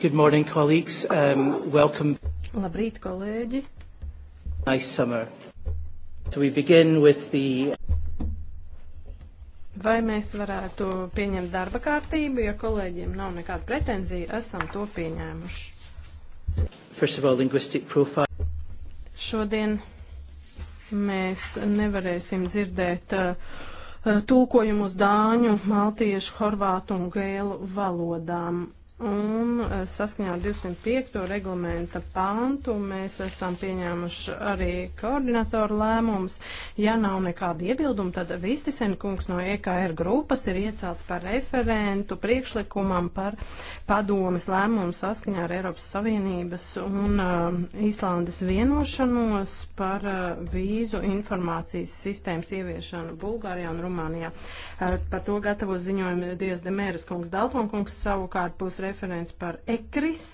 Good morning, colleagues. Um, welcome. Labrīt, kolēģi. Nice summer. So we begin with the... Vai mēs varētu pieņemt darba kārtību, ja kolēģiem nav nekāda pretenzija, esam to pieņēmuši. First of all, linguistic profile. Šodien mēs nevarēsim dzirdēt uh, uh tulkojumus dāņu, maltiešu, horvātu un gēlu valodām. Un eh, saskaņā ar 205. reglamenta pantu mēs esam pieņēmuši arī koordinatoru lēmumus. Ja nav nekāda iebilduma, tad Vistisen kungs no EKR grupas ir iecelts par referentu priekšlikumam par padomas lēmumu saskaņā ar Eiropas Savienības un uh, Īslandes vienošanos par uh, vīzu informācijas sistēmas ieviešanu Bulgārijā un Rumānijā. Uh, par to gatavo ziņojumi Dievs Demēras kungs Daltonkungs savukārt būs referents referents par ECRIS,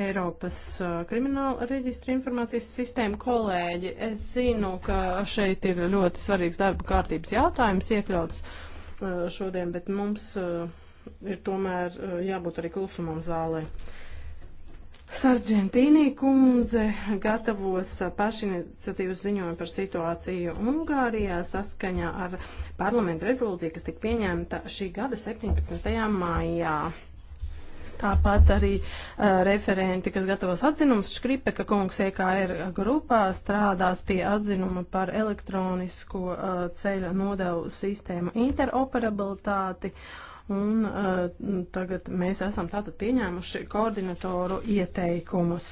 Eiropas uh, krimināla reģistra informācijas sistēmu. Kolēģi, es zinu, ka šeit ir ļoti svarīgs darba kārtības jautājums iekļauts uh, šodien, bet mums uh, ir tomēr jābūt arī klusumam zālē. Sargentīnī kundze gatavos pašiniciatīvas ziņojumu par situāciju Ungārijā saskaņā ar parlamentu rezolūciju, kas tika pieņemta šī gada 17. maijā. Tāpat arī uh, referenti, kas gatavos atzinumus, Škripeka kungs EKR grupā strādās pie atzinuma par elektronisko uh, ceļa nodevu sistēmu interoperabilitāti. Un uh, tagad mēs esam tātad pieņēmuši koordinatoru ieteikumus.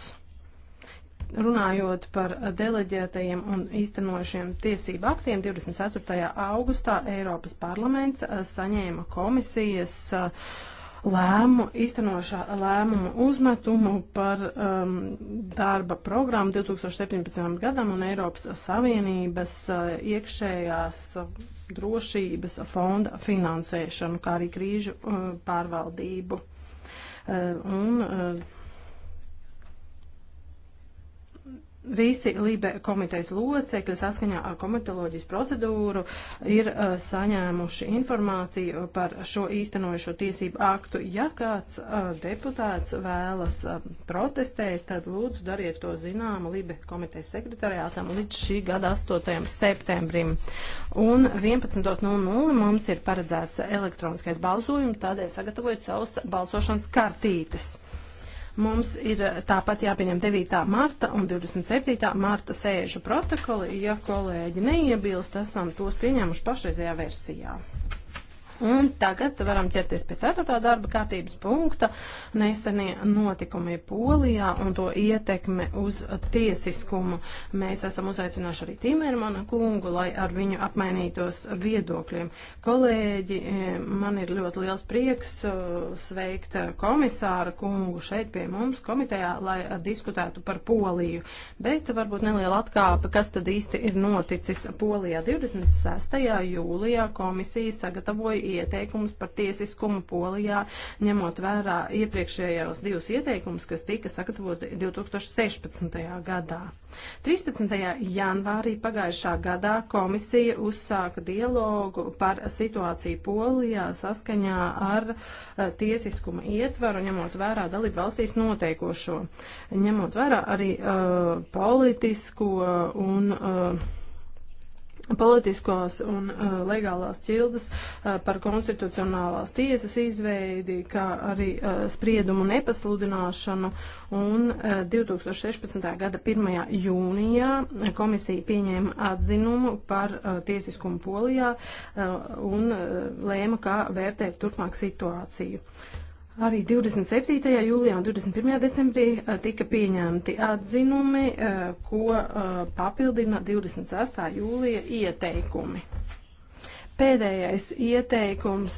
Runājot par deleģētajiem un īstenošiem tiesību aktiem, 24. augustā Eiropas parlaments saņēma komisijas uh, lēmu, īstenošā lēmuma uzmetumu par um, darba programmu 2017. gadam un Eiropas Savienības uh, iekšējās uh, drošības fonda finansēšanu, kā arī krīžu uh, pārvaldību. Uh, un, uh, Visi Lībe komitejas locekļi saskaņā ar komitoloģijas procedūru ir uh, saņēmuši informāciju par šo īstenojušo tiesību aktu. Ja kāds uh, deputāts vēlas uh, protestēt, tad lūdzu dariet to zināmu Lībe komitejas sekretariātam līdz šī gada 8. septembrim. Un 11.00 mums ir paredzēts elektroniskais balsojums, tādēļ sagatavojiet savus balsošanas kartītes. Mums ir eh, tāpat jāpieņem 9. marta un 27. marta sēžu protokoli. Ja kolēģi neiebilst, esam tos pieņēmuši pašreizajā versijā. Un tagad varam ķerties pie ceturtā darba kārtības punkta - nesenie notikumi Polijā un to ietekme uz tiesiskumu. Mēs esam uzaicinājuši arī Timermana kungu, lai ar viņu apmainītos viedokļiem. Kolēģi, e, man ir ļoti liels prieks e, sveikt komisāra kungu šeit pie mums komitejā, lai diskutētu par Poliju. Bet varbūt neliela atkāpe, kas tad īsti ir noticis Polijā. 26. jūlijā komisija sagatavoja ieteikumus par tiesiskumu Polijā, ņemot vērā iepriekšējos divus ieteikumus, kas tika sagatavoti 2016. gadā. 13. janvārī pagājušā gadā komisija uzsāka dialogu par situāciju Polijā saskaņā ar uh, tiesiskuma ietvaru, ņemot vērā dalību valstīs noteikošo, ņemot vērā arī uh, politisko eh, un. Uh, politiskos un uh, legālās ķildes uh, par konstitucionālās tiesas izveidi, kā arī uh, spriedumu nepasludināšanu. Un uh, 2016. gada 1. jūnijā komisija pieņēma atzinumu par uh, tiesiskumu Polijā uh, un uh, lēma, kā vērtēt turpmāk situāciju. Uh, Arī 27. jūlijā un 21. decembrī eh, tika pieņemti atzinumi, eh, ko eh, papildina 26. jūlija ieteikumi. Pēdējais ieteikums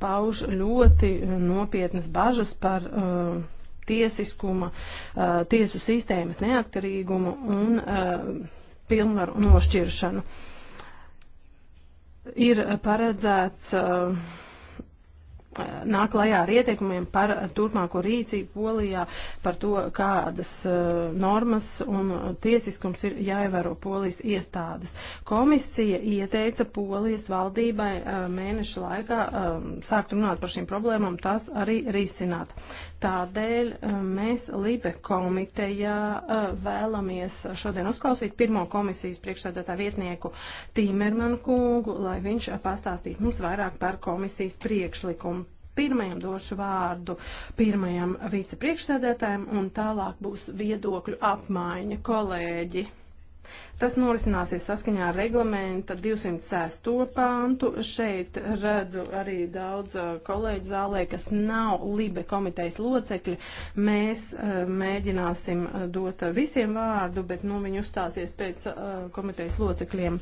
pauž ļoti nopietnas bažas par tiesiskuma, tiesu sistēmas neatkarīgumu un pilnvaru nošķiršanu. Ir paredzēts uh, nāk lajā ar ieteikumiem par turpmāko rīcību Polijā, par to, kādas uh, normas un tiesiskums ir jāievēro Polijas iestādes. Komisija ieteica Polijas valdībai uh, mēneša laikā uh, sākt runāt par šīm problēmām, tās arī risināt. Tādēļ mēs Libe komitejā vēlamies šodien uzklausīt pirmo komisijas priekšsēdētā vietnieku Tīmermanu kungu, lai viņš pastāstītu mums vairāk par komisijas priekšlikumu Pirmajam došu vārdu pirmajam vicepriekšsēdētājam un tālāk būs viedokļu apmaiņa kolēģi. Tas norisināsies saskaņā ar reglamenta 206. pāntu. Šeit redzu arī daudz kolēģi zālē, kas nav Libe komitejas locekļi. Mēs mēģināsim dot visiem vārdu, bet nu viņi uzstāsies pēc komitejas locekļiem.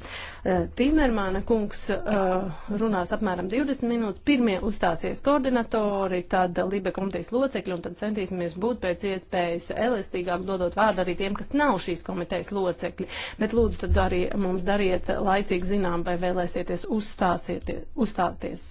Timermāna kungs runās apmēram 20 minūtes. Pirmie uzstāsies koordinatori, tad Libe komitejas locekļi un tad centīsimies būt pēc iespējas elastīgāk, dodot vārdu arī tiem, kas nav šīs komitejas locekļi. Bet lūdzu, tad arī mums dariet laicīgi zinām, vai vēlēsieties uzstāties.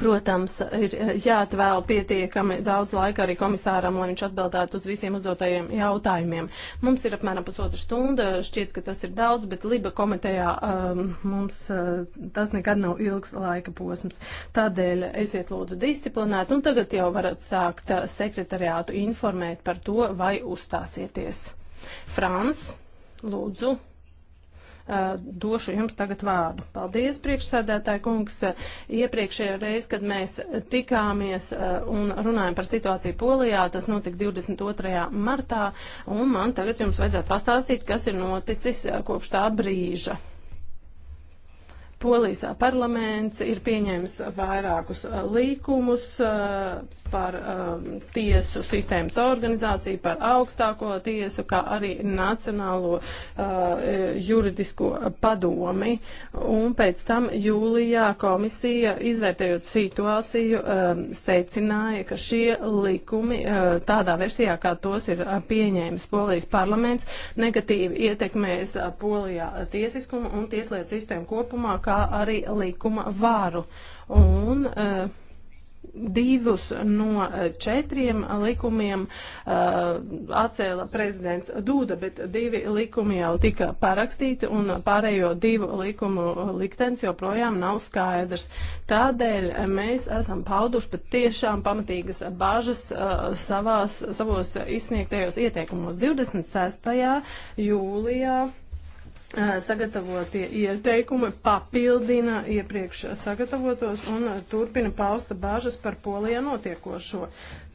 Protams, ir eh, jāatvēl pietiekami daudz laika arī komisāram, lai viņš atbildētu uz visiem uzdotajiem jautājumiem. Mums ir apmēram pusotra stunda, šķiet, ka tas ir daudz, bet Liba komitejā um, mums uh, tas nekad nav ilgs laika posms. Tādēļ esiet lūdzu disciplinēti, un tagad jau varat sākt eh, sekretariātu informēt par to, vai uzstāsieties. Frans, lūdzu došu jums tagad vārdu. Paldies, priekšsēdētāji kungs. Iepriekšējā reize, kad mēs tikāmies un runājam par situāciju Polijā, tas notika 22. martā, un man tagad jums vajadzētu pastāstīt, kas ir noticis kopš tā brīža. Polijas parlaments ir pieņēmis vairākus uh, līkumus uh, par um, tiesu sistēmas organizāciju, par augstāko tiesu, kā arī Nacionālo uh, juridisko padomi. Un pēc tam jūlijā komisija, izvērtējot situāciju, um, secināja, ka šie likumi tādā versijā, kā tos ir pieņēmis Polijas parlaments, negatīvi ietekmēs Polijā tiesiskumu un tieslietu sistēmu kopumā, kā kā arī likuma varu. Un, uh, divus no četriem likumiem uh, atcēla prezidents Dūda, bet divi likumi jau tika parakstīti un pārējo divu likumu liktenis joprojām nav skaidrs. Tādēļ mēs esam pauduši pat tiešām pamatīgas bažas uh, savās, savos izsniegtajos ieteikumos 26. jūlijā sagatavotie ieteikumi papildina iepriekš sagatavotos un turpina pausta bāžas par polijā notiekošo.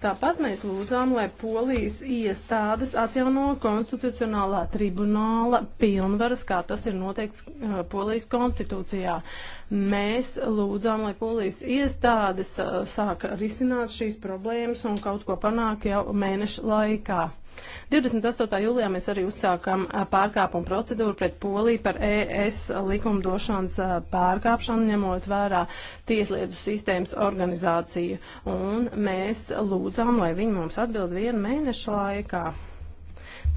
Tāpat mēs lūdzām, lai polijas iestādes atjauno konstitucionālā tribunāla pilnvaras, kā tas ir noteikts polijas konstitūcijā. Mēs lūdzām, lai polijas iestādes sāka risināt šīs problēmas un kaut ko panāk jau mēnešu laikā. 28. jūlijā mēs arī uzsākam pārkāpumu procedūru pret Poliju par ES likumdošanas pārkāpšanu, ņemot vērā tieslietu sistēmas organizāciju. Un mēs lūdzām, lai viņi mums atbild vienu mēnešu laikā.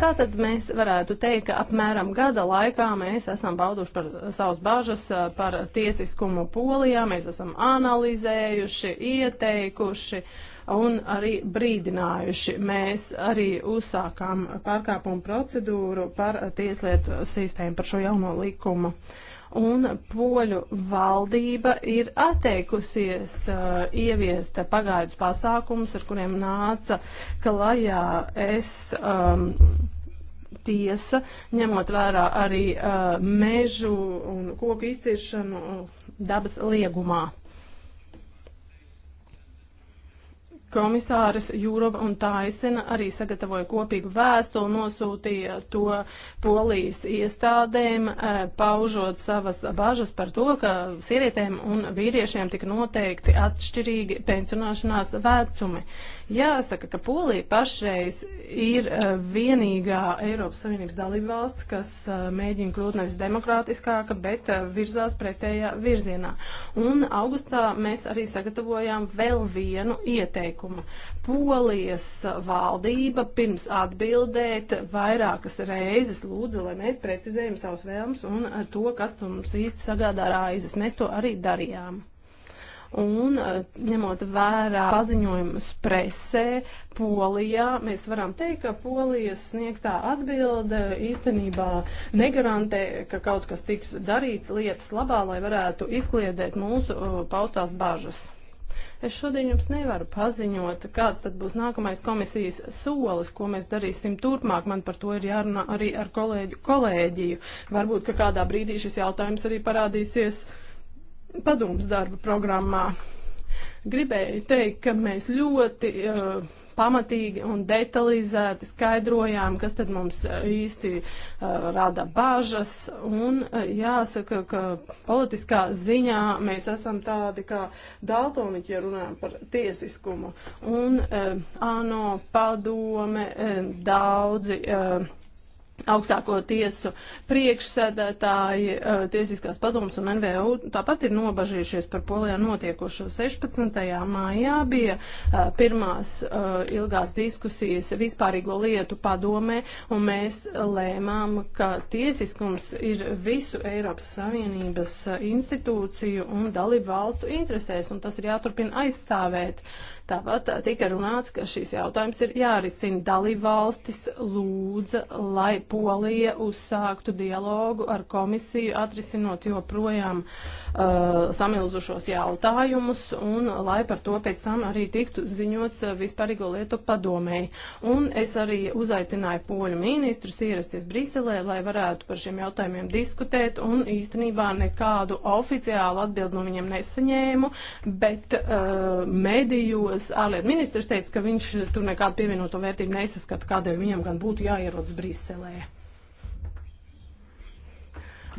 Tātad mēs varētu teikt, ka apmēram gada laikā mēs esam bauduši par savas bažas par tiesiskumu Polijā, mēs esam analizējuši, ieteikuši. Uh, un arī brīdinājuši. Mēs arī uzsākām pārkāpumu procedūru par tieslietu sistēmu, par šo jauno likumu un poļu valdība ir atteikusies uh, ieviest pagājušas pasākumus, ar kuriem nāca klajā es. Um, Tiesa, ņemot vērā arī uh, mežu un koku izciršanu uh, dabas liegumā. Komisāras Jūrova un Taisena arī sagatavoja kopīgu vēstuli, nosūtīja to polijas iestādēm, eh, paužot savas bažas par to, ka sievietēm un vīriešiem tika noteikti atšķirīgi pensionāšanās vecumi. Jāsaka, ka Polija pašreiz ir eh, vienīgā Eiropas Savienības dalība valsts, kas eh, mēģina kļūt nevis demokrātiskāka, bet virzās pretējā virzienā. Un augustā mēs arī sagatavojām vēl vienu ieteikumu noteikuma. Polijas valdība pirms atbildēt vairākas reizes lūdza, lai mēs precizējam savus vēlmus un to, kas mums īsti sagādā raizes. Mēs to arī darījām. Un, eh, ņemot vērā paziņojumus presē, Polijā, mēs varam teikt, ka Polijas sniegtā atbilde īstenībā negarantē, ka kaut kas tiks darīts lietas labā, lai varētu izkliedēt mūsu eh, paustās bažas. Es šodien jums nevaru paziņot, kāds tad būs nākamais komisijas solis, ko mēs darīsim turpmāk. Man par to ir jārunā arī ar kolēģu kolēģiju. Varbūt, ka kādā brīdī šis jautājums arī parādīsies padomus darba programmā. Gribēju teikt, ka mēs ļoti. Uh, pamatīgi un detalizēti skaidrojām, kas tad mums e, īsti uh, rada bažas. Un uh, jāsaka, ka politiskā ziņā mēs esam tādi kā daltoniķi, ja runājam par tiesiskumu. Un uh, ANO padome, uh, daudzi. Uh, augstāko tiesu priekšsēdētāji, eh, tiesiskās padomas un NVU tāpat ir nobažījušies par polijā notiekošo. 16. maijā bija eh, pirmās eh, ilgās diskusijas vispārīgo lietu padomē, un mēs lēmām, ka tiesiskums ir visu Eiropas Savienības institūciju un dalību valstu interesēs, un tas ir jāturpina aizstāvēt. Tāpat tika runāts, ka šīs jautājums ir jārisina. Dalībvalstis lūdza, lai Polija uzsāktu dialogu ar komisiju, atrisinot joprojām uh, samilzušos jautājumus, un lai par to pēc tam arī tiktu ziņots vispārīgo lietu padomēji. Un es arī uzaicināju poļu ministrus ierasties Briselē, lai varētu par šiem jautājumiem diskutēt, un īstenībā nekādu oficiālu atbildi no viņiem nesaņēmu, bet uh, medijos Somālijas ārlietu ministrs teica, ka viņš tur nekādu pievienoto vērtību nesaskata, kādēļ viņam gan būtu jāierodas Briselē.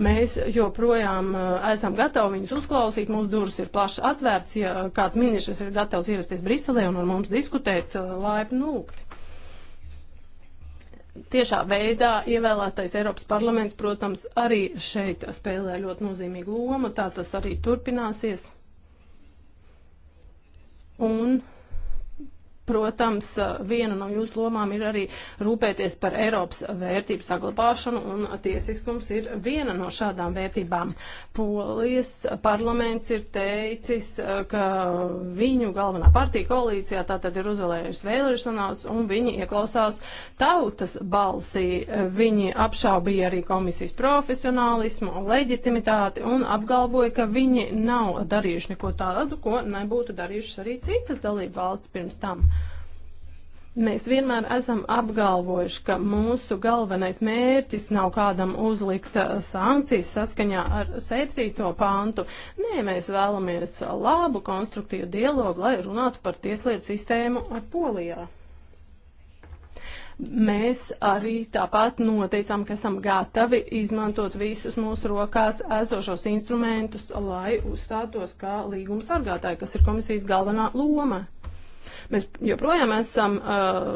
Mēs joprojām eh, esam gatavi viņus uzklausīt, mūsu durvis ir plaši atvērts, ja kāds ministrs ir gatavs ierasties Briselē un ar mums diskutēt, eh, laipni lūgt tiešā veidā ievēlētais Eiropas parlaments, protams, arī šeit spēlē ļoti nozīmīgu lomu, tā tas arī turpināsies un Protams, viena no jūsu lomām ir arī rūpēties par Eiropas vērtību saglabāšanu, un tiesiskums ir viena no šādām vērtībām. Polijas parlaments ir teicis, ka viņu galvenā partija koalīcijā tātad ir uzvēlējusi vēlēšanās, un viņi ieklausās tautas balsī. Viņi apšaubīja arī komisijas profesionālismu un leģitimitāti un apgalvoja, ka viņi nav darījuši neko tādu, ko nebūtu darījušas arī citas dalību valsts pirms tam. Mēs vienmēr esam apgalvojuši, ka mūsu galvenais mērķis nav kādam uzlikt uh, sankcijas saskaņā ar 7. pāntu. Nē, mēs vēlamies labu, konstruktīvu dialogu, lai runātu par tieslietu sistēmu Polijā. Mēs arī tāpat noteicām, ka esam gatavi izmantot visus mūsu rokās esošos instrumentus, lai uzstātos kā līguma sargātāji, kas ir komisijas galvenā loma. Mēs joprojām esam uh,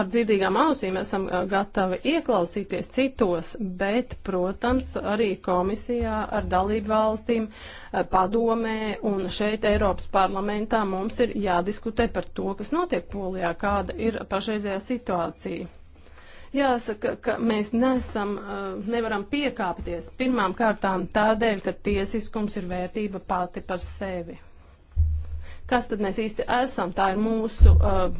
ar dzirdīgām ausīm, esam uh, gatavi ieklausīties citos, bet, protams, arī komisijā ar dalību valstīm, uh, padomē un šeit Eiropas parlamentā mums ir jādiskutē par to, kas notiek Polijā, kāda ir pašreizējā situācija. Jāsaka, ka mēs nesam, uh, nevaram piekāpties pirmām kārtām tādēļ, ka tiesiskums ir vērtība pati par sevi. Kas tad mēs īsti esam? Tā ir mūsu. Uh,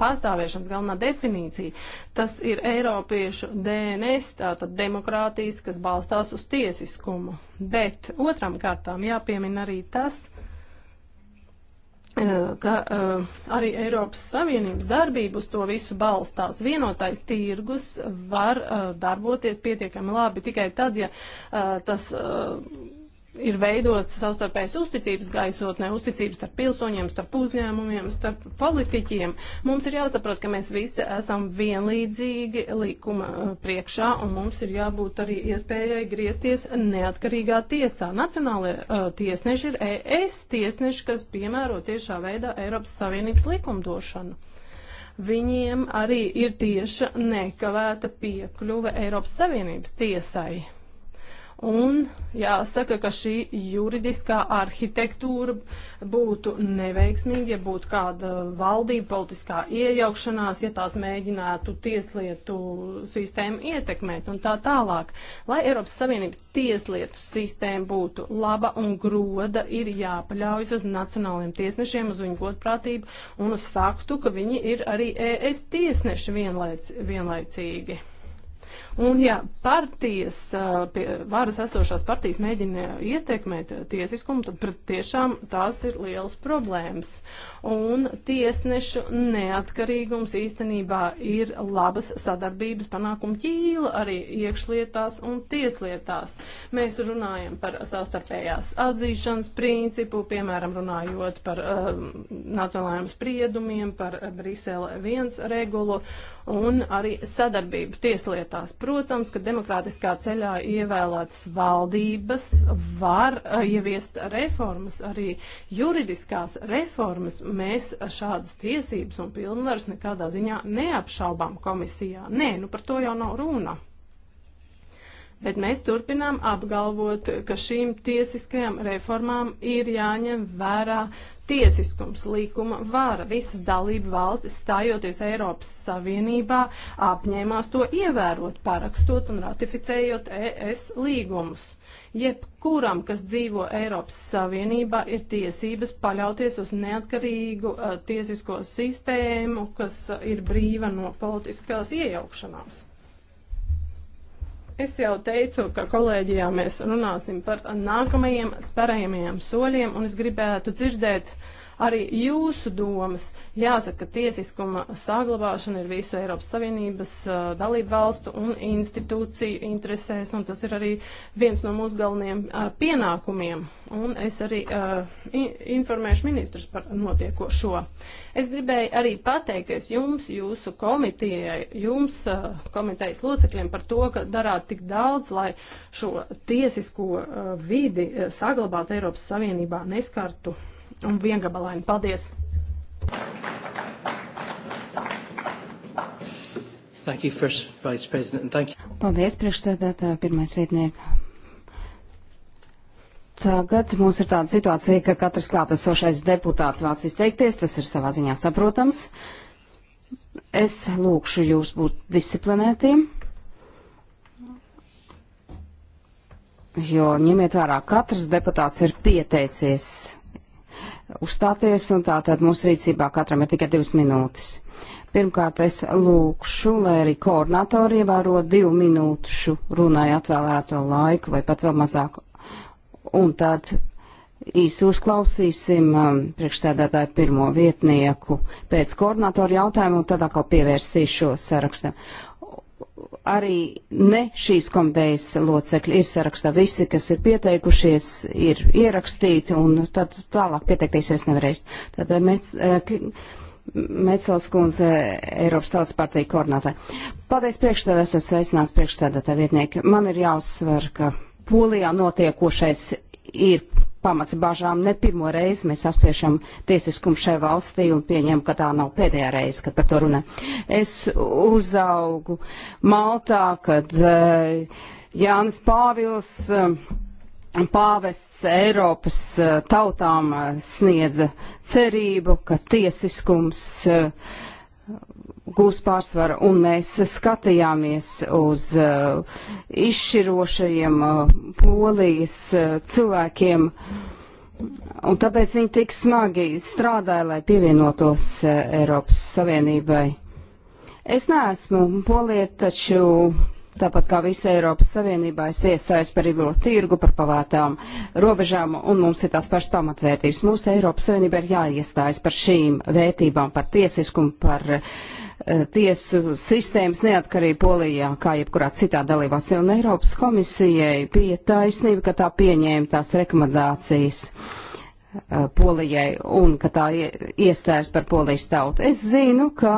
pastāvēšanas galvenā definīcija. Tas ir Eiropiešu DNS, tātad demokrātijas, kas balstās uz tiesiskumu. Bet otram kārtām jāpiemina arī tas, uh, ka uh, arī Eiropas Savienības darbības to visu balstās. Vienotais tirgus var uh, darboties pietiekami labi tikai tad, ja uh, tas. Uh, ir veidot savstarpējas uzticības gaisotnē, uzticības starp pilsoņiem, starp uzņēmumiem, starp politiķiem. Mums ir jāsaprot, ka mēs visi esam vienlīdzīgi likuma uh, priekšā, un mums ir jābūt arī iespējai griezties neatkarīgā tiesā. Nacionālajie uh, tiesneši ir ES tiesneši, kas piemēro tiešā veidā Eiropas Savienības likumdošanu viņiem arī ir tieša nekavēta piekļuve Eiropas Savienības tiesai. Un jāsaka, ka šī juridiskā arhitektūra būtu neveiksmīga, ja būtu kāda valdība politiskā iejaukšanās, ja tās mēģinātu tieslietu sistēmu ietekmēt un tā tālāk. Lai Eiropas Savienības tieslietu sistēma būtu laba un groda, ir jāpaļaujas uz nacionāliem tiesnešiem, uz viņu godprātību un uz faktu, ka viņi ir arī ES tiesneši vienlaic, vienlaicīgi. Un ja partijas, pie varas esošās partijas mēģina ietekmēt tiesiskumu, tad pret tiešām tās ir liels problēmas. Un tiesnešu neatkarīgums īstenībā ir labas sadarbības panākuma ķīla arī iekšlietās un tieslietās. Mēs runājam par savstarpējās atzīšanas principu, piemēram, runājot par um, nacionālajiem spriedumiem, par Brisele 1 regulu un arī sadarbību tieslietās. Protams, ka demokrātiskā ceļā ievēlētas valdības var eh, ieviest reformas, arī juridiskās reformas. Mēs šādas tiesības un pilnvaras nekādā ziņā neapšaubām komisijā. Nē, nu par to jau nav runa. Bet mēs turpinām apgalvot, ka šīm tiesiskajām reformām ir jāņem vērā tiesiskums, līkuma vara. Visas dalību valstis, stājoties Eiropas Savienībā, apņēmās to ievērot, parakstot un ratificējot ES līgumus. Jebkuram, kas dzīvo Eiropas Savienībā, ir tiesības paļauties uz neatkarīgu uh, tiesisko sistēmu, kas eh, ir brīva no politiskās iejaukšanās. Es jau teicu, ka kolēģijā mēs runāsim par nākamajiem spērējamajiem soļiem, un es gribētu dzirdēt uh, arī jūsu domas. Jāsaka, ka tiesiskuma saglabāšana ir visu Eiropas Savienības uh, dalību valstu un institūciju interesēs, un tas ir arī viens no mūsu galvenajiem uh, pienākumiem. Un es arī uh, informēšu ministrus par notiekošo. Es gribēju arī pateikties jums, jūsu komitejai, jums, uh, komitejas locekļiem par to, ka darāt tik daudz, lai šo tiesisko uh, vidi saglabātu Eiropas Savienībā neskartu un viengabalaini. Paldies! Thank you, First Vice President, and thank you. Paldies, priekšsēdētāja, pirmais vietnieka. Tagad mums ir tāda situācija, ka katrs klātesošais deputāts vāc izteikties, tas ir savā ziņā saprotams. Es lūkšu jūs būt disciplinētiem, jo ņemiet vērā, katrs deputāts ir pieteicies uzstāties, un tātad mūsu rīcībā katram ir tikai divas minūtes. Pirmkārt, es lūkšu, lai arī koordinatori ievēro divu minūšu runai atvēlēto laiku, vai pat vēl mazāk. Un tad īsi uzklausīsim um, priekšsēdētāju pirmo vietnieku pēc koordinatoru jautājumu, un tad atkal pievērsīšu sarakstam arī ne šīs komitejas locekļi ir sarakstā. Visi, kas ir pieteikušies, ir ierakstīti un tad tālāk pieteikties es nevarēs. Tad eh, mēs. Eh, Mecels kundze, Eiropas tautas partija koordinātāja. Paldies priekšstādā, esat sveicināts priekšstādātā vietnieki. Man ir jāuzsver, ka Polijā notiekošais ir pamats bažām. Ne pirmo reizi mēs apspriešam tiesiskumu šai valstī un pieņem, ka tā nav pēdējā reize, kad par to runā. Es uzaugu Maltā, kad uh, Jānis Pāvils. Uh, Pāvests Eiropas eh, tautām sniedza cerību, ka tiesiskums uh, gūs pārsvaru, un mēs skatījāmies uz uh, izšķirošajiem uh, polijas uh, cilvēkiem, un tāpēc viņi tik smagi strādāja, lai pievienotos uh, Eiropas Savienībai. Es neesmu polieta, taču Tāpat kā visa Eiropas Savienībā es iestājos par brīvo tirgu, par pavātām robežām, un mums ir tās pašas pamatvērtības. Mūsu Eiropas Savienībā ir jāiestājas par šīm vērtībām, par tiesiskumu, par uh, tiesu sistēmas neatkarību Polijā, kā jebkurā citā dalībās. Un Eiropas komisijai bija taisnība, ka tā pieņēma tās rekomendācijas. Uh, Polijai un ka tā iestājas par Polijas tautu. Es zinu, ka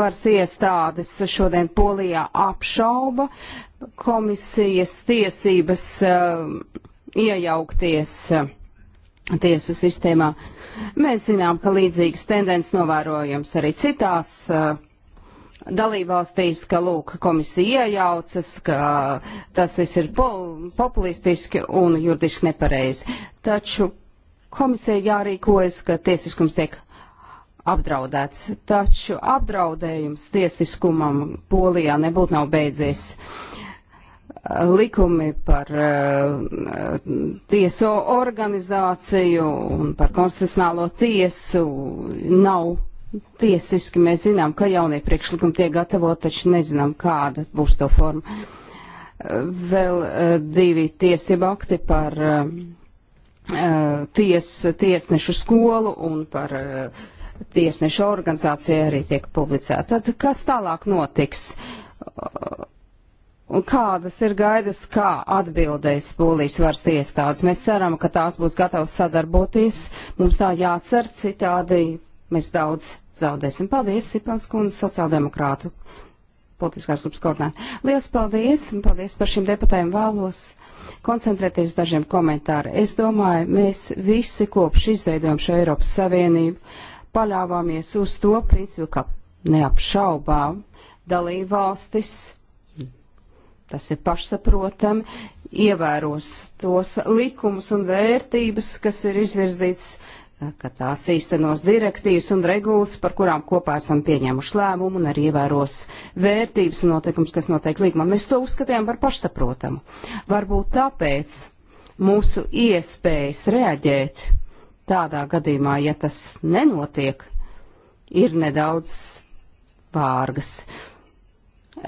varas iestādes šodien Polijā apšauba komisijas tiesības uh, iejaukties uh, tiesu sistēmā. Mēs zinām, ka līdzīgas tendences novērojams arī citās. Uh, dalībvalstīs, ka lūk, komisija iejaucas, ka tas viss ir populistiski un juridiski nepareizi. Taču komisija jārīkojas, ka tiesiskums tiek apdraudēts. Taču apdraudējums tiesiskumam Polijā nebūtu nav beidzies. Likumi par uh, tieso organizāciju un par konstitucionālo tiesu nav tiesiski. Mēs zinām, ka jaunie priekšlikumi tiek gatavot, taču nezinām, kāda būs to forma. Vēl uh, divi tiesība akti par uh, Eh, ties, tiesnešu skolu un par eh, tiesnešu organizāciju arī tiek publicēta. Tad kas tālāk notiks? Un kādas ir gaidas, kā atbildēs polijas varas iestādes? Mēs ceram, ka tās būs gatavas sadarboties. Mums tā jācer, citādi mēs daudz zaudēsim. Paldies, Sipans kundze, sociāldemokrātu politiskās grupas koordinē. Lielas paldies, un paldies par šiem deputēm vēlos koncentrēties dažiem komentāriem. Es domāju, mēs visi kopš izveidojam šo Eiropas Savienību, paļāvāmies uz to principu, ka neapšaubām dalībvalstis, tas ir pašsaprotami, ievēros tos likumus un vērtības, kas ir izvirzīts ka tās īstenos direktīvas un regulas, par kurām kopā esam pieņēmuši lēmumu un arī ievēros vērtības un noteikums, kas noteikti līgumā. Mēs to uzskatījām par pašsaprotamu. Varbūt tāpēc mūsu iespējas reaģēt tādā gadījumā, ja tas nenotiek, ir nedaudz vārgas.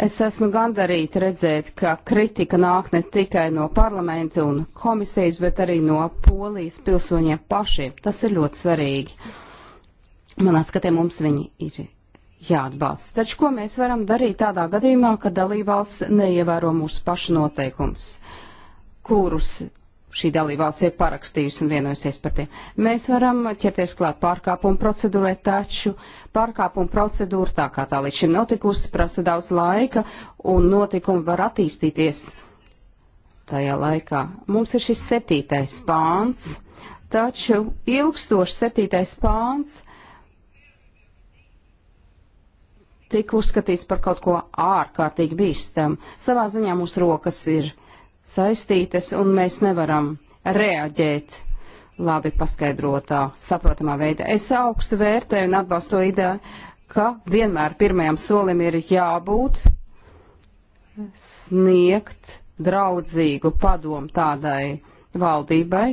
Es esmu gandarīta redzēt, ka kritika nāk ne tikai no parlamenta un komisijas, bet arī no polijas pilsoņiem pašiem. Tas ir ļoti svarīgi. Manā skatē mums viņi ir jāatbalsta. Taču ko mēs varam darīt tādā gadījumā, ka dalībvalsts neievēro mūsu pašu noteikumus, kurus šī dalībvalsts ir parakstījusi un vienojusies par tiem. Mēs varam ķerties klāt pārkāpumu procedūrai, taču pārkāpumu procedūra tā kā tā līdz šim notikusi prasa daudz laika un notikumi var attīstīties tajā laikā. Mums ir šis septītais pāns, taču ilgstošs septītais pāns tika uzskatīts par kaut ko ārkārtīgi bīstam. Savā ziņā mūsu rokas ir saistītas, un mēs nevaram reaģēt labi paskaidrotā, saprotamā veidā. Es augstu vērtēju un atbalstu to ideju, ka vienmēr pirmajam solim ir jābūt sniegt draudzīgu padomu tādai valdībai,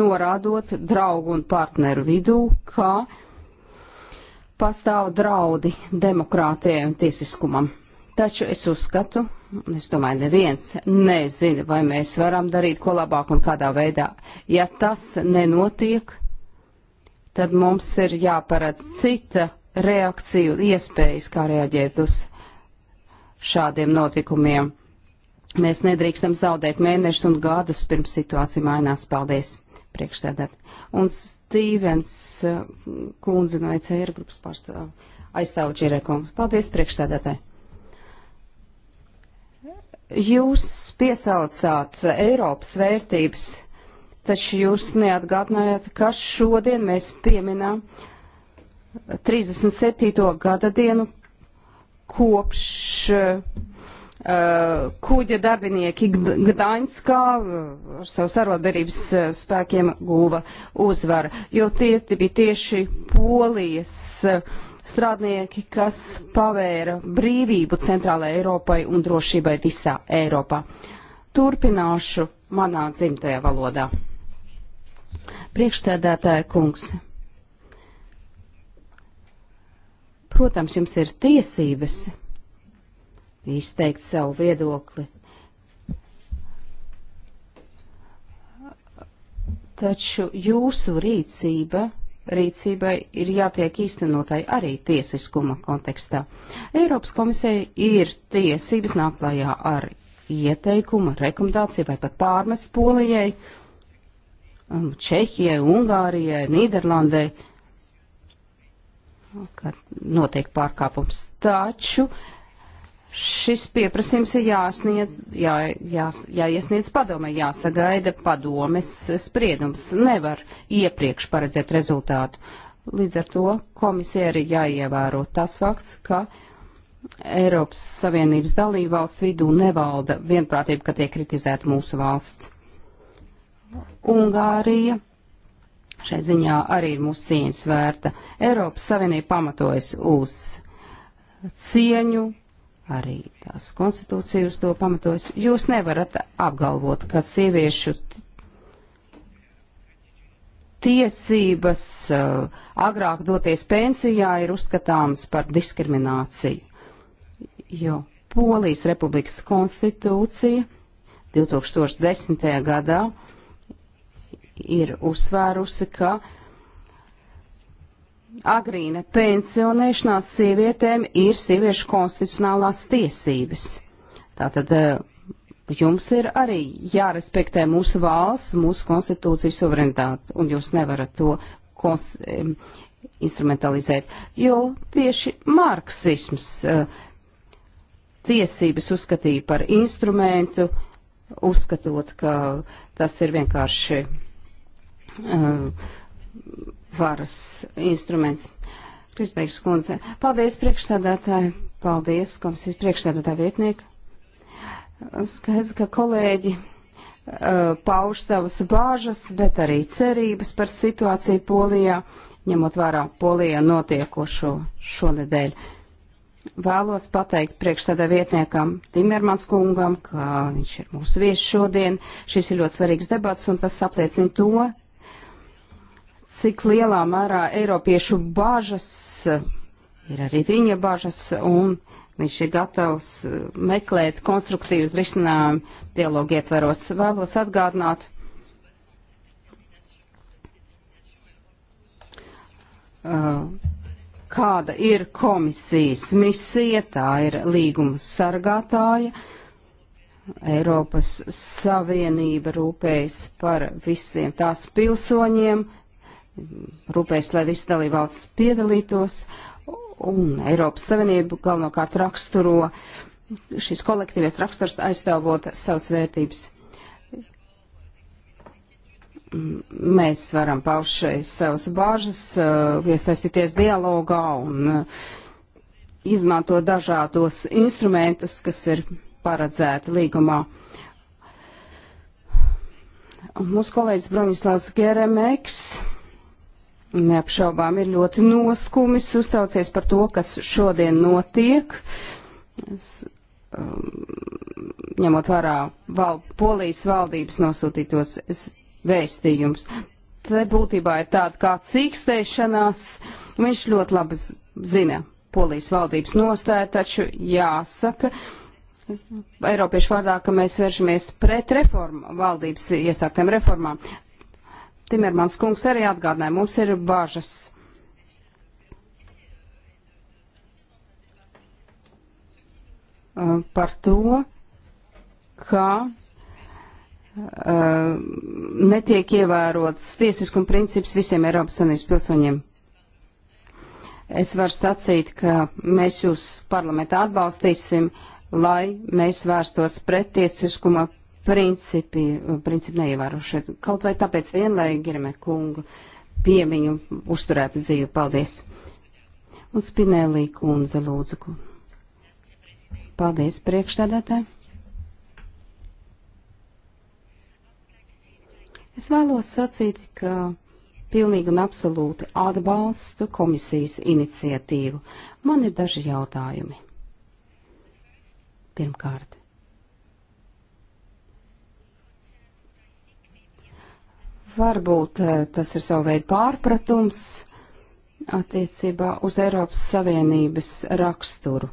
norādot draugu un partneru vidū, ka pastāv draudi demokrātijai un tiesiskumam. Taču es uzskatu, es domāju, neviens nezina, vai mēs varam darīt ko labāk un kādā veidā. Ja tas nenotiek, tad mums ir jāparāda cita reakcija un iespējas, kā reaģēt uz šādiem notikumiem. Mēs nedrīkstam zaudēt mēnešus un gadus pirms situācija mainās. Paldies, priekšsēdēt. Un Stīvens eh, kundze no ECR grupas pārstāv aizstāvu Čirēkumu. Paldies, priekšsēdētāji. Jūs piesaucāt Eiropas vērtības, taču jūs neatgādinājāt, ka šodien mēs pieminām 37. gada dienu kopš uh, kuģa darbinieki Gdaņskā uh, ar savu sarotberības uh, spēkiem guva uzvaru, jo tie bija tieši polijas uh, strādnieki, kas pavēra brīvību centrālajai Eiropai un drošībai visā Eiropā. Turpināšu manā dzimtajā valodā. Priekšsēdētāja kungs. Protams, jums ir tiesības izteikt savu viedokli. Taču jūsu rīcība rīcībai ir jātiek īstenotai arī tiesiskuma kontekstā. Eiropas komisija ir tiesības nākt klajā ar ieteikumu, rekomendāciju vai pat pārmest Polijai, um, Čehijai, Ungārijai, Nīderlandai, kad notiek pārkāpums. Taču uh, Šis pieprasījums ir jāsniedz, jā, jā, jāiesniedz padome, jāsagaida padomes spriedums. Nevar iepriekš paredzēt rezultātu. Līdz ar to komisija arī jāievēro tas fakts, ka Eiropas Savienības dalību valstu vidū nevalda vienprātība, ka tiek kritizēta mūsu valsts. Ungārija šai ziņā arī ir mūsu cieņas vērta. Eiropas Savienība pamatojas uz cieņu arī tās konstitūcija uz to pamatojas. Jūs nevarat apgalvot, ka sieviešu tiesības uh, agrāk doties pensijā ir uzskatāms par diskrimināciju, jo Polijas republikas konstitūcija 2010. gadā ir uzsvērusi, ka uh, agrīna pensionēšanās sievietēm ir sieviešu konstitucionālās tiesības. Tātad eh, jums ir arī jārespektē mūsu valsts, mūsu konstitūcijas suverenitāte, un jūs nevarat to instrumentalizēt, jo tieši marksisms eh, tiesības uzskatīja par instrumentu, uzskatot, ka tas ir vienkārši uh, varas instruments. Krisbeigas kundze, paldies priekšstādātāji, paldies komisijas priekšstādātāja vietnieku. Skaidrs, ka kolēģi uh, pauž savas bāžas, bet arī cerības par situāciju Polijā, ņemot vērā Polijā notiekošo šonedēļ. Vēlos pateikt priekšstādā vietniekam Timermans kungam, ka viņš ir mūsu viesis šodien. Šis ir ļoti svarīgs debats, un tas apliecina to, cik lielā mērā Eiropiešu bažas ir arī viņa bažas, un viņš ir gatavs uh, meklēt konstruktīvus risinājumus dialogu ietveros. Vēlos atgādināt. Uh, kāda ir komisijas misija? Tā ir līguma sargātāja. Eiropas Savienība rūpējas par visiem tās pilsoņiem, rūpēs, lai visi dalībvalsts piedalītos, un Eiropas Savienību galvenokārt raksturo šis kolektīvies raksturs aizstāvot savas vērtības. Mēs varam paušais savas bāžas, uh, iesaistīties dialogā un uh, izmantot dažādos instrumentus, kas ir paredzēti līgumā. Mūsu kolēģis Broņislavs Geremeks neapšaubām ir ļoti noskumis uztraucies par to, kas šodien notiek. Es, um, ņemot vērā val, polijas valdības nosūtītos vēstījumus. Te būtībā ir tāda kā cīkstēšanās. Viņš ļoti labi zina polijas valdības nostāja, taču jāsaka, Eiropiešu vārdā, ka mēs vēršamies pret reformu, valdības iesāktiem reformām. Timermans kungs arī atgādināja, mums ir bažas. Uh, par to, ka Uh, netiek ievērots tiesiskuma princips visiem Eiropas Savienības pilsoņiem. Es varu sacīt, ka mēs jūs parlamentā atbalstīsim, lai mēs vērstos pret tiesiskuma principi, principi neievēro šeit. Kaut vai tāpēc vien, lai Girme kungu piemiņu uzturētu dzīvi. Paldies! Un Spinēlī kundze lūdzu. Paldies, priekšstādātāji! Es vēlos sacīt, ka pilnīgi un absolūti atbalstu komisijas iniciatīvu. Man ir daži jautājumi. Pirmkārt, Varbūt eh, tas ir savu veidu pārpratums attiecībā uz Eiropas Savienības raksturu.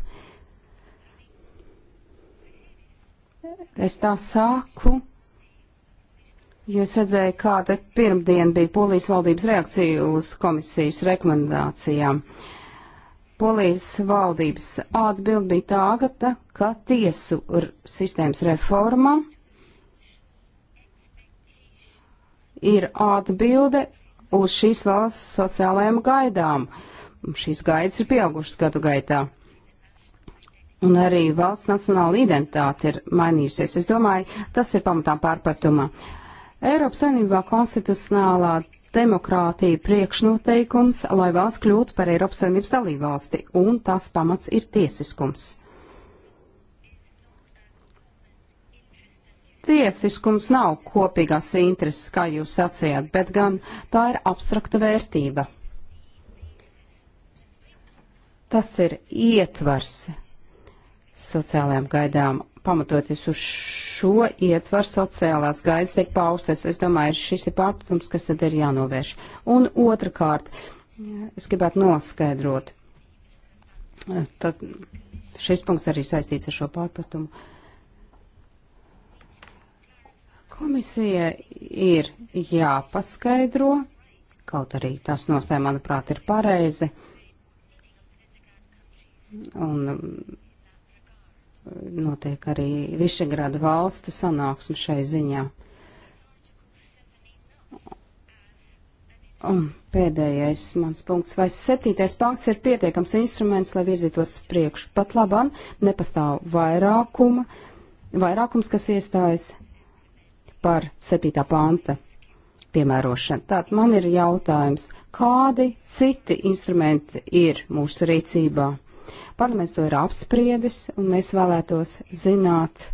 Es tā sāku, jo es redzēju, kāda pirmdien bija polijas valdības reakcija uz komisijas rekomendācijām. Polijas valdības atbild bija tāda, ka tiesu sistēmas reformām ir atbilde uz šīs valsts sociālajām gaidām. Šīs gaidas ir pieaugušas gadu gaitā. Un arī valsts nacionāla identitāte ir mainījusies. Es domāju, tas ir pamatā pārpratumā. Eiropas Savienībā konstitucionālā demokrātija priekšnoteikums, lai valsts kļūtu par Eiropas Savienības dalībvalsti, un tās pamats ir tiesiskums. tiesiskums nav kopīgās intereses, kā jūs sacījāt, bet gan tā ir abstrakta vērtība. Tas ir ietvars sociālajām gaidām. Pamatoties uz šo ietvaru sociālās gaidas tiek paustas, es domāju, šis ir pārpratums, kas tad ir jānovērš. Un otrkārt, es gribētu noskaidrot, tad šis punkts arī saistīts ar šo pārpratumu. Uh, Komisija ir jāpaskaidro, kaut arī tās nostāja, manuprāt, ir pareizi. Un um, notiek arī Višegrada valstu sanāksme šai ziņā. Un pēdējais mans punkts, vai septītais punkts ir pietiekams instruments, lai virzītos priekšu. Pat labam nepastāv vairākuma, vairākums, kas iestājas par 7. panta piemērošanu. Tātad man ir jautājums, kādi citi instrumenti ir mūsu rīcībā? Parlaments to ir apspriedis, un mēs vēlētos zināt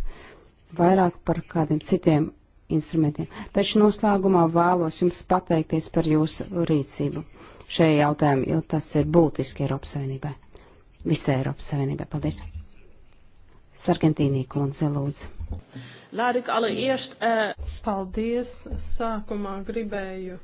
vairāk par kādiem citiem instrumentiem. Taču noslēgumā vēlos jums pateikties par jūsu rīcību šajā jautājumā, jo tas ir būtiski Eiropas Savienībai. Visai Eiropas Savienībai. Paldies! Sargentīnī kundze lūdzu. Lārik, allererst, uh... Eh, Paldies. Sākumā gribēju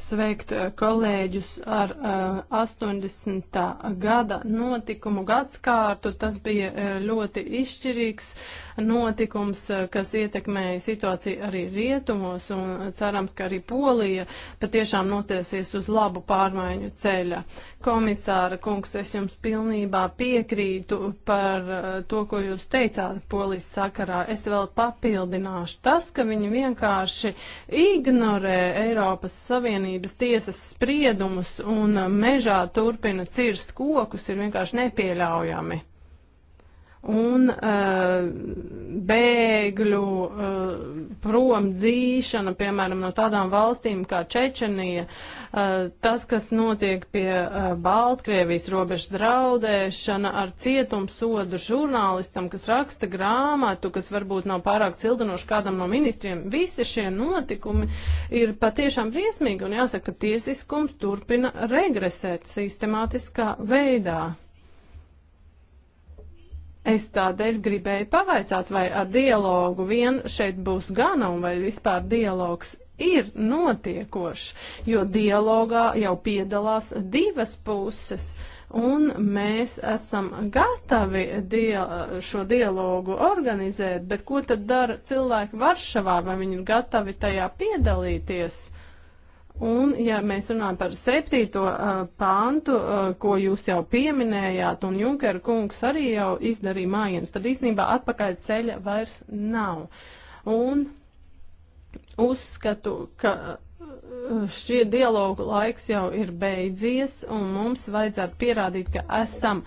sveikt eh, kolēģus ar uh, eh, 80. gada notikumu gadskārtu. Tas bija uh, ļoti izšķirīgs. Uh, notikums, eh, kas ietekmēja situāciju arī rietumos, un cerams, ka arī Polija patiešām notiesies uz labu pārmaiņu ceļa. Komisāra kungs, es jums pilnībā piekrītu par eh, to, ko jūs teicāt polijas sakarā. Es vēl papildināšu tas, ka viņi vienkārši ignorē Eiropas Savienības tiesas spriedumus un eh, mežā turpina cirst kokus, ir vienkārši nepieļaujami un uh, bēgļu uh, prom dzīšana, piemēram, no tādām valstīm kā Čečenija, uh, tas, kas notiek pie uh, Baltkrievijas robežas draudēšana ar cietumsodu žurnālistam, kas raksta grāmatu, kas varbūt nav pārāk cildinoši kādam no ministriem, visi šie notikumi ir patiešām briesmīgi un jāsaka, ka tiesiskums turpina regresēt sistemātiskā veidā. Es tādēļ gribēju pavaicāt, vai ar dialogu vien šeit būs gana un vai vispār dialogs ir notiekošs, jo dialogā jau piedalās divas puses. Un mēs esam gatavi dia šo dialogu organizēt, bet ko tad dara cilvēki Varšavā, vai viņi ir gatavi tajā piedalīties? Un, ja mēs runājam par septīto uh, pāntu, uh, ko jūs jau pieminējāt, un Junkera kungs arī jau izdarīja mājiens, tad īstenībā atpakaļ ceļa vairs nav. Un uzskatu, ka uh, šie dialogu laiks jau ir beidzies, un mums vajadzētu pierādīt, ka esam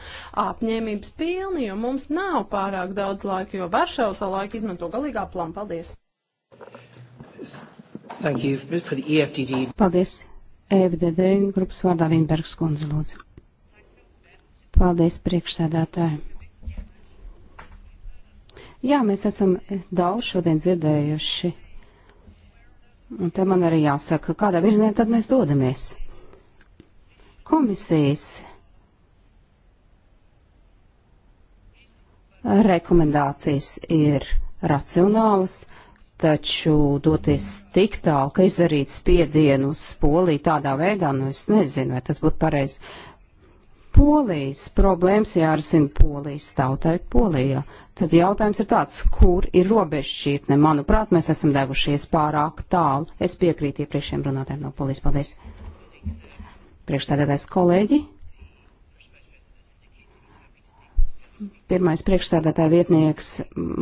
apņēmības pilni, jo mums nav pārāk daudz laika, jo Varšavas laika izmanto galīgā plāna. Paldies! E Paldies. EFDD grupas vārdā Vinbergs kundze lūdzu. Paldies priekšsēdētāji. Jā, mēs esam daudz šodien dzirdējuši. Un te man arī jāsaka, kādā virzienā tad mēs dodamies. Komisijas rekomendācijas ir racionālas taču doties tik tālu, ka izdarīt spiedienu uz Poliju tādā veidā, nu es nezinu, vai tas būtu pareizi. Polijas problēmas jārisina Polijas tautai Polijā. Tad jautājums ir tāds, kur ir robežšķirtne? Manuprāt, mēs esam devušies pārāk tālu. Es piekrītu iepriekšējiem runātājiem no Polijas. Paldies. Priekšsēdētājs kolēģi, pirmais priekšstādātāja vietnieks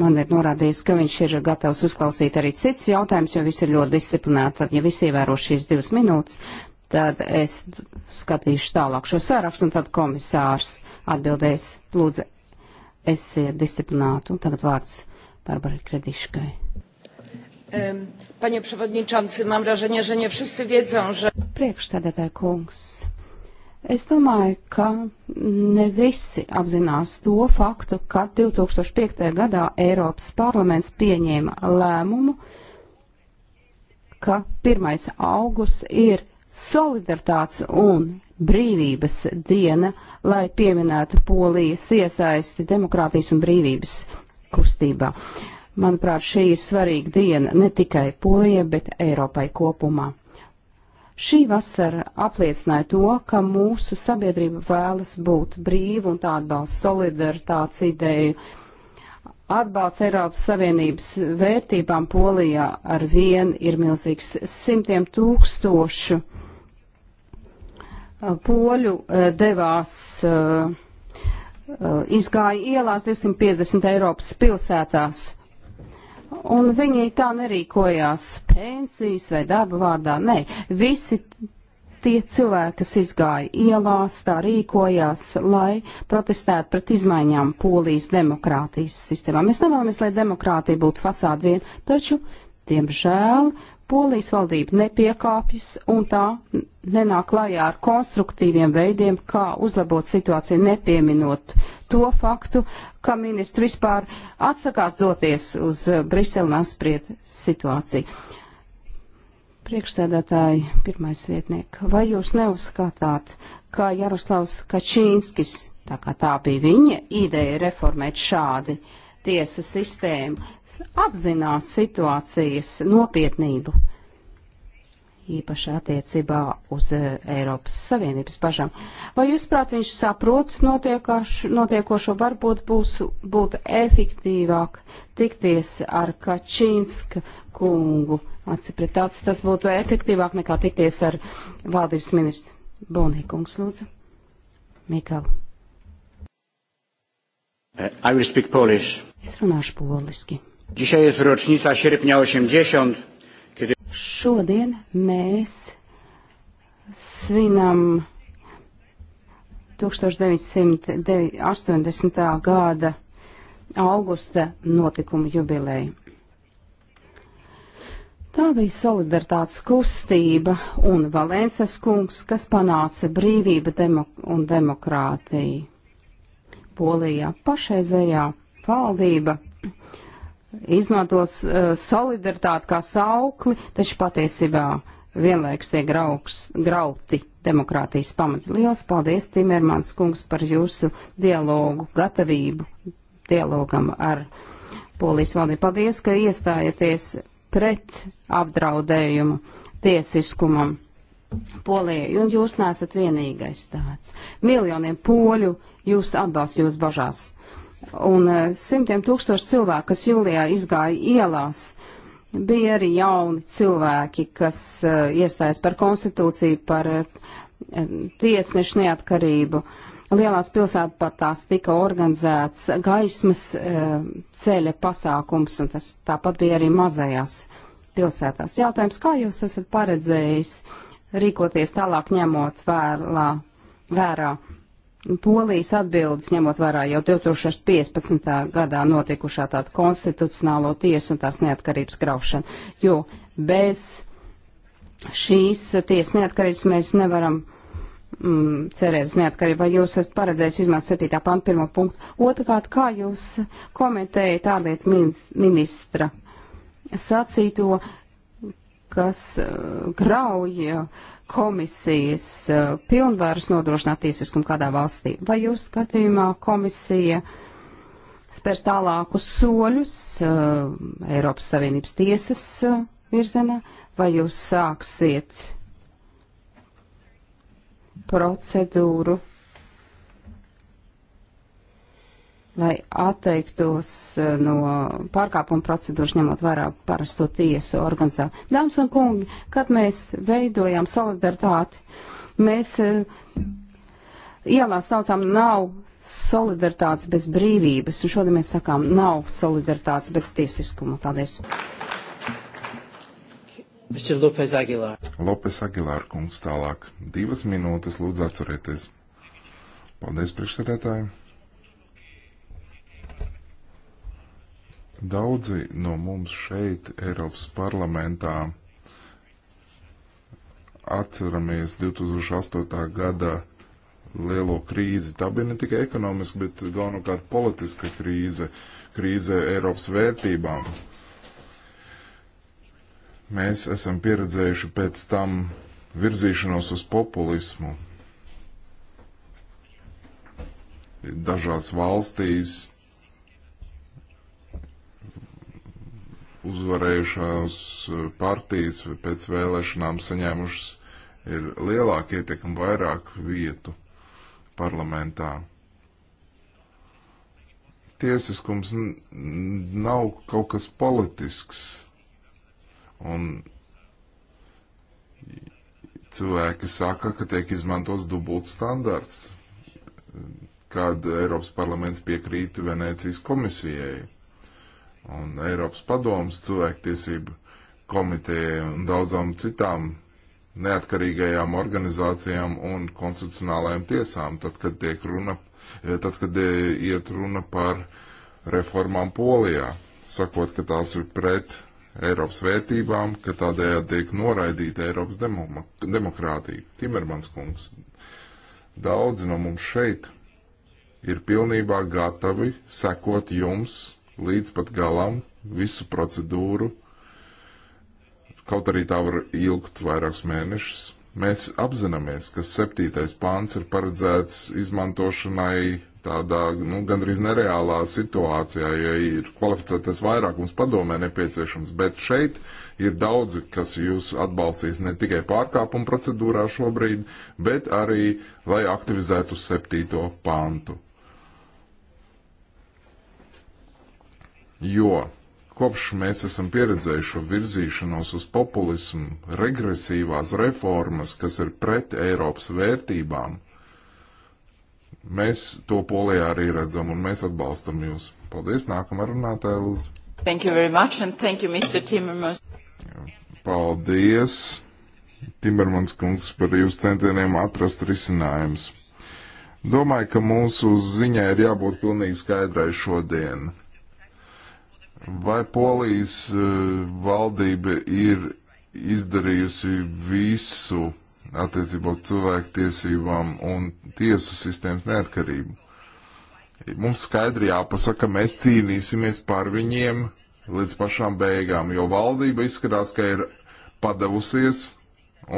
man ir norādījis, ka viņš ir gatavs uzklausīt arī cits jautājums, jo viss ir ļoti disciplinēti. Tad, ja visi ievēro šīs divas minūtes, tad es skatīšu tālāk šo sārakstu un tad komisārs atbildēs. Lūdzu, esiet disciplināti. Un tagad vārds Barbarai Krediškai. Um, Panie przewodniczący, mam wrażenie, że nie wszyscy wiedzą, że... Priekšstādātāja kungs. Es domāju, ka ne visi apzinās to faktu, ka 2005. gadā Eiropas parlaments pieņēma lēmumu, ka 1. augusts ir solidaritātes un brīvības diena, lai pieminētu polijas iesaisti demokrātijas un brīvības kustībā. Manuprāt, šī ir svarīga diena ne tikai Polijai, bet Eiropai kopumā. Šī vasara apliecināja to, ka mūsu sabiedrība vēlas būt brīva un tā atbalsta solidaritātes ideju. Atbalsts Eiropas Savienības vērtībām Polijā ar vienu ir milzīgs simtiem tūkstošu uh, poļu uh, devās, uh, izgāja ielās 250 Eiropas pilsētās un viņi tā nerīkojās pensijas vai darba vārdā. Nē, visi tie cilvēki, kas izgāja ielās, tā rīkojās, lai protestētu pret izmaiņām polijas demokrātijas sistēmā. Mēs nevēlamies, lai demokrātija būtu fasāda vien, taču, diemžēl, Polijas valdība nepiekāpjas un tā nenāk klajā ar konstruktīviem veidiem, kā uzlabot situāciju, nepieminot to faktu, ka ministri vispār atsakās doties uz eh, Briseli un apspriet situāciju. Priekšsēdētāji, pirmais vietnieks, vai jūs neuzskatāt, ka Jaroslavs Kačīnskis, tā kā tā bija viņa ideja reformēt šādi, uh, tiesu sistēmu apzinās situācijas nopietnību, īpaši attiecībā uz eh, Eiropas Savienības pašām. Vai jūs prāt viņš saprot notiekošo, varbūt būs būt efektīvāk tikties ar Kačīnska kungu atsipretāts, tas būtu efektīvāk nekā tikties ar valdības ministru. Bonī kungs, lūdzu. Mikālu. E, I will speak Polish. Es runāšu poliski. Dzisiaj jest rocznica sierpnia 80, kiedy... Šodien mēs svinam 1980. gada augusta notikumu jubileju. Tā bija solidaritātes kustība un Valences kungs, kas panāca brīvība demok un demokrātiju. Polijā. Pašreizējā valdība izmantos uh, solidaritāti kā saukli, taču patiesībā vienlaiks tiek grauks, grauti demokrātijas pamati. Lielas paldies, Timermans kungs, par jūsu dialogu, gatavību dialogam ar Polijas valdību. Paldies, ka iestājaties pret apdraudējumu tiesiskumam Polijai, un jūs nesat vienīgais tāds. Miljoniem poļu jūs atbalstu jūs bažās. Un eh, simtiem tūkstoši cilvēku, kas jūlijā izgāja ielās, bija arī jauni cilvēki, kas eh, iestājas par konstitūciju, par eh, tiesnešu neatkarību. Lielās pilsētā pat tās tika organizēts gaismas ceļa pasākums, un tas tāpat bija arī mazajās pilsētās. Jautājums, kā jūs esat paredzējis rīkoties tālāk ņemot vērlā, vērā Polijas atbildes, ņemot vērā jau 2015. gadā notikušā tāda konstitucionālo tiesu un tās neatkarības graušana, jo bez šīs tiesas neatkarības mēs nevaram mm, cerēt uz neatkarību, vai jūs esat paredzējis izmantot 7. pantu pirmo punktu. Otrakārt, kā jūs komentējat ārlietu ministra sacīto, kas uh, eh, grauja uh, komisijas eh, pilnvaras nodrošināt tiesiskumu kādā valstī? Vai jūs skatījumā komisija spērs tālākus soļus eh, Eiropas Savienības tiesas eh, virzienā, vai jūs sāksiet procedūru lai atteiktos eh, no pārkāpuma procedūras, ņemot vērā parasto tiesu organizā. Dāmas un kungi, kad mēs veidojām solidaritāti, mēs eh, ielās saucām nav solidaritātes bez brīvības, un šodien mēs sakām nav solidaritātes bez tiesiskuma. Paldies! Mr. Lopez Aguilar. Lopez Aguilar kungs tālāk. Divas minūtes lūdzu atcerieties. Paldies priekšsēdētāji. Daudzi no mums šeit, Eiropas parlamentā, atceramies 2008. gada lielo krīzi. Tā bija ne tikai ekonomiska, bet galvenokārt politiska krīze, krīze Eiropas vērtībām. Mēs esam pieredzējuši pēc tam virzīšanos uz populismu. Dažās valstīs uzvarējušās partijas pēc vēlēšanām saņēmušas ir lielāka ietekme, vairāk vietu parlamentā. Tiesiskums nav kaut kas politisks, un cilvēki saka, ka tiek izmantots dubult standarts, kad Eiropas parlaments piekrīt Venēcijas komisijai un Eiropas padomas cilvēktiesību komitejai un daudzām citām neatkarīgajām organizācijām un konstitucionālajām tiesām, tad, kad, tiek runa, eh, tad, kad eh, iet runa par reformām Polijā, sakot, ka tās ir pret Eiropas vērtībām, ka tādējādi tiek noraidīta Eiropas demok demokrātija. Timermans kungs, daudzi no mums šeit ir pilnībā gatavi sekot jums līdz pat galam visu procedūru, kaut arī tā var ilgt vairākus mēnešus. Mēs apzināmies, ka septītais pāns ir paredzēts izmantošanai tādā nu, gandrīz nereālā situācijā, ja ir kvalificētais vairākums padomē nepieciešams, bet šeit ir daudzi, kas jūs atbalstīs ne tikai pārkāpuma procedūrā šobrīd, bet arī, lai aktivizētu septīto pāntu. jo kopš mēs esam pieredzējuši šo virzīšanos uz populismu, regresīvās reformas, kas ir pret Eiropas vērtībām, mēs to polijā arī redzam un mēs atbalstam jūs. Paldies, nākamā runātāja, lūdzu. Thank you very much and thank you, Mr. Timmermans. Paldies, Timermans kungs, par jūsu centieniem atrast risinājumus. Domāju, ka mūsu ziņai ir jābūt pilnīgi skaidrai šodien Vai Polijas e, valdība ir izdarījusi visu attiecībā uz cilvēku tiesībām un tiesu sistēmas neatkarību? Mums skaidri jāpasaka, mēs cīnīsimies par viņiem līdz pašām beigām, jo valdība izskatās, ka ir padavusies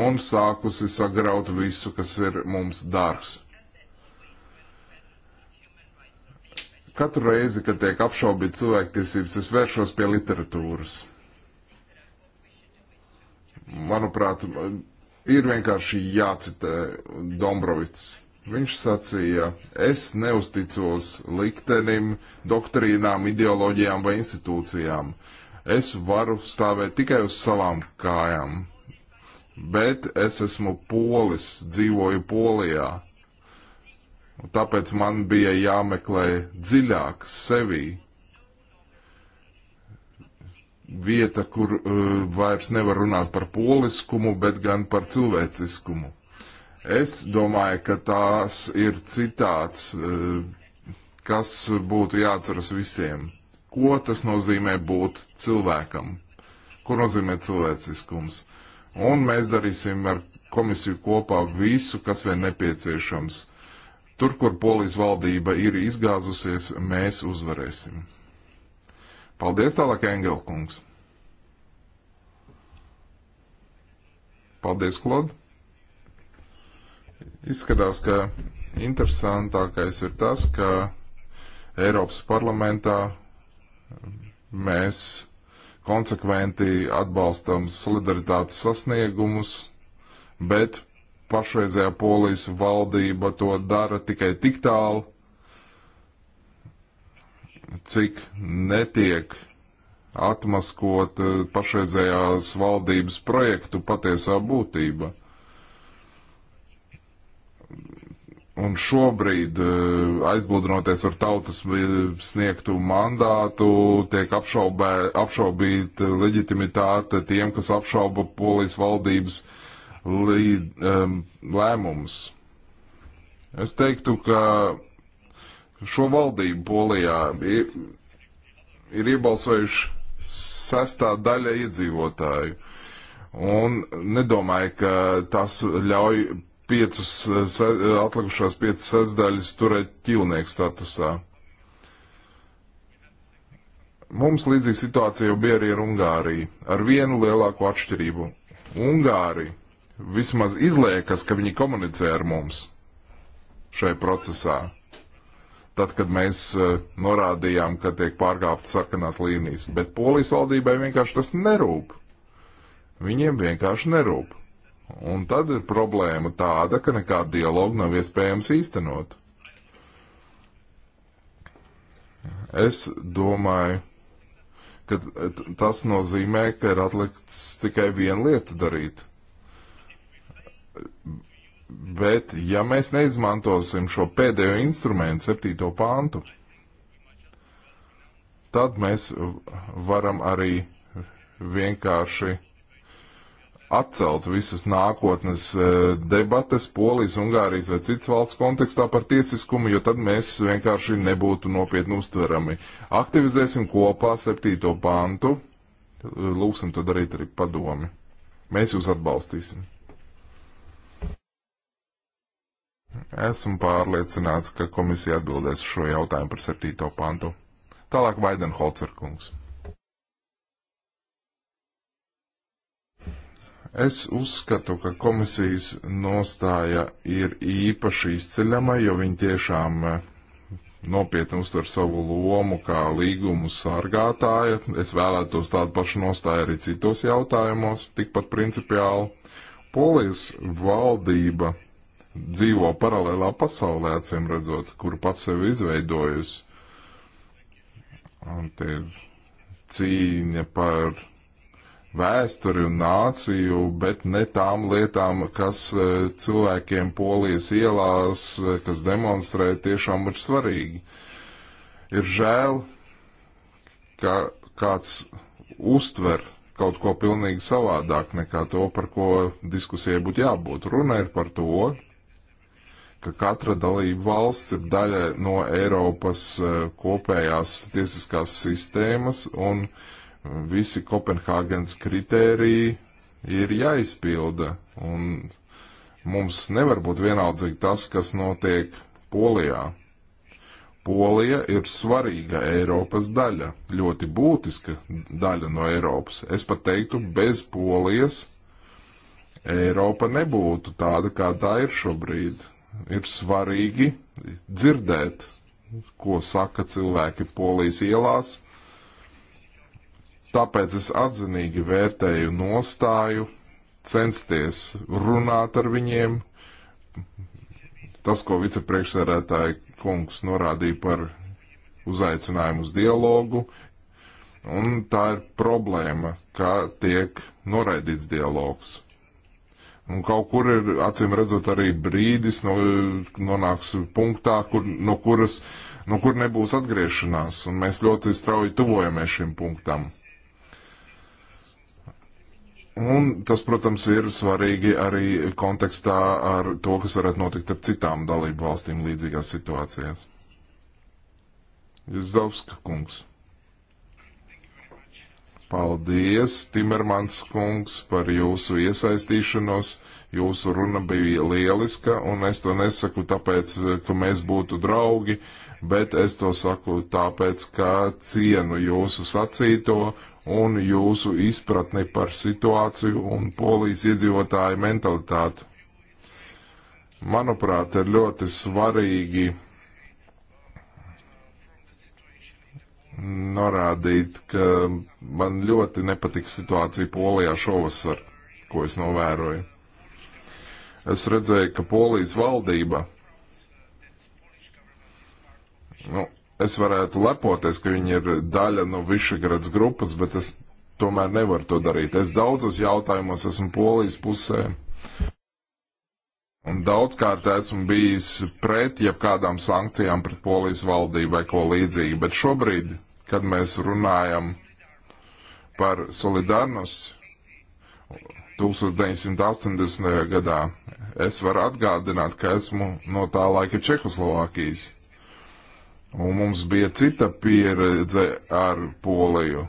un sākusi sagraut visu, kas ir mums dārgs. Katru reizi, kad tiek apšaubīt cilvēktiesības, es vēršos pie literatūras. Manuprāt, ir vienkārši jācitē Dombrovits. Viņš sacīja, es neusticos liktenim, doktrīnām, ideoloģijām vai institūcijām. Es varu stāvēt tikai uz savām kājām, bet es esmu polis, dzīvoju Polijā, Un tāpēc man bija jāmeklē dziļāk sevī vieta, kur uh, vairs nevar runāt par poliskumu, bet gan par cilvēciskumu. Es domāju, ka tās ir citāts, uh, kas būtu jāatceras visiem. Ko tas nozīmē būt cilvēkam? Ko nozīmē cilvēciskums? Un mēs darīsim ar komisiju kopā visu, kas vien nepieciešams Tur, kur polijas valdība ir izgāzusies, mēs uzvarēsim. Paldies tālāk, Engelkungs. Paldies, Klod. Izskatās, ka interesantākais ir tas, ka Eiropas parlamentā mēs konsekventi atbalstam solidaritātes sasniegumus, bet pašreizējā polijas valdība to dara tikai tik tālu, cik netiek atmaskot eh, pašreizējās valdības projektu patiesā būtība. Un šobrīd, eh, aizbildinoties ar tautas sniegtu mandātu, tiek apšaubē, apšaubīta leģitimitāte tiem, kas apšauba polijas valdības uh, līd, um, lēmumus. Es teiktu, ka šo valdību Polijā ir, ir iebalsojuši sestā daļa iedzīvotāju. Un nedomāju, ka tas ļauj piecus, se, atlikušās piecas sestdaļas turēt ķilnieku statusā. Mums līdzīga situācija jau bija arī ar Ungāriju, ar vienu lielāko atšķirību. Ungārija vismaz izliekas, ka viņi komunicē ar mums šajā procesā. Tad, kad mēs eh, norādījām, ka tiek pārkāptas sarkanās līnijas, bet polijas valdībai vienkārši tas nerūp. Viņiem vienkārši nerūp. Un tad ir problēma tāda, ka nekādu dialogu nav iespējams īstenot. Es domāju, ka tas nozīmē, ka ir atlikts tikai viena lieta darīt. Bet, ja mēs neizmantosim šo pēdējo instrumentu, septīto pāntu, tad mēs varam arī vienkārši atcelt visas nākotnes e, debates Polijas, Ungārijas vai cits valsts kontekstā par tiesiskumu, jo tad mēs vienkārši nebūtu nopietni uztverami. Aktivizēsim kopā septīto pantu, lūksim to darīt arī padomi. Mēs jūs atbalstīsim. Esmu pārliecināts, ka komisija atbildēs šo jautājumu par 7. pantu. Tālāk Vaidenholzer kungs. Es uzskatu, ka komisijas nostāja ir īpaši izceļama, jo viņi tiešām eh, nopietni uztver savu lomu kā līgumu sargātāja. Es vēlētos tādu pašu nostāju arī citos jautājumos, tikpat principiāli. Polijas valdība dzīvo paralēlā pasaulē, acīm redzot, kur pats sevi izveidojusi. Un te ir cīņa par vēsturi un nāciju, bet ne tām lietām, kas eh, cilvēkiem polijas ielās, eh, kas demonstrē, tiešām ir svarīgi. Ir žēl, ka kāds uztver kaut ko pilnīgi savādāk nekā to, par ko diskusijai būtu jābūt. Runa ir par to, ka katra dalība valsts ir daļa no Eiropas eh, kopējās tiesiskās sistēmas un eh, visi Kopenhāgens kritēriji ir jāizpilda. Un mums nevar būt vienaldzīgi tas, kas notiek Polijā. Polija ir svarīga Eiropas daļa, ļoti būtiska daļa no Eiropas. Es pat teiktu, bez Polijas Eiropa nebūtu tāda, kā tā ir šobrīd ir svarīgi dzirdēt, ko saka cilvēki polijas ielās. Tāpēc es atzinīgi vērtēju nostāju, censties runāt ar viņiem. Tas, ko vicepriekšsēdētāja kungs norādīja par uzaicinājumu uz dialogu, un tā ir problēma, kā tiek noraidīts dialogs. Un kaut kur ir, acīm redzot, arī brīdis no, nonāks punktā, kur, no, kuras, no kur nebūs atgriešanās. Un mēs ļoti strauji tuvojamies šim punktam. Un tas, protams, ir svarīgi arī kontekstā ar to, kas varētu notikt ar citām dalību valstīm līdzīgās situācijās. Jūs Zavska kungs. Paldies, Timermans kungs, par jūsu iesaistīšanos. Jūsu runa bija lieliska, un es to nesaku tāpēc, ka mēs būtu draugi, bet es to saku tāpēc, ka cienu jūsu sacīto un jūsu izpratni par situāciju un polijas iedzīvotāju mentalitāti. Manuprāt, ir ļoti svarīgi norādīt, ka man ļoti nepatika situācija Polijā šovasar, ko es novēroju. Es redzēju, ka Polijas valdība, nu, es varētu lepoties, ka viņi ir daļa no Višegrads grupas, bet es tomēr nevaru to darīt. Es daudzos jautājumos esmu Polijas pusē. Un daudzkārt esmu bijis pret jebkādām sankcijām pret polijas valdību vai ko līdzīgu, bet šobrīd, kad mēs runājam par solidarnos 1980. gadā, es varu atgādināt, ka esmu no tā laika Čehoslovākijas. Un mums bija cita pieredze ar Poliju.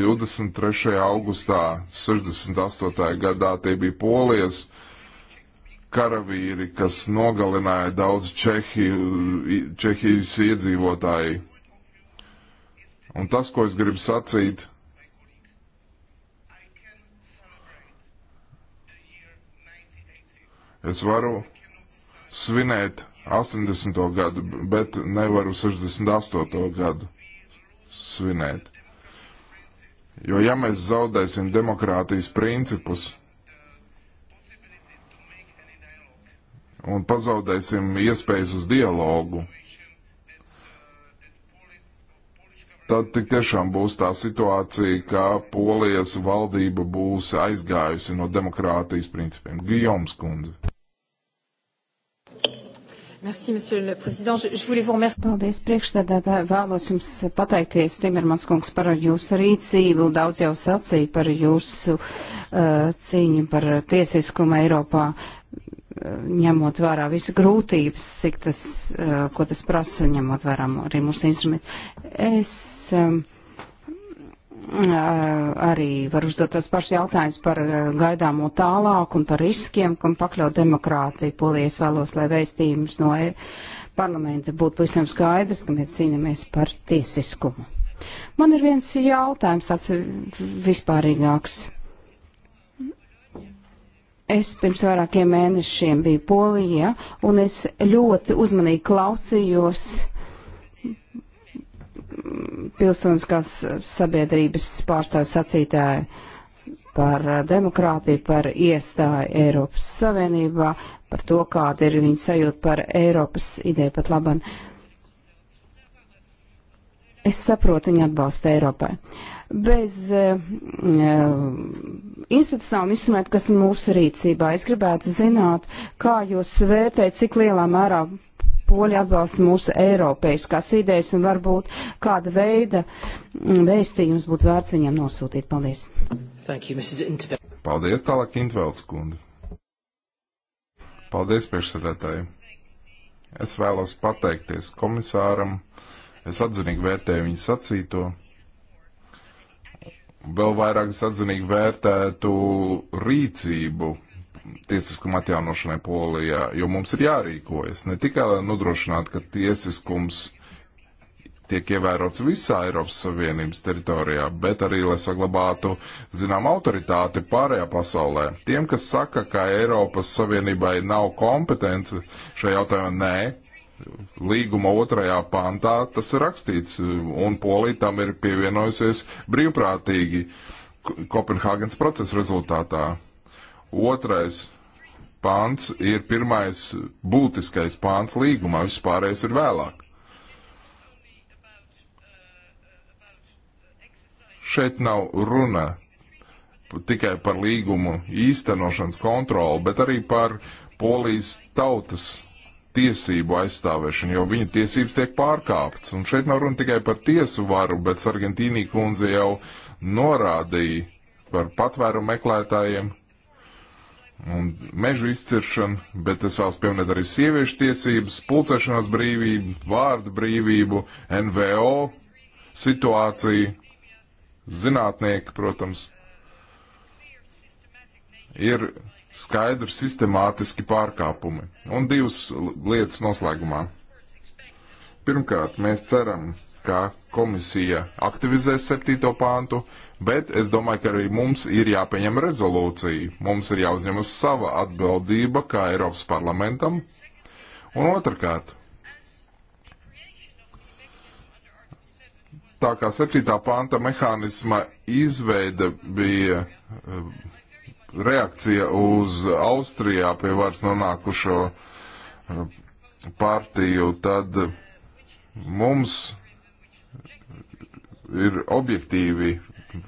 23. augustā 68. gadā tie bija Polijas karavīri, kas nogalināja daudz Čehiju, Čehijas iedzīvotāji. Un tas, ko es gribu sacīt, es varu svinēt 80. gadu, bet nevaru 68. gadu svinēt. Jo ja mēs zaudēsim demokrātijas principus, un pazaudēsim iespējas uz dialogu, tad tik tiešām būs tā situācija, ka polijas valdība būs aizgājusi no demokrātijas principiem. Gijoms kundze. Merci, monsieur le président. Je, je voulais vous remercier. Paldies, priekšstādātāji. Vēlos jums pateikties, Timermans kungs, par jūsu rīcību. Daudz jau sacīja par jūsu uh, cīņu par tiesiskumu Eiropā. Uh, ņemot vērā visu grūtības, cik tas, eh, ko tas prasa, ņemot vērā arī mūsu instrumentu. Es um, eh, arī varu uzdot tas pašs jautājums par eh, gaidāmo tālāk un par riskiem, kam pakļaut demokrātiju. Polijas vēlos, lai veistījums no e-, parlamenta būtu pavisam skaidrs, ka mēs cīnāmies par tiesiskumu. Man ir viens jautājums, tāds vispārīgāks Es pirms vairākiem mēnešiem biju Polijā, un es ļoti uzmanīgi klausījos pilsoniskās sabiedrības pārstāvju sacītāju par demokrātiju, par iestāju Eiropas Savienībā, par to, kāda ir viņa sajūta par Eiropas ideju pat laban. Es saprotu, viņa atbalsta Eiropai. Uh, bez uh, institucionāliem instrumentiem, kas ir mūsu rīcībā. Es gribētu zināt, kā jūs vērtējat, cik lielā mērā poļi atbalsta mūsu eiropeiskās idejas un varbūt kāda veida vēstījums būtu vērts viņam nosūtīt. Paldies! Thank you, Paldies, tālāk Intvelds kundze. Paldies, priekšsēdētāji. Es vēlos pateikties komisāram. Es atzinīgi vērtēju viņu sacīto vēl vairāk sadzinīgi vērtētu rīcību tiesiskuma atjaunošanai Polijā, jo mums ir jārīkojas ne tikai nodrošināt, ka tiesiskums tiek ievērots visā Eiropas Savienības teritorijā, bet arī, lai saglabātu, zinām, autoritāti pārējā pasaulē. Tiem, kas saka, ka Eiropas Savienībai nav kompetence šajā jautājumā, nē, Līguma otrajā pantā tas ir rakstīts, un Polija tam ir pievienojusies brīvprātīgi Kopenhāgenes procesa rezultātā. Otrais pants ir pirmais būtiskais pants līgumā, viss pārējais ir vēlāk. Šeit nav runa tikai par līgumu īstenošanas kontroli, bet arī par polijas tautas tiesību aizstāvēšanu, jo viņa tiesības tiek pārkāptas. Un šeit nav runa tikai par tiesu varu, bet Sargentīnī kundze jau norādīja par patvērumu meklētājiem un mežu izciršanu, bet es vēlos pieminēt arī sieviešu tiesības, pulcēšanās brīvību, vārdu brīvību, NVO situāciju, zinātnieki, protams, ir skaidri sistemātiski pārkāpumi. Un divas lietas noslēgumā. Pirmkārt, mēs ceram, ka komisija aktivizēs septīto pāntu, bet es domāju, ka arī mums ir jāpieņem rezolūcija. Mums ir jāuzņemas sava atbildība kā Eiropas parlamentam. Un otrkārt, tā kā septītā panta mehānisma izveida bija eh, reakcija uz Austrijā pie varas nonākušo eh, partiju, tad mums ir objektīvi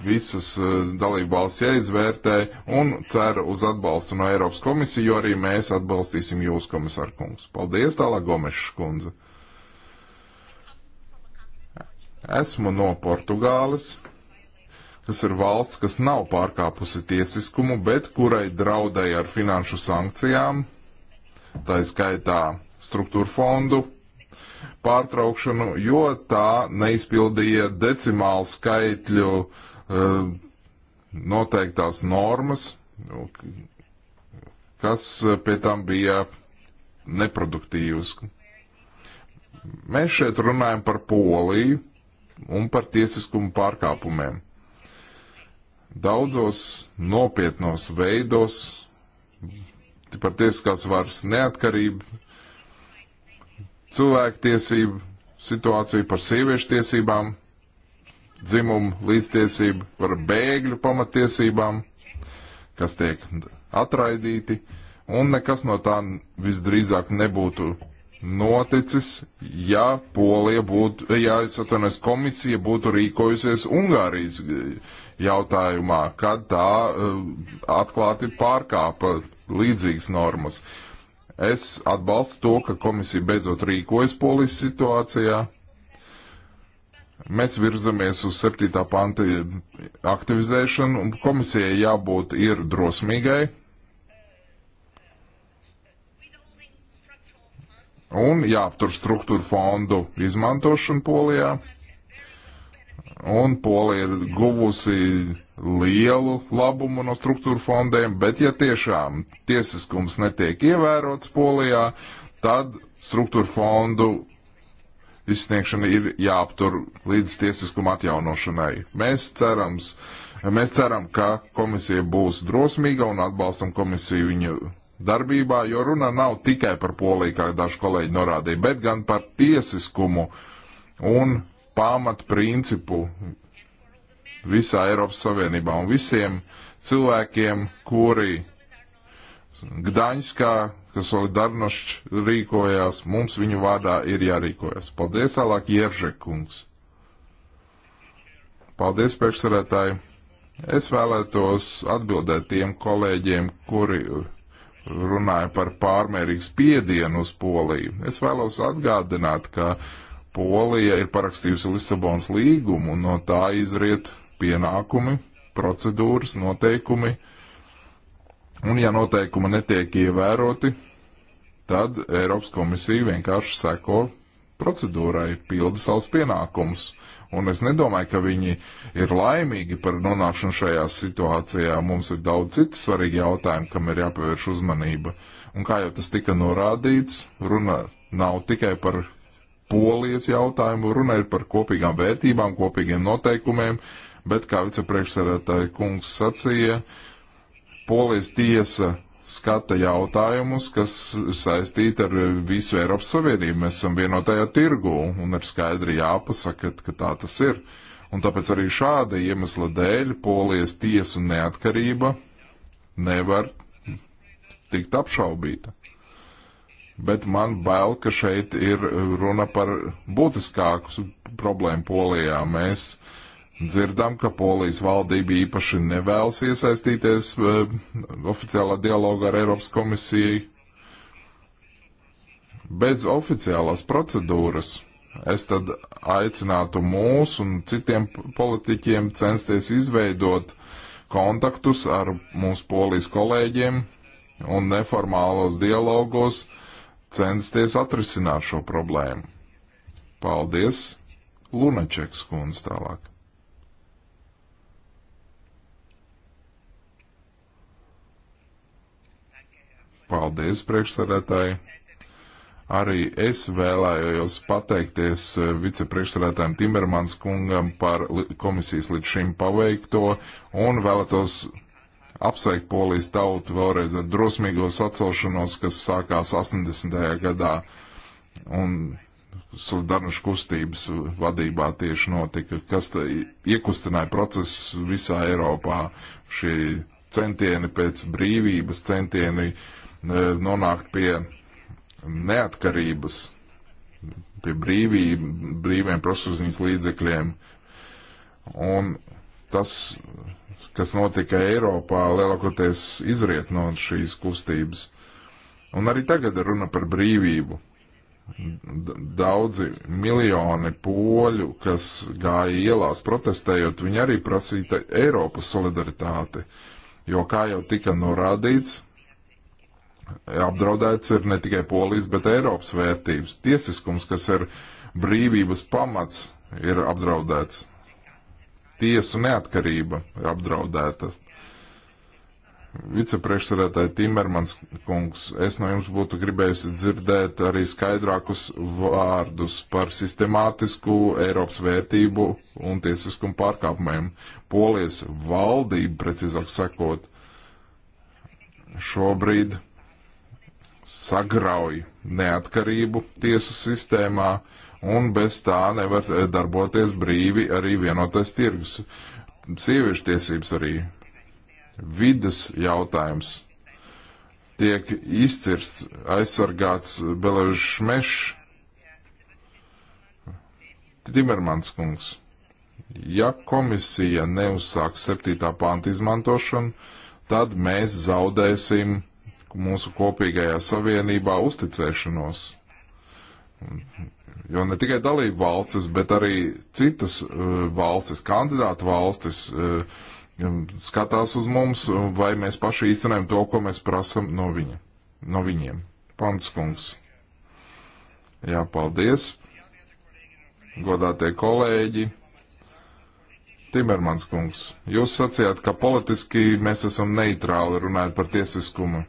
visas eh, dalību valsts jāizvērtē un ceru uz atbalstu no Eiropas komisiju, jo arī mēs atbalstīsim jūs, komisār kungs. Paldies, tālāk Gomešs kundze. Esmu no Portugāles kas ir valsts, kas nav pārkāpusi tiesiskumu, bet kurai draudēja ar finanšu sankcijām, tā skaitā struktūra fondu pārtraukšanu, jo tā neizpildīja decimālu skaitļu uh, noteiktās normas, nu, kas eh, pie tam bija neproduktīvas. Mēs šeit runājam par Poliju un par tiesiskumu pārkāpumiem daudzos nopietnos veidos, pat tiesiskās varas neatkarība, cilvēktiesība, situācija par sieviešu tiesībām, dzimumu līdztiesību, par bēgļu pamatiesībām, kas tiek atraidīti, un nekas no tā visdrīzāk nebūtu noticis, ja Polija būtu, ja es atvainojos, komisija būtu rīkojusies Ungārijas jautājumā, kad tā eh, atklāti pārkāpa līdzīgas normas. Es atbalstu to, ka komisija beidzot rīkojas polijas situācijā. Mēs virzamies uz 7. panta aktivizēšanu, un komisijai jābūt ir drosmīgai, un jāaptur struktūra fondu izmantošanu Polijā un Polija ir guvusi lielu labumu no struktūra fondiem, bet ja tiešām tiesiskums netiek ievērots Polijā, tad struktūra fondu izsniegšana ir jāaptur līdz tiesiskuma atjaunošanai. Mēs cerams, mēs ceram, ka komisija būs drosmīga un atbalstam komisiju viņu darbībā, jo runa nav tikai par Poliju, kā daži kolēģi norādīja, bet gan par tiesiskumu un pamatprincipu visā Eiropas Savienībā un visiem cilvēkiem, kuri Gdaņskā, kas solidarnošs rīkojās, mums viņu vārdā ir jārīkojas. Paldies, tālāk Jerzekungs. Paldies, priekšsarētāji. Es vēlētos atbildēt tiem kolēģiem, kuri runāja par pārmērīgu spiedienu uz Poliju. Es vēlos atgādināt, ka Polija ir parakstījusi Lisabonas līgumu, un no tā izriet pienākumi, procedūras, noteikumi. Un ja noteikumi netiek ievēroti, tad Eiropas komisija vienkārši seko procedūrai, pilda savus pienākumus. Un es nedomāju, ka viņi ir laimīgi par nonākšanu šajā situācijā. Mums ir daudz citu svarīgi jautājumu, kam ir jāpievērš uzmanība. Un kā jau tas tika norādīts, runa nav tikai par polijas jautājumu, runa ir par kopīgām vērtībām, kopīgiem noteikumiem, bet, kā vicepriekšsēdētāja kungs sacīja, polijas tiesa skata jautājumus, kas saistīti ar visu Eiropas Savienību. Mēs esam vienotajā tirgu un ir skaidri jāpasaka, ka tā tas ir. Un tāpēc arī šāda iemesla dēļ polijas tiesu neatkarība nevar tikt apšaubīta bet man bail, ka šeit ir runa par būtiskāku problēmu Polijā. Mēs dzirdam, ka Polijas valdība īpaši nevēlas iesaistīties e, oficiālā dialogā ar Eiropas komisiju. Bez oficiālās procedūras es tad aicinātu mūs un citiem politiķiem censties izveidot kontaktus ar mūsu polijas kolēģiem un neformālos dialogos uh, censties atrisināt šo problēmu. Paldies, Lunačeks kundze tālāk. Paldies, priekšsēdētāji. Arī es vēlējos pateikties eh, vicepriekšsēdētājiem Timermans kungam par komisijas līdz šim paveikto un vēlētos apsveikt polijas tautu vēlreiz ar drosmīgo sacelšanos, kas sākās 80. gadā. Un Solidarnošu kustības vadībā tieši notika, kas iekustināja procesu visā Eiropā. Šie centieni pēc brīvības, centieni e, nonākt pie neatkarības, pie brīvība, brīviem prosuziņas līdzekļiem. Un tas kas notika Eiropā, lielākoties izriet no šīs kustības. Un arī tagad ir runa par brīvību. Daudzi miljoni poļu, kas gāja ielās protestējot, viņi arī prasīja Eiropas solidaritāti. Jo, kā jau tika norādīts, apdraudēts ir ne tikai polijas, bet Eiropas vērtības. Tiesiskums, kas ir brīvības pamats, ir apdraudēts tiesu neatkarība apdraudēta. Vicepriekšsarētāji Timermans kungs, es no jums būtu gribējusi dzirdēt arī skaidrākus vārdus par sistemātisku Eiropas vērtību un tiesiskumu pārkāpumiem. Polijas valdība, precīzāk sakot, šobrīd sagrauj neatkarību tiesu sistēmā, uh, un bez tā nevar eh, darboties brīvi arī vienotais tirgus. Sieviešu tiesības arī vidas jautājums tiek izcirsts, aizsargāts Beležs Mešs. Timermans kungs, ja komisija neuzsāks 7. pānta izmantošanu, tad mēs zaudēsim mūsu kopīgajā savienībā uzticēšanos. Jo ne tikai dalību valstis, bet arī citas eh, valstis, kandidātu valstis eh, um, skatās uz mums, um, vai mēs paši īstenojam to, ko mēs prasam no, viņa, no viņiem. Pants kungs. Jā, paldies. Godātie kolēģi. Timermans kungs, jūs sacījāt, ka politiski mēs esam neitrāli runājot par tiesiskumu.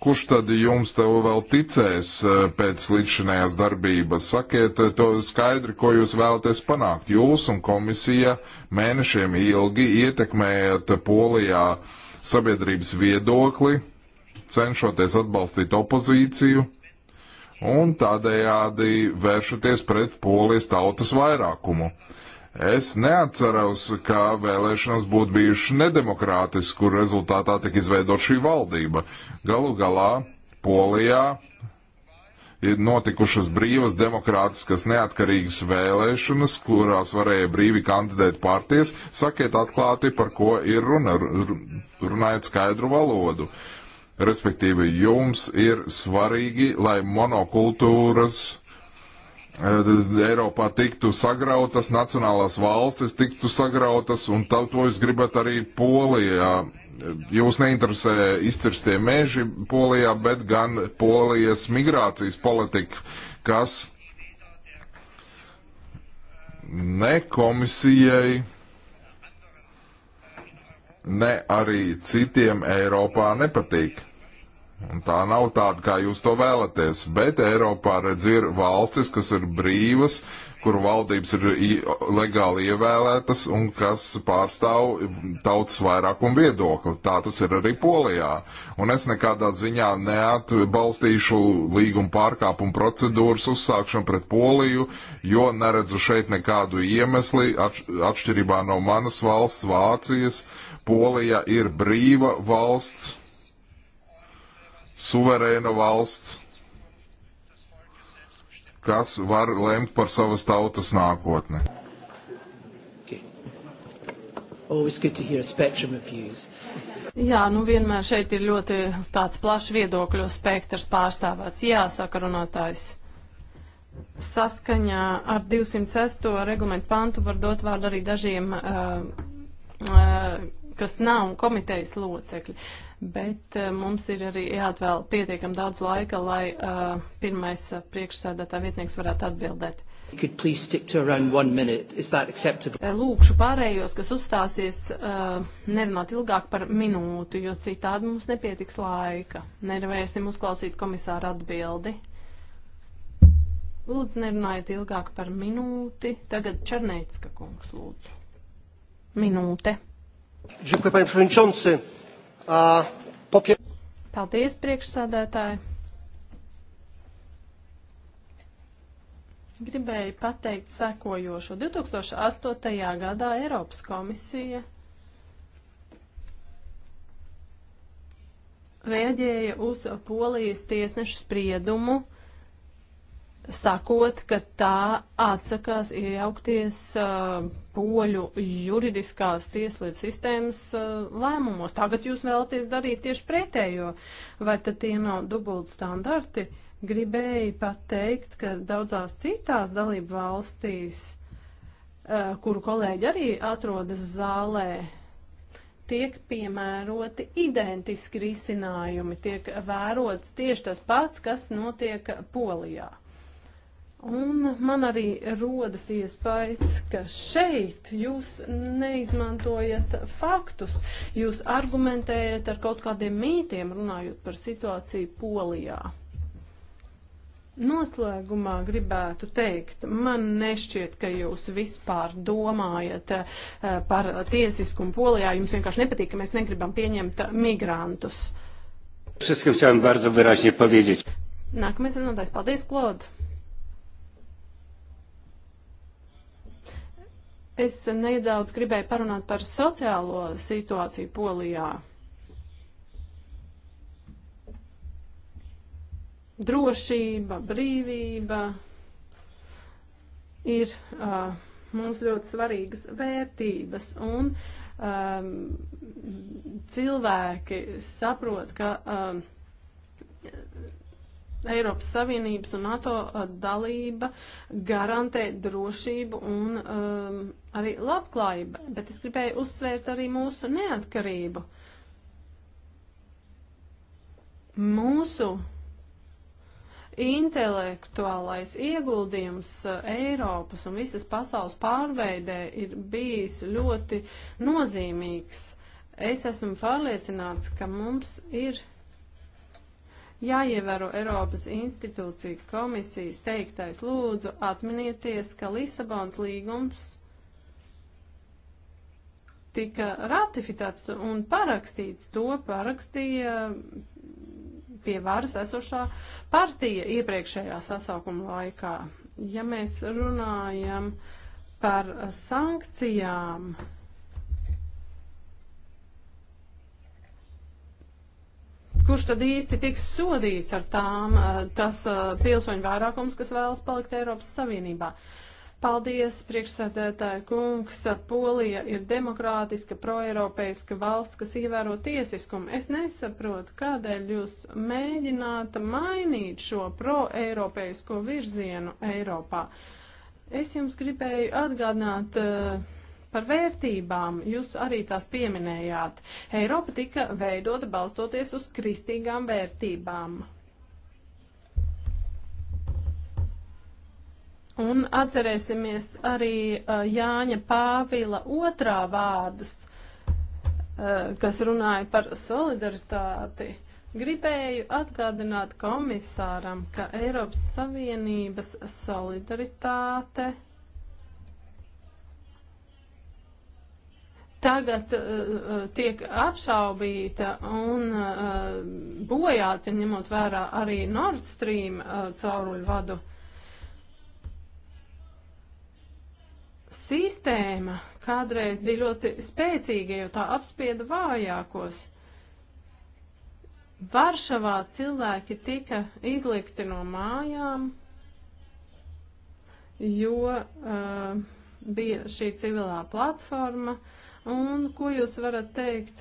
Kurš tad jums tev vēl ticēs e, pēc līdzinējās darbības? Sakiet e, to skaidri, ko jūs vēlaties panākt. Jūs un komisija mēnešiem ilgi ietekmējat polijā sabiedrības viedokli, cenšoties atbalstīt opozīciju un tādējādi vēršaties pret polijas tautas vairākumu. Uh, Es neatceros, kā vēlēšanas būtu bijušas nedemokrātiskas, kur rezultātā tika izveidot šī valdība. Galu galā Polijā ir notikušas brīvas, demokrātiskas, neatkarīgas vēlēšanas, kurās varēja brīvi kandidēt partijas. Sakiet atklāti, par ko ir runa, runājot skaidru valodu. Respektīvi, jums ir svarīgi, lai monokultūras Eiropā tiktu sagrautas, nacionālās valstis tiktu sagrautas, un tā, to es gribētu arī Polijā. Jūs neinteresē izcirstie meži Polijā, bet gan Polijas migrācijas politika, kas ne komisijai, ne arī citiem Eiropā nepatīk. Tā nav tāda, kā jūs to vēlaties, bet Eiropā redz ir valstis, kas ir brīvas, kur valdības ir legāli ievēlētas un kas pārstāv tautas vairākumu viedokli. Tā tas ir arī Polijā. Un es nekādā ziņā neatbalstīšu līguma pārkāpumu procedūras uzsākšanu pret Poliju, jo neredzu šeit nekādu iemesli atšķirībā no manas valsts, Vācijas. Polija ir brīva valsts suverēna valsts, kas var lemt par savas tautas nākotni. Okay. Jā, nu vienmēr šeit ir ļoti tāds plašs viedokļu spektrs pārstāvēts. Jā, saka runātājs. Saskaņā ar 206. regulamentu pantu var dot vārdu arī dažiem, uh, uh, kas nav komitejas locekļi. Uh, bet eh, mums ir arī jāatvēl pietiekam daudz laika, lai uh, pirmais eh, priekšsēdētā vietnieks varētu atbildēt. Lūkšu pārējos, kas uzstāsies, uh, nerunāt ilgāk par minūti, jo citādi mums nepietiks laika. Nervēsim uzklausīt komisāra atbildi. Lūdzu, nerunājiet ilgāk par minūti. Tagad Černēcka kungs, lūdzu. Minūte. Dziękuję, panie przewodniczący. Popie... Paldies, priekšsādētāji! Gribēju pateikt sekojošo. 2008. gadā Eiropas komisija rēģēja uz polijas tiesnešu spriedumu sakot, ka tā atsakās iejaukties uh, poļu juridiskās tieslietu sistēmas uh, lēmumos. Tagad jūs vēlaties darīt tieši pretējo, vai tad tie nav dubult standarti? Gribēju pateikt, ka daudzās citās dalību valstīs, uh, kuru kolēģi arī atrodas zālē, tiek piemēroti identiski risinājumi, tiek vērots tieši tas pats, kas notiek Polijā. Un man arī rodas iespējas, ka šeit jūs neizmantojat faktus, jūs argumentējat ar kaut kādiem mītiem, runājot par situāciju Polijā. Noslēgumā gribētu teikt, man nešķiet, ka jūs vispār domājat eh, par tiesiskumu Polijā. Jums vienkārši nepatīk, ka mēs negribam pieņemt migrantus. Wszystkim chciałem bardzo wyraźnie powiedzieć. Nākamais runātājs. Paldies, Klod! Es nedaudz gribēju parunāt par sociālo situāciju Polijā. Drošība, brīvība ir uh, mums ļoti svarīgas vērtības, un um, cilvēki saprot, ka um, Eiropas Savienības un NATO dalība garantē drošību un um, arī labklājību, bet es gribēju uzsvērt arī mūsu neatkarību. Mūsu intelektuālais ieguldījums Eiropas un visas pasaules pārveidē ir bijis ļoti nozīmīgs. Es esmu pārliecināts, ka mums ir Jāievēro Eiropas institūcija komisijas teiktais lūdzu atminieties, ka Lisabons līgums tika ratificēts un parakstīts. To parakstīja pie varas esošā partija iepriekšējā sasaukuma laikā. Ja mēs runājam par sankcijām, uh, kurš tad īsti tiks sodīts ar tām tas pilsoņu vairākums, kas vēlas palikt Eiropas Savienībā. Paldies, priekšsēdētāja kungs. Polija ir demokrātiska, proeiropeiska valsts, kas ievēro tiesiskumu. Es nesaprotu, kādēļ jūs mēģināt mainīt šo proeiropeisko virzienu Eiropā. Es jums gribēju atgādināt. Uh, par vērtībām. Jūs arī tās pieminējāt. Eiropa tika veidota balstoties uz kristīgām vērtībām. Un atcerēsimies arī uh, Jāņa Pāvila otrā vārdus, uh, kas runāja par solidaritāti. Gribēju atgādināt komisāram, ka Eiropas Savienības solidaritāte uh, tagad uh, uh, tiek apšaubīta un uh, bojāta, ņemot vērā arī Nord Stream uh, cauruļu vadu. Sistēma kādreiz bija ļoti spēcīga, jo tā apspieda vājākos. Varšavā cilvēki tika izlikti no mājām, jo uh, bija šī civilā platforma, uh, Un ko jūs varat teikt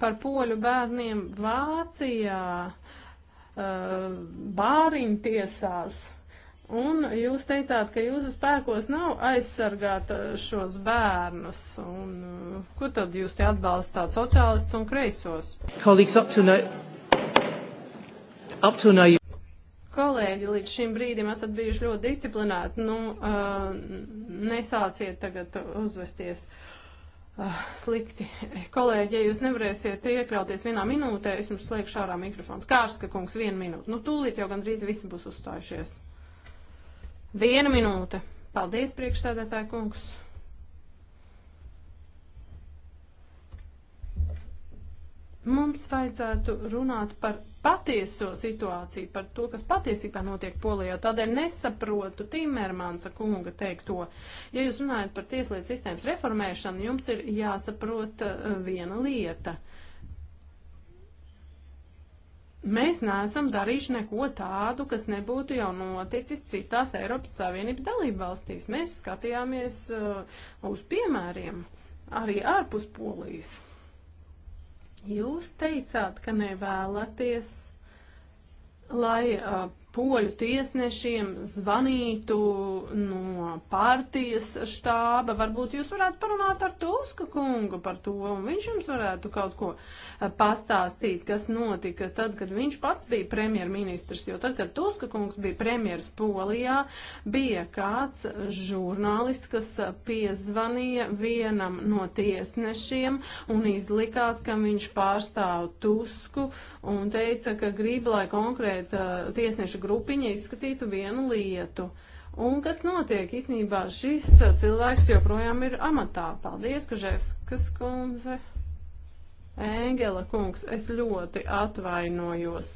par poļu bērniem Vācijā, uh, bāriņtiesās? Un jūs teicāt, ka jūsu spēkos nav aizsargāt uh, šos bērnus. Un, uh, ko tad jūs te atbalstāt sociālistus un kreisos? Kolēģi, līdz šim brīdim esat bijuši ļoti disciplināti. Nu, uh, nesāciet tagad uzvesties. Uh, uh, slikti. Kolēģi, ja jūs nevarēsiet iekļauties vienā minūtē, es jums slēgšu ārā mikrofons. Kārska kungs, viena minūte. Nu, tūlīt jau gandrīz visi būs uzstājušies. Viena minūte. Paldies, priekšsēdētāja kungs. Mums vajadzētu runāt par patieso situāciju, par to, kas patiesībā notiek Polijā. Tādēļ nesaprotu Timermansa kunga teikto. Ja jūs runājat par tieslietu sistēmas reformēšanu, jums ir jāsaprot uh, viena lieta. Mēs neesam darījuši neko tādu, kas nebūtu jau noticis citās Eiropas Savienības dalību valstīs. Mēs skatījāmies uh, uz piemēriem arī ārpus Polijas. Jūs teicāt, ka nevēlaties, lai. Uh, poļu tiesnešiem zvanītu no partijas štāba. Varbūt jūs varētu parunāt ar Tuska kungu par to, un viņš jums varētu kaut ko eh, pastāstīt, kas notika tad, kad viņš pats bija premjerministrs. Jo tad, kad Tuska kungs bija premjeras Polijā, bija kāds žurnālists, kas piezvanīja vienam no tiesnešiem un izlikās, ka viņš pārstāv Tusku un teica, ka grib, lai konkrēta tiesneša grupiņa izskatītu vienu lietu. Un kas notiek? Īsnībā šis cilvēks joprojām ir amatā. Paldies, Kažēskas kundze. Ēngela kungs, es ļoti atvainojos,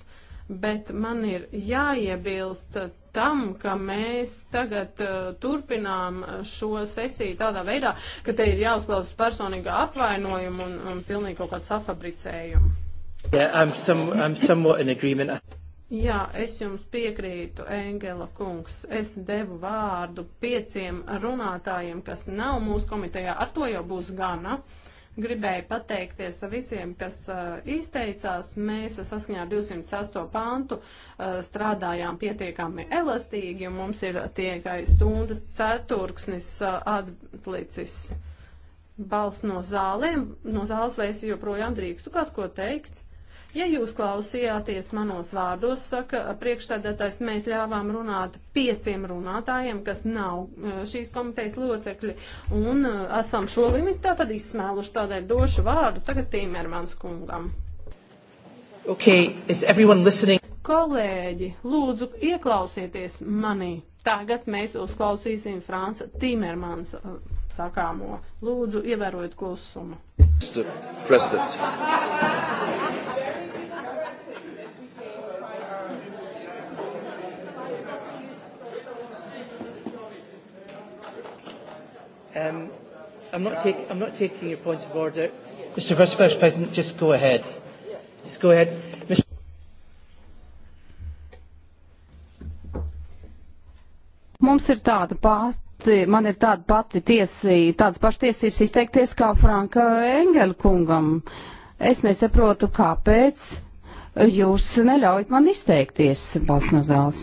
bet man ir jāiebilst tam, ka mēs tagad uh, turpinām šo sesiju tādā veidā, ka te ir jāuzklausas personīga apvainojuma un, un pilnīgi kaut kāds safabricējums. Yeah, I'm some, I'm somewhat in agreement. Jā, es jums piekrītu, Engela kungs. Es devu vārdu pieciem runātājiem, kas nav mūsu komitejā. Ar to jau būs gana. Gribēju pateikties visiem, kas uh, izteicās. Mēs uh, saskaņā ar 208 pantu uh, strādājām pietiekami elastīgi, un mums ir tikai stundas ceturksnis uh, atlicis balss no zālēm. No zāles vai es joprojām drīkstu kaut ko teikt? Ja jūs klausījāties manos vārdos, saka priekšsēdētājs, mēs ļāvām runāt pieciem runātājiem, kas nav eh, šīs komitejas locekļi, un eh, esam šo limitu tātad izsmēluši, tādēļ došu vārdu tagad Timermans kungam. Okay, is everyone listening? Kolēģi, lūdzu, ieklausieties manī. Tagad mēs uzklausīsim Franca Timermans eh, sakāmo. Lūdzu, ievērojiet klusumu. Mr. President. Um, I'm, not take, I'm not taking your point of order. Mr. Vice President, just go ahead. Just go ahead. Mr. Mums ir tāda pati man ir tāda pati tiesība, tādas pašas tiesības izteikties kā Franka Engela kungam. Es nesaprotu, kāpēc jūs neļaujat man izteikties, balss no zāles.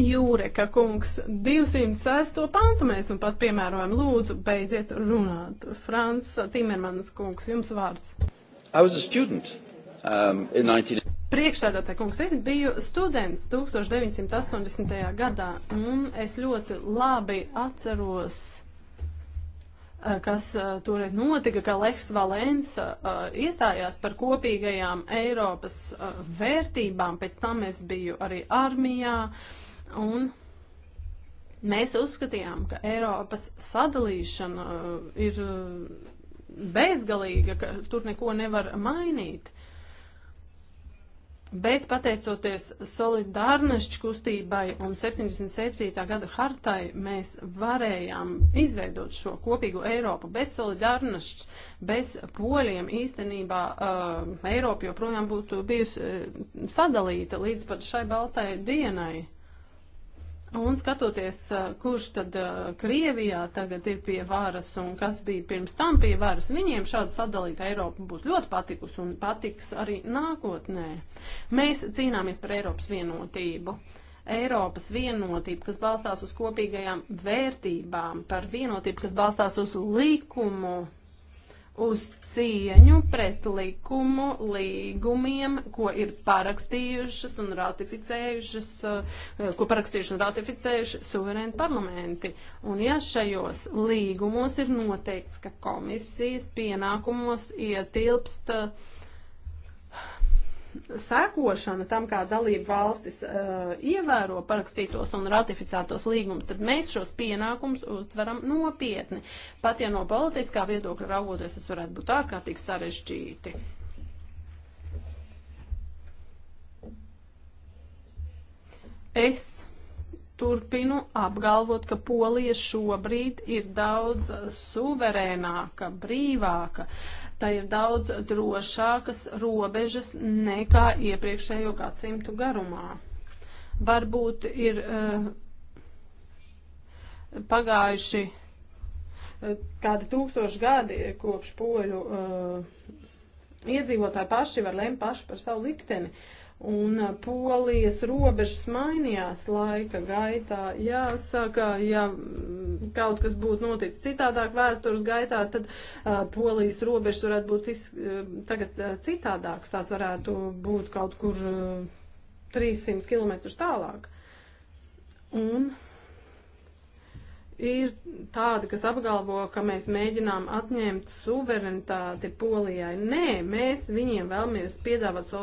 Jūreka kungs, 206. pantu mēs nu pat piemērojam. Lūdzu, beidziet runāt. Frans Timermans kungs, jums vārds. Um, 19... Priekšsēdētā kungs, es biju students 1980. gadā, un es ļoti labi atceros, eh, kas eh, toreiz notika, ka Leks Valensa eh, iestājās par kopīgajām Eiropas vērtībām, pēc tam es biju arī armijā, un mēs uzskatījām, ka Eiropas sadalīšana ir bezgalīga, ka tur neko nevar mainīt. Bet pateicoties solidārnašķu kustībai un 77. gada hartai, mēs varējām izveidot šo kopīgu Eiropu. Bez solidārnašķs, bez poļiem īstenībā uh, Eiropa joprojām būtu bijusi uh, sadalīta līdz pat šai baltai dienai. Un skatoties, kurš tad Krievijā tagad ir pie varas un kas bija pirms tam pie varas, viņiem šāda sadalīta Eiropa būtu ļoti patikus un patiks arī nākotnē. Mēs cīnāmies par Eiropas vienotību. Eiropas vienotību, kas balstās uz kopīgajām vērtībām, par vienotību, kas balstās uz likumu, uz cieņu pret likumu, līgumiem, ko ir parakstījušas un ratificējušas, eh, ko parakstījuši un ratificējuši suverēni parlamenti. Un ja šajos līgumos ir noteikts, ka komisijas pienākumos ietilpst uh, sekošana tam, kā dalību valstis uh, ievēro parakstītos un ratificētos līgumus, tad mēs šos pienākumus uztveram nopietni. Pat ja no politiskā viedokļa raugoties, tas varētu būt ārkārtīgi sarežģīti. Es turpinu apgalvot, ka Polija šobrīd ir daudz suverēnāka, brīvāka. Uh, Tā ir daudz drošākas robežas nekā iepriekšējo gadsimtu garumā. Varbūt ir uh, pagājuši uh, kādi tūkstoši gadi eh, kopš poļu uh, iedzīvotāji paši var lemt paši par savu likteni. Uh, un uh, polijas robežas mainījās laika gaitā. Jāsaka, ja mm, kaut kas būtu noticis citādāk vēstures gaitā, tad uh, polijas robežas varētu būt iz, uh, tagad uh, citādākas. Tās varētu būt kaut kur uh, 300 km tālāk. Un Ir tādi, kas apgalvo, ka mēs mēģinām atņemt suverenitāti Polijai. Nē, mēs viņiem vēlamies piedāvāt so,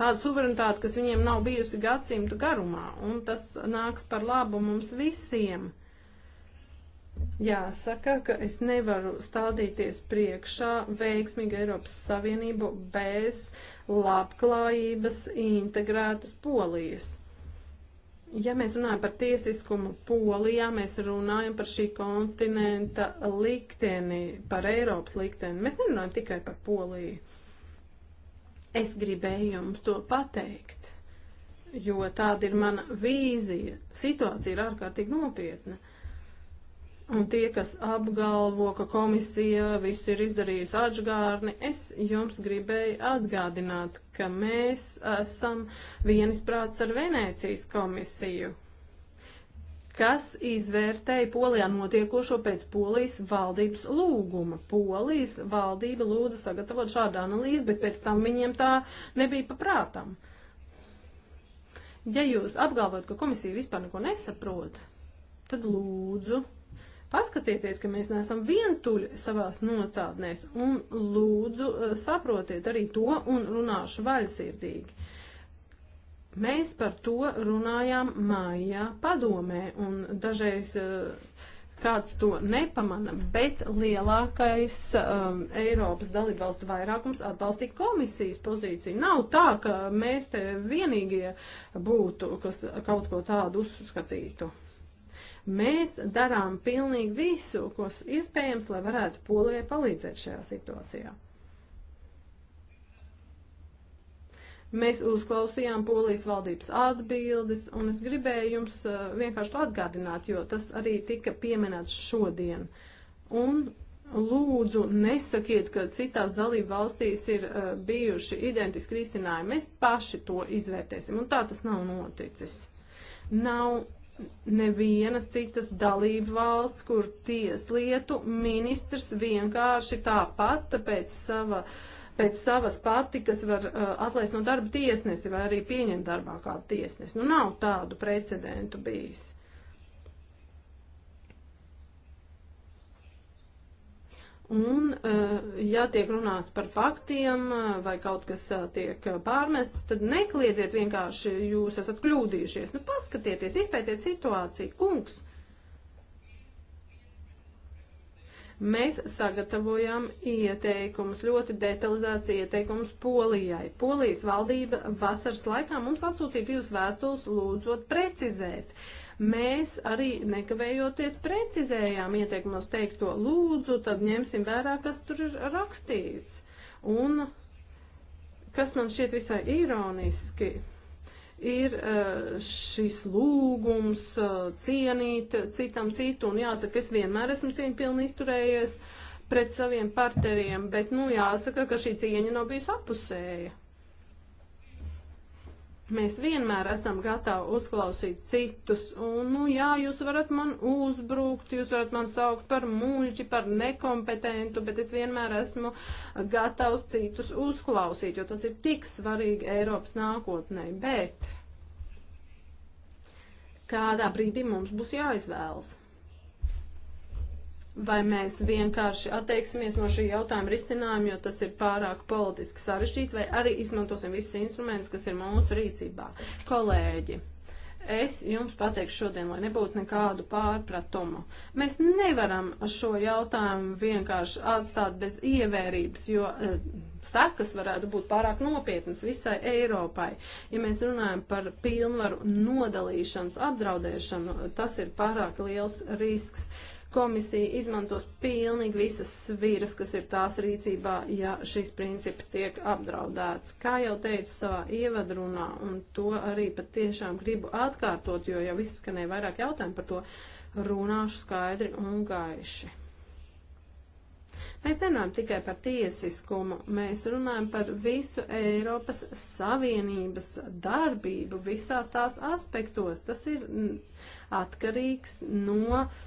tādu suverenitāti, kas viņiem nav bijusi gadsimtu garumā, un tas nāks par labu mums visiem. Jāsaka, ka es nevaru stādīties priekšā veiksmīgu Eiropas Savienību bez labklājības integrētas Polijas. Ja mēs runājam par tiesiskumu Polijā, mēs runājam par šī kontinenta likteni, par Eiropas likteni. Mēs nerunājam tikai par Poliju. Es gribēju jums to pateikt, jo tāda ir mana vīzija. Situācija ir ārkārtīgi nopietna. Uh, Un tie, kas apgalvo, ka komisija visu ir izdarījusi atžgārni, es jums gribēju atgādināt, ka mēs esam vienisprāts ar Venēcijas komisiju, kas izvērtēja Polijā notiekošo pēc Polijas valdības lūguma. Polijas valdība lūdza sagatavot šādu analīzi, bet pēc tam viņiem tā nebija paprātam. Ja jūs apgalvojat, ka komisija vispār neko nesaprot, tad lūdzu Paskatieties, ka mēs neesam vientuļi savās nostādnēs un lūdzu eh, saprotiet arī to un runāšu vaļsirdīgi. Mēs par to runājām mājā padomē un dažreiz uh, kāds to nepamana, bet lielākais um, Eiropas dalībvalstu vairākums atbalstīja komisijas pozīciju. Nav tā, ka mēs te vienīgie būtu, kas kaut ko tādu uzskatītu. Mēs darām pilnīgi visu, kas iespējams, lai varētu Polijai palīdzēt šajā situācijā. Mēs uzklausījām polijas valdības atbildes, un es gribēju jums uh, vienkārši to atgādināt, jo tas arī tika pieminēts šodien. Un lūdzu, nesakiet, ka citās dalību valstīs ir uh, bijuši identiski risinājumi. Mēs paši to izvērtēsim, un tā tas nav noticis. Nav nevienas citas dalību valsts, kur tieslietu ministrs vienkārši tāpat pēc sava. Pēc savas patikas var uh, atlaist no darba tiesnesi vai arī pieņemt darbā kādu tiesnesi. Nu, nav tādu precedentu bijis. Uh, Un, eh, ja tiek runāts par faktiem eh, vai kaut kas eh, tiek pārmests, tad nekliedziet vienkārši, jūs esat kļūdījušies. Nu, paskatieties, izpētiet situāciju, kungs. Mēs sagatavojam ieteikumus, ļoti detalizēts ieteikumus Polijai. Polijas valdība vasaras laikā mums atsūtīja divas vēstules, lūdzot precizēt. Uh, Mēs arī nekavējoties precizējām ieteikumos teikto lūdzu, tad ņemsim vērā, kas tur ir rakstīts. Un kas man šķiet visai ironiski, ir eh, šis lūgums eh, cienīt citam citu, un jāsaka, es vienmēr esmu cieņpilni izturējies pret saviem partneriem, bet, nu, jāsaka, ka šī cieņa nav bijusi apusēja. Mēs vienmēr esam gatavi uzklausīt citus, un, nu, jā, jūs varat man uzbrukt, jūs varat man saukt par muļķi, par nekompetentu, bet es vienmēr esmu gatavs citus uzklausīt, jo tas ir tik svarīgi Eiropas nākotnē. Bet kādā brīdī mums būs jāizvēlas vai mēs vienkārši atteiksimies no šī jautājuma risinājuma, jo tas ir pārāk politiski sarežģīti, vai arī izmantosim visus instrumentus, kas ir mūsu rīcībā. Kolēģi, es jums pateikšu šodien, lai nebūtu nekādu pārpratumu. Mēs nevaram šo jautājumu vienkārši atstāt bez ievērības, jo eh, sekas varētu būt pārāk nopietnas visai Eiropai. Ja mēs runājam par pilnvaru nodalīšanas apdraudēšanu, tas ir pārāk liels risks. Uh, Komisija izmantos pilnīgi visas sviras, kas ir tās rīcībā, ja šis princips tiek apdraudēts. Kā jau teicu savā ievadrunā, un to arī patiešām gribu atkārtot, jo jau izskanēja vairāk jautājumu par to, runāšu skaidri un gaiši. Mēs nerunājam tikai par tiesiskumu, mēs runājam par visu Eiropas Savienības darbību visās tās aspektos. Tas ir atkarīgs no uh,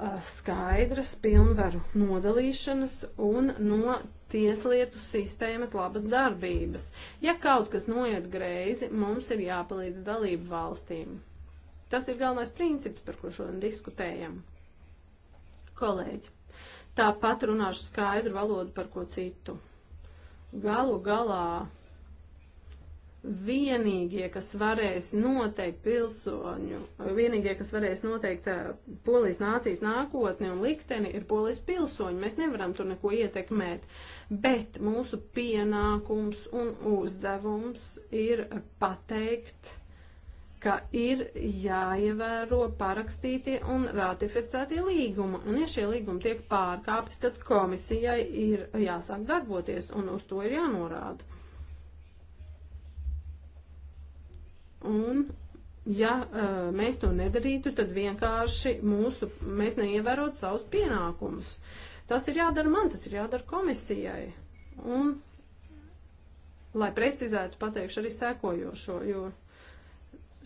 Uh, skaidras pilnvaru nodalīšanas un no tieslietu sistēmas labas darbības. Ja kaut kas noiet greizi, mums ir jāpalīdz dalību valstīm. Tas ir galvenais princips, par ko šodien diskutējam. Kolēģi, tāpat runāšu skaidru valodu par ko citu. Galu galā vienīgie, kas varēs noteikt pilsoņu, vienīgie, kas varēs noteikt eh, polijas nācijas nākotni un likteni, ir polijas pilsoņi. Mēs nevaram tur neko ietekmēt, bet mūsu pienākums un uzdevums ir pateikt, ka ir jāievēro parakstītie un ratificētie līgumi. Un ja šie līgumi tiek pārkāpti, tad komisijai ir jāsāk darboties un uz to ir jānorāda. Un, ja uh, mēs to nedarītu, tad vienkārši mūsu, mēs neievērot savus pienākumus. Tas ir jādara man, tas ir jādara komisijai. Un, lai precizētu, pateikšu arī sekojošo, jo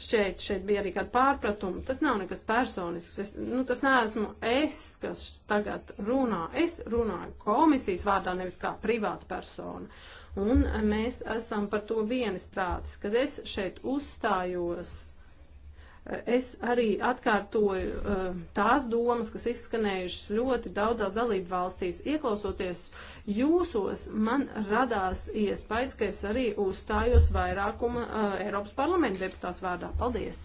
šeit, šeit bija arī kāda pārpratuma. Tas nav nekas personisks. Es, nu, tas neesmu es, kas tagad runā. Es runāju komisijas vārdā, nevis kā privāta persona. Un mēs esam par to vienisprātis. Kad es šeit uzstājos, es arī atkārtoju eh, tās domas, kas izskanējušas ļoti daudzās dalību valstīs. Ieklausoties jūsos, man radās iespējas, ka es arī uzstājos vairākuma eh, Eiropas parlamenta deputāts vārdā. Paldies!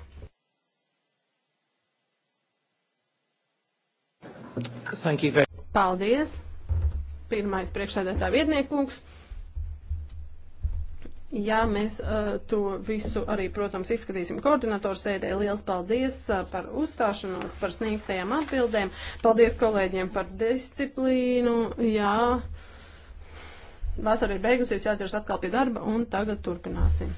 Paldies! Pirmais priekšsēdētā vietniekungs. Jā, mēs uh, to visu arī, protams, izskatīsim koordinatoru sēdē. Liels paldies uh, par uzstāšanos, par sniegtajām atbildēm. Paldies kolēģiem par disciplīnu. Jā, vasara ir beigusies, jāķers atkal pie darba un tagad turpināsim.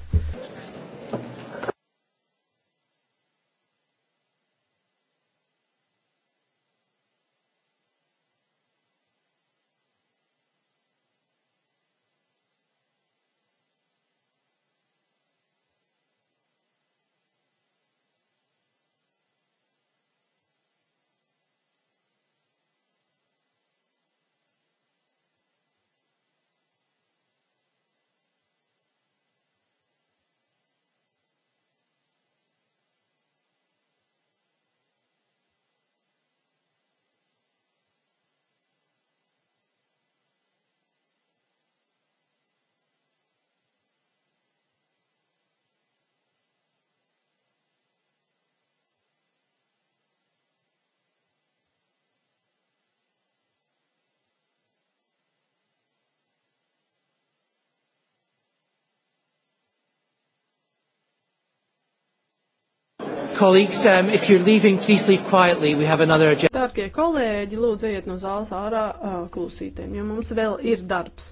colleagues, um, if you're leaving, please leave quietly. We have another agenda. Dārgie kolēģi, lūdzu ejiet no zāles ārā uh, klusītiem, jo mums vēl ir darbs.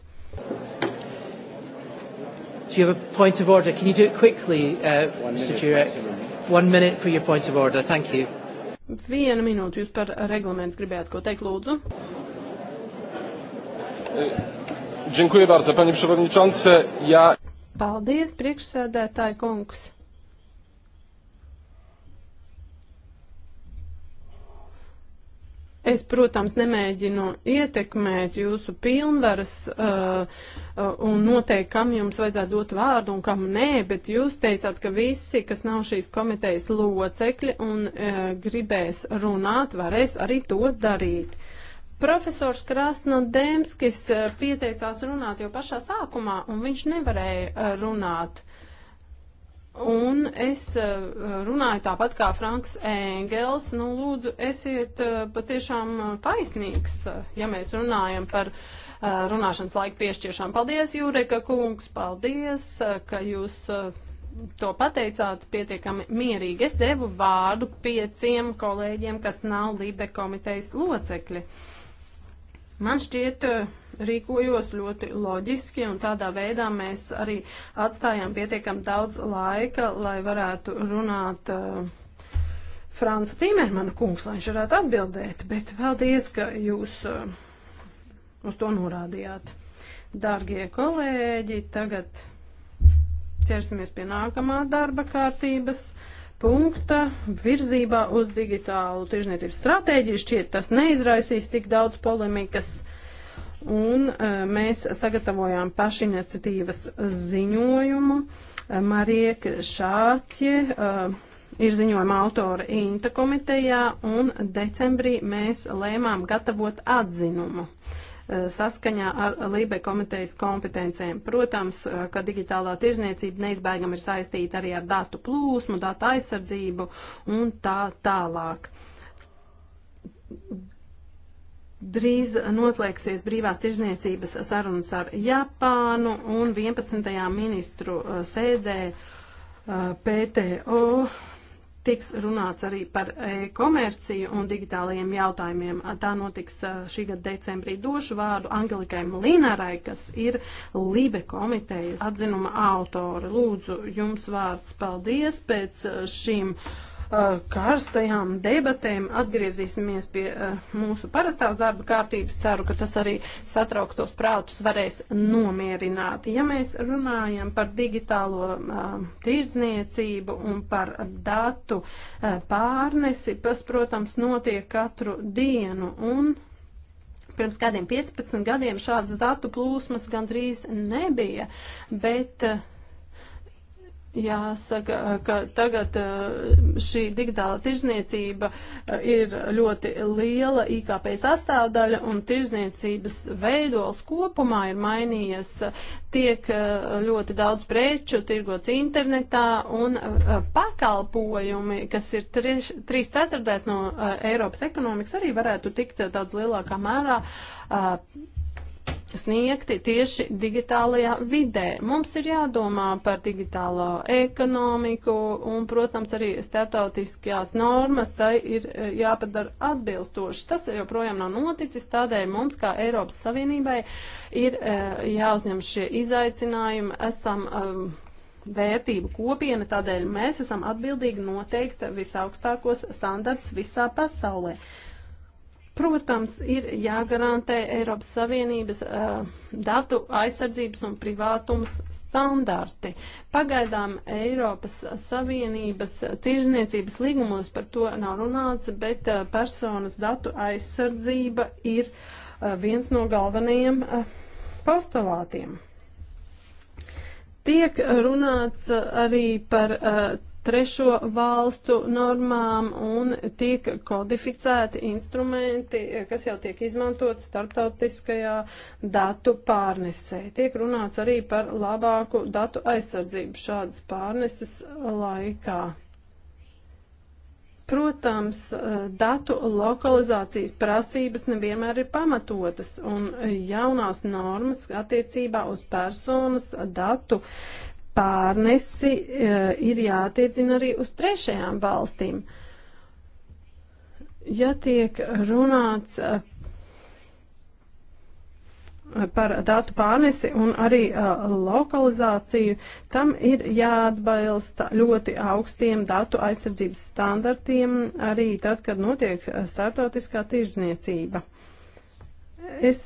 Do you have a point of order? Can you do it quickly, uh, Mr. Jurek? One minute for your point of order. Thank you. Viena minūte. Jūs par reglamentu gribējāt ko teikt, lūdzu. E, dziękuję bardzo, panie przewodniczący. Ja... Paldies, priekšsēdētāji kungs. Es, protams, nemēģinu ietekmēt jūsu pilnvaras uh, uh, un noteikt, kam jums vajadzētu dot vārdu un kam nē, bet jūs teicāt, ka visi, kas nav šīs komitejas locekļi un uh, gribēs runāt, varēs arī to darīt. Profesors Krasnodemskis uh, pieteicās runāt jau pašā sākumā, un viņš nevarēja uh, runāt. Un es eh, runāju tāpat kā Franks Engels, nu lūdzu, esiet eh, patiešām eh, taisnīgs, ja mēs runājam par runāšanas laiku piešķiršanu. Paldies, Jūreka kungs, paldies, ka jūs to pateicāt pietiekami mierīgi. Es devu vārdu pieciem kolēģiem, kas nav Libe komitejas locekļi. Uh, Man šķiet, eh, rīkojos ļoti loģiski un tādā veidā mēs arī atstājām pietiekam daudz laika, lai varētu runāt uh, eh, Franca Timermana kungs, lai viņš varētu atbildēt, bet paldies, ka jūs uh, uz to norādījāt. Dārgie kolēģi, tagad ķersimies pie nākamā darba kārtības punkta virzībā uz digitālu tirzniecības stratēģiju. Šķiet, tas neizraisīs tik daudz polemikas. Un e, mēs sagatavojām pašiniciatīvas ziņojumu. E, Marieka Šāķe e, ir ziņojuma autora Inta komitejā, un decembrī mēs lēmām gatavot atzinumu. Uh, Eh, saskaņā ar Lībe komitejas kompetencēm. Protams, eh, ka digitālā tirzniecība neizbēgam ir saistīta arī ar datu plūsmu, datu aizsardzību un tā tālāk. Drīz noslēgsies brīvās tirzniecības sarunas ar Japānu un 11. ministru eh, sēdē PTO tiks runāts arī par e-komerciju un digitālajiem jautājumiem. Tā notiks šī gada decembrī. Došu vārdu Angelikai Mlīnarai, kas ir Libe komitejas atzinuma autore. Lūdzu, jums vārds paldies pēc šīm. Uh, Uh, karstajām debatēm atgriezīsimies pie uh, mūsu parastās darba kārtības. Ceru, ka tas arī satrauktos prātus varēs nomierināt. Ja mēs runājam par digitālo uh, tirdzniecību un par datu pārnesi, tas, protams, notiek katru dienu. Un pirms kādiem 15 gadiem šādas datu plūsmas gandrīz nebija, bet uh, Jāsaka, ka tagad eh, šī digitāla tirzniecība eh, ir ļoti liela IKP sastāvdaļa un tirzniecības veidols kopumā ir mainījies. Tiek eh, ļoti daudz preču tirgots internetā un pakalpojumi, kas ir 3 ceturtais no Eiropas ekonomikas, arī varētu tikt daudz lielākā mērā sniegti tieši digitālajā vidē. Mums ir jādomā par digitālo ekonomiku un, protams, arī starptautiskajās normas, tai ir e, jāpadara atbilstoši. Tas joprojām nav noticis, tādēļ mums, kā Eiropas Savienībai, ir e, jāuzņem šie izaicinājumi. Esam um, vērtību kopiena, tādēļ mēs esam atbildīgi noteikt visaugstākos standarts visā pasaulē. Protams, ir jāgarantē Eiropas Savienības uh, datu aizsardzības un privātums standarti. Pagaidām Eiropas Savienības tirzniecības līgumos par to nav runāts, bet uh, personas datu aizsardzība ir uh, viens no galvenajiem uh, postulātiem tiek runāts arī par uh, trešo valstu normām un tiek kodificēti instrumenti, kas jau tiek izmantot starptautiskajā datu pārnesē. Tiek runāts arī par labāku datu aizsardzību šādas pārneses laikā. Protams, datu lokalizācijas prasības nevienmēr ir pamatotas, un jaunās normas attiecībā uz personas datu pārnesi e, ir jātiecina arī uz trešajām valstīm. Ja tiek runāts e, par datu pārnesi un arī uh, lokalizāciju, tam ir jāatbalsta ļoti augstiem datu aizsardzības standartiem arī tad, kad notiek startautiskā tirzniecība. Es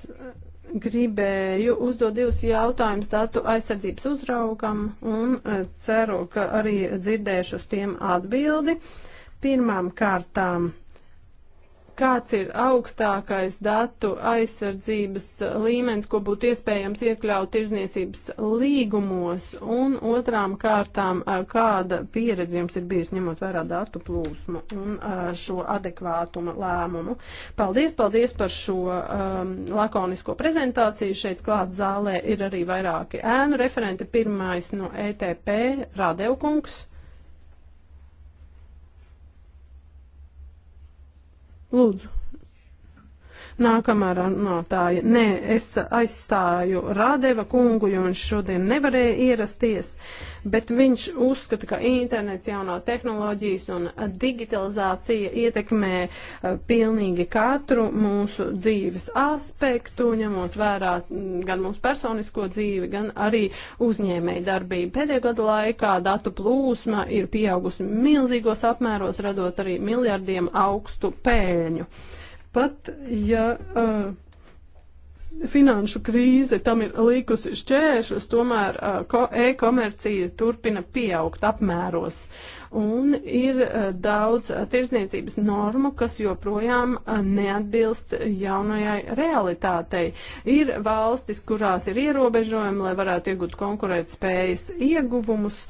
gribēju uzdot divus jautājumus datu aizsardzības uzraugam un e, ceru, ka arī dzirdēšu uz tiem atbildi. Pirmām kārtām kāds ir augstākais datu aizsardzības līmenis, ko būtu iespējams iekļaut tirzniecības līgumos, un otrām kārtām, kāda pieredze jums ir bijusi ņemot vērā datu plūsmu un šo adekvātuma lēmumu. Paldies, paldies par šo um, lakonisko prezentāciju. Šeit klāt zālē ir arī vairāki ēnu referenti. Pirmais no ETP Radevkungs. Lūdzu. Nākamā runātāja. Nē, es aizstāju Rādeva kungu, jo viņš šodien nevarēja ierasties, bet viņš uzskata, ka internets jaunās tehnoloģijas un digitalizācija ietekmē uh, pilnīgi katru mūsu dzīves aspektu, ņemot vērā mm, gan mūsu personisko dzīvi, gan arī uzņēmēju darbību. Pēdējo gadu laikā datu plūsma ir pieaugusi milzīgos apmēros, radot arī miljardiem augstu pēļņu. Pat ja uh, finanšu krīze tam ir likusi šķēršus, tomēr e-komercija turpina pieaugt apmēros. Un ir daudz tirzniecības normu, kas joprojām neatbilst jaunajai realitātei. Ir valstis, kurās ir ierobežojumi, lai varētu iegūt konkurētspējas ieguvumus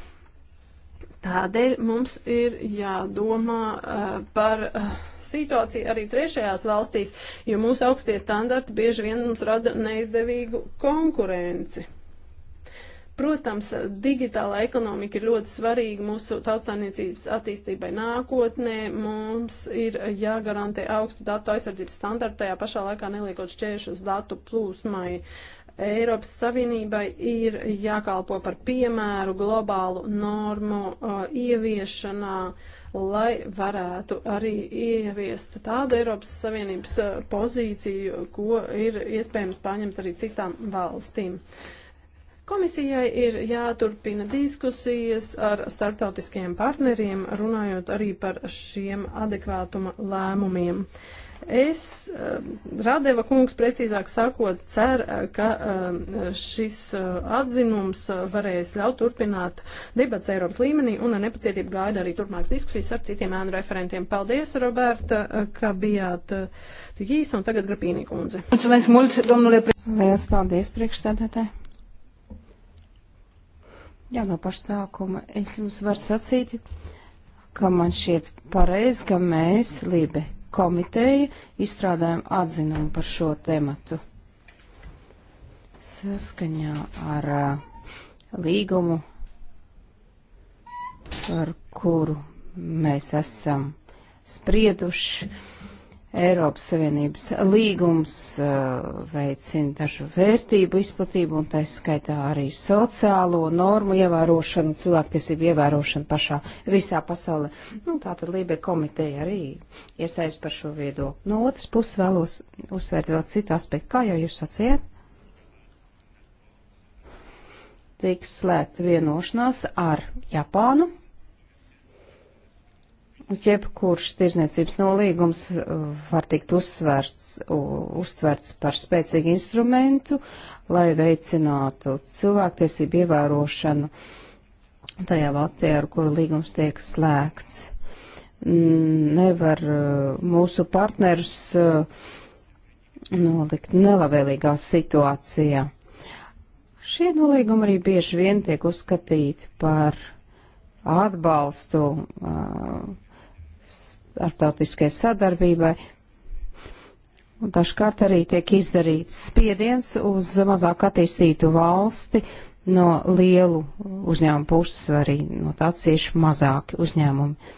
Tādēļ mums ir jādomā uh, par uh, situāciju arī trešajās valstīs, jo mūsu augstie standarti bieži vien mums rada neizdevīgu konkurenci. Protams, digitāla ekonomika ir ļoti svarīga mūsu tautsāniecības attīstībai nākotnē. Mums ir jāgarantē augstu datu aizsardzības standartu, tajā pašā laikā neliekot šķēršus datu plūsmai. Uh, Eiropas Savienībai ir jākalpo par piemēru globālu normu uh, ieviešanā, lai varētu arī ieviest tādu Eiropas Savienības uh, pozīciju, ko ir iespējams paņemt arī citām valstīm. Komisijai ir jāturpina diskusijas ar starptautiskajiem partneriem, runājot arī par šiem adekvātuma lēmumiem. Uh, Es, um, Radeva kungs, precīzāk sakot, cer, uh, ka um, šis uh, atzinums uh, varēs ļaut turpināt debats Eiropas līmenī un ar nepacietību gaida arī turpmākas diskusijas ar citiem ēnu referentiem. Paldies, Roberta, ka bijāt tik īsi un tagad Grapīnī kundze. Lielas paldies, priekšsēdētāji! Jā, no paša sākuma es jums varu sacīt, ka man šķiet pareizi, ka mēs, Lībe komiteja izstrādājam atzinumu par šo tematu. Saskaņā ar uh, līgumu, par kuru mēs esam sprieduši. Uh, Eiropas Savienības līgums uh, veicina dažu vērtību izplatību un taisa skaitā arī sociālo normu ievērošanu, cilvēktiesību ievērošanu pašā visā pasaulē. Nu, tātad Lībe komiteja arī iesaist par šo viedokli. No otras puses vēlos uzsvērt vēl citu aspektu, kā jau jūs sacījāt. Tiks slēgta vienošanās ar Japānu Jebkurš tirzniecības nolīgums uh, var tikt uzsvērts, uztverts par spēcīgu instrumentu, lai veicinātu cilvēktiesību ievērošanu tajā valstī, ar kuru līgums tiek slēgts. Nevar uh, mūsu partnerus uh, nolikt nelabvēlīgā situācijā. Šie nolīgumi arī bieži vien tiek uzskatīti par atbalstu uh, starptautiskai sadarbībai. Un dažkārt arī tiek izdarīts spiediens uz mazāk attīstītu valsti no lielu uzņēmumu puses, vai arī no tā cieši mazāki uzņēmumi.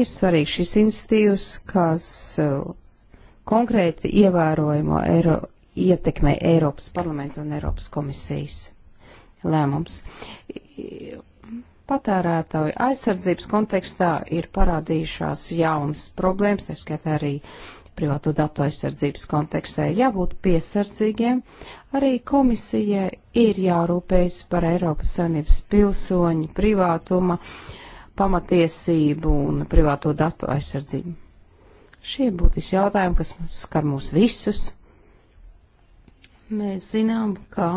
Ir svarīgi šis institīvs, kas uh, konkrēti ievērojamo Eiro, ietekmē Eiropas parlamentu un Eiropas komisijas lēmums patērētāju aizsardzības kontekstā ir parādījušās jaunas problēmas, tā skaitā arī privāto datu aizsardzības kontekstā jābūt piesardzīgiem. Arī komisijai ir jārūpējas par Eiropas Savienības pilsoņu privātuma, pamatiesību un privāto datu aizsardzību. Šie būtiski jautājumi, kas skar mūs visus. Mēs zinām, ka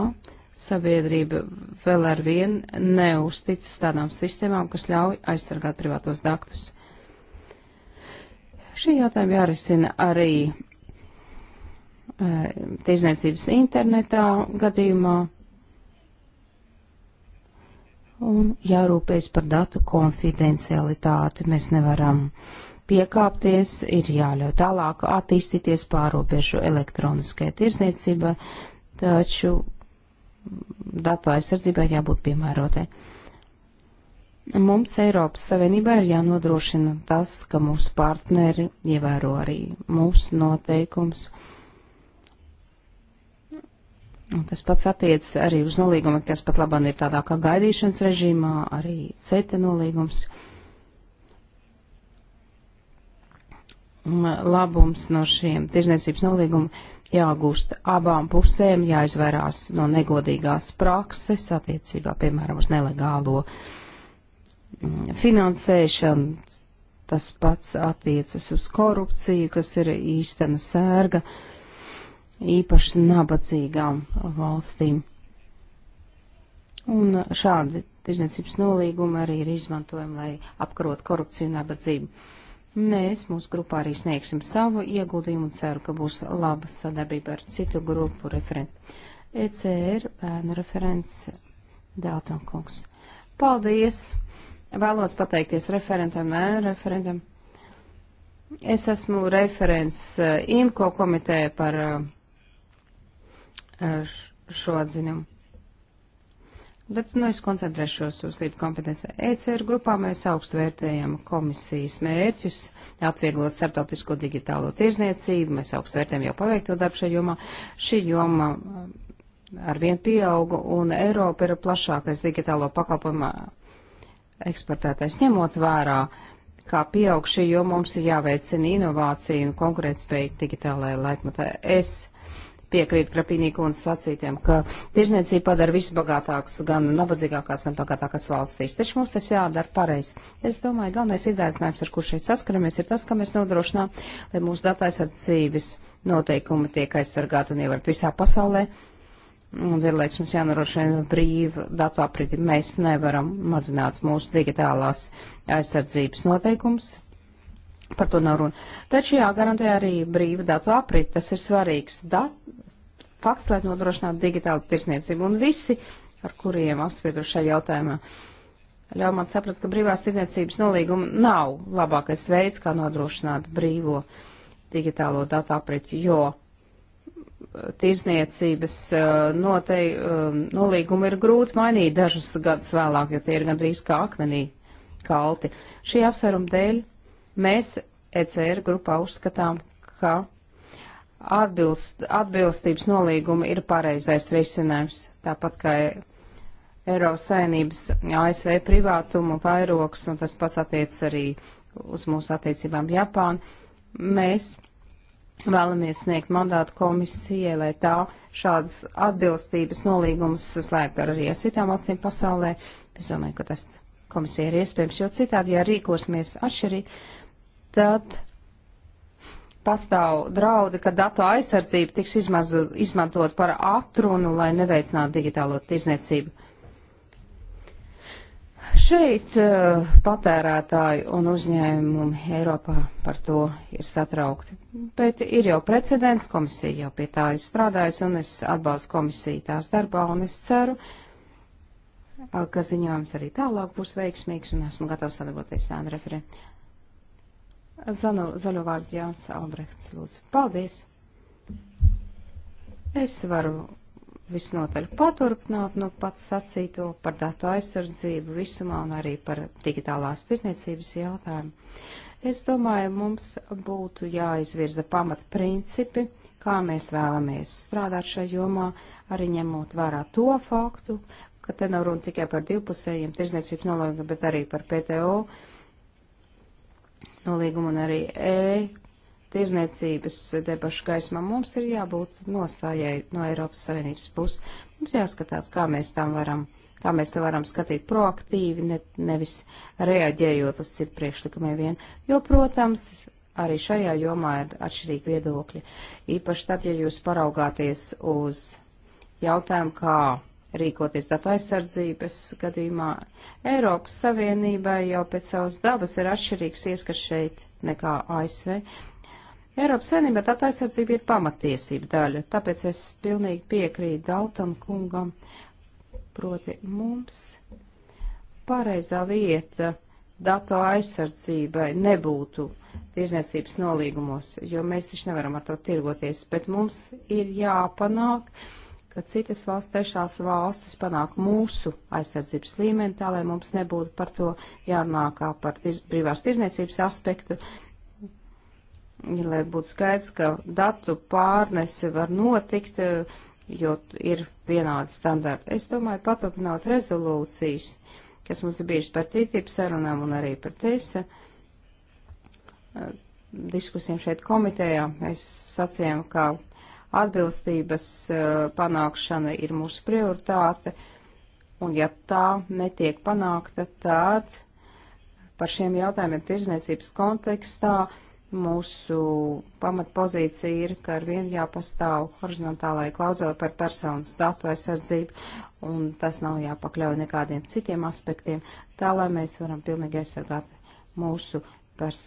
sabiedrība vēl ar vien neusticas tādām sistēmām, kas ļauj aizsargāt privātos datus. Šī jautājuma jārisina arī e, tirzniecības internetā gadījumā un jārūpējas par datu konfidencialitāti. Mēs nevaram piekāpties, ir jāļauj tālāk attīstīties pārobežu elektroniskai tirzniecībai, taču datu aizsardzībai jābūt piemērotai. Mums Eiropas Savienībā ir jānodrošina tas, ka mūsu partneri ievēro arī mūsu noteikums. Un tas pats attiecas arī uz nolīgumu, kas pat labāk ir tādā kā gaidīšanas režīmā, arī CETA nolīgums. Labums no šiem tirzniecības nolīgumiem jāgūst abām pusēm, jāizvairās no negodīgās prakses attiecībā, piemēram, uz nelegālo mm, finansēšanu. Tas pats attiecas uz korupciju, kas ir īstena sērga īpaši nabadzīgām valstīm. Un šādi tirdzniecības nolīgumi arī ir izmantojami, lai apkarot korupciju un nabadzību. Mēs mūsu grupā arī sniegsim savu ieguldījumu un ceru, ka būs laba sadarbība ar citu grupu referentu. ECR bērnu referents Dēltonkungs. Paldies! Vēlos pateikties referentam, nē, referentam. Es esmu referents IMCO komitē par šo atzinumu. Bet nu, es koncentrēšos uz līdz kompetenci. ECR grupā mēs augstu vērtējam komisijas mērķus, atvieglot starptautisko digitālo tirzniecību, mēs augstu vērtējam jau paveikto darbu šajā jomā. Šī joma um, arvien pieauga un Eiropa ir plašākais digitālo pakalpojumu eksportētājs. Ņemot vērā, kā pieaug šī joma, mums ir jāveicina inovācija un konkurētspēja digitālajā laikmatā. Es piekrīt Krapīnīku un sacītiem, ka tirzniecība padara visbagātākus, gan nabadzīgākās, gan bagātākās valstīs. Taču mums tas jādara pareizi. Es domāju, galvenais izaicinājums, ar kur šeit saskaramies, ir tas, ka mēs nodrošinām, lai mūsu dataizsardzības noteikumi tiek aizsargāti un ievērti visā pasaulē. Un vienlaiks mums jānorošina brīva datu apriti. Mēs nevaram mazināt mūsu digitālās aizsardzības noteikums. Par to nav runa. Taču jāgarantē arī brīva datu apriti. Tas ir svarīgs dat fakts, lai nodrošinātu digitālu tirsniecību. Un visi, ar kuriem apsprieduši šajā jautājumā, ļauj man saprast, ka brīvās tirniecības nolīguma nav labākais veids, kā nodrošināt brīvo digitālo datu apriķi, jo eh, tirsniecības eh, notei, eh, nolīgumi ir grūti mainīt dažus gadus vēlāk, jo tie ir gandrīz kā akmenī kalti. Šī apsvēruma dēļ mēs ECR grupā uzskatām, ka atbilst, atbilstības nolīguma ir pareizais risinājums, tāpat kā Eiropas saimnības ASV privātuma vairoks, un tas pats attiec arī uz mūsu attiecībām Japānu. Mēs vēlamies sniegt mandātu komisijai, lai tā šādas atbilstības nolīgumus slēgtu arī ar citām valstīm pasaulē. Es domāju, ka tas komisija ir iespējams, jo citādi, ja rīkosimies atšķirīgi, tad pastāv draudi, ka datu aizsardzība tiks izmazu, izmantot par atrunu, lai neveicinātu digitālo tirzniecību. Šeit eh, patērētāji un uzņēmumi Eiropā par to ir satraukti. Bet ir jau precedents, komisija jau pie tā ir strādājusi, un es atbalstu komisiju tās darbā, un es ceru, eh, ka ziņojums arī tālāk būs veiksmīgs, un esmu gatavs sadarboties ar referentiem. Zano, zaļo vārdu Jānis Albrechts, lūdzu. Paldies! Es varu visnotaļ paturpināt no pats sacīto par datu aizsardzību visumā un arī par digitālās tirniecības jautājumu. Es domāju, mums būtu jāizvirza pamatprincipi, kā mēs vēlamies strādāt šajā jomā, arī ņemot vērā to faktu, ka te nav runa tikai par divpusējiem tirzniecības nolīgumiem, bet arī par PTO nolīgumu un arī E tirzniecības debašu gaismā mums ir jābūt nostājai no Eiropas Savienības puses. Mums jāskatās, kā mēs tam varam, kā mēs to varam skatīt proaktīvi, ne, nevis reaģējot uz citu priekšlikumiem vien. Jo, protams, arī šajā jomā ir atšķirīgi viedokļi. Īpaši tad, ja jūs paraugāties uz jautājumu, kā rīkoties datu aizsardzības gadījumā. Eiropas Savienībai jau pēc savas dabas ir atšķirīgs ieskats šeit nekā ASV. Eiropas Savienībā datu aizsardzība ir pamatiesība daļa, tāpēc es pilnīgi piekrītu Daltam kungam, proti mums pareizā vieta datu aizsardzībai nebūtu tiesniecības nolīgumos, jo mēs taču nevaram ar to tirgoties, bet mums ir jāpanāk, uh, ka citas valsts, trešās valstis panāk mūsu aizsardzības līmeni, tā lai mums nebūtu par to jārunā kā par tiz, brīvās tirzniecības aspektu, ja, lai būtu skaidrs, ka datu pārnese var notikt, jo ir vienādi standarti. Es domāju, paturpinot rezolūcijas, kas mums ir bijušas par TTIP sarunām un arī par TESA eh, diskusijām šeit komitejā, mēs sacījām, ka atbilstības eh, panākšana ir mūsu prioritāte, un ja tā netiek panākta, tad par šiem jautājumiem tirzniecības kontekstā mūsu pamatpozīcija ir, ka ar vienu jāpastāv horizontālai klauzulai par personas datu aizsardzību, un tas nav jāpakļauj nekādiem citiem aspektiem, tā lai mēs varam pilnīgi aizsargāt mūsu pers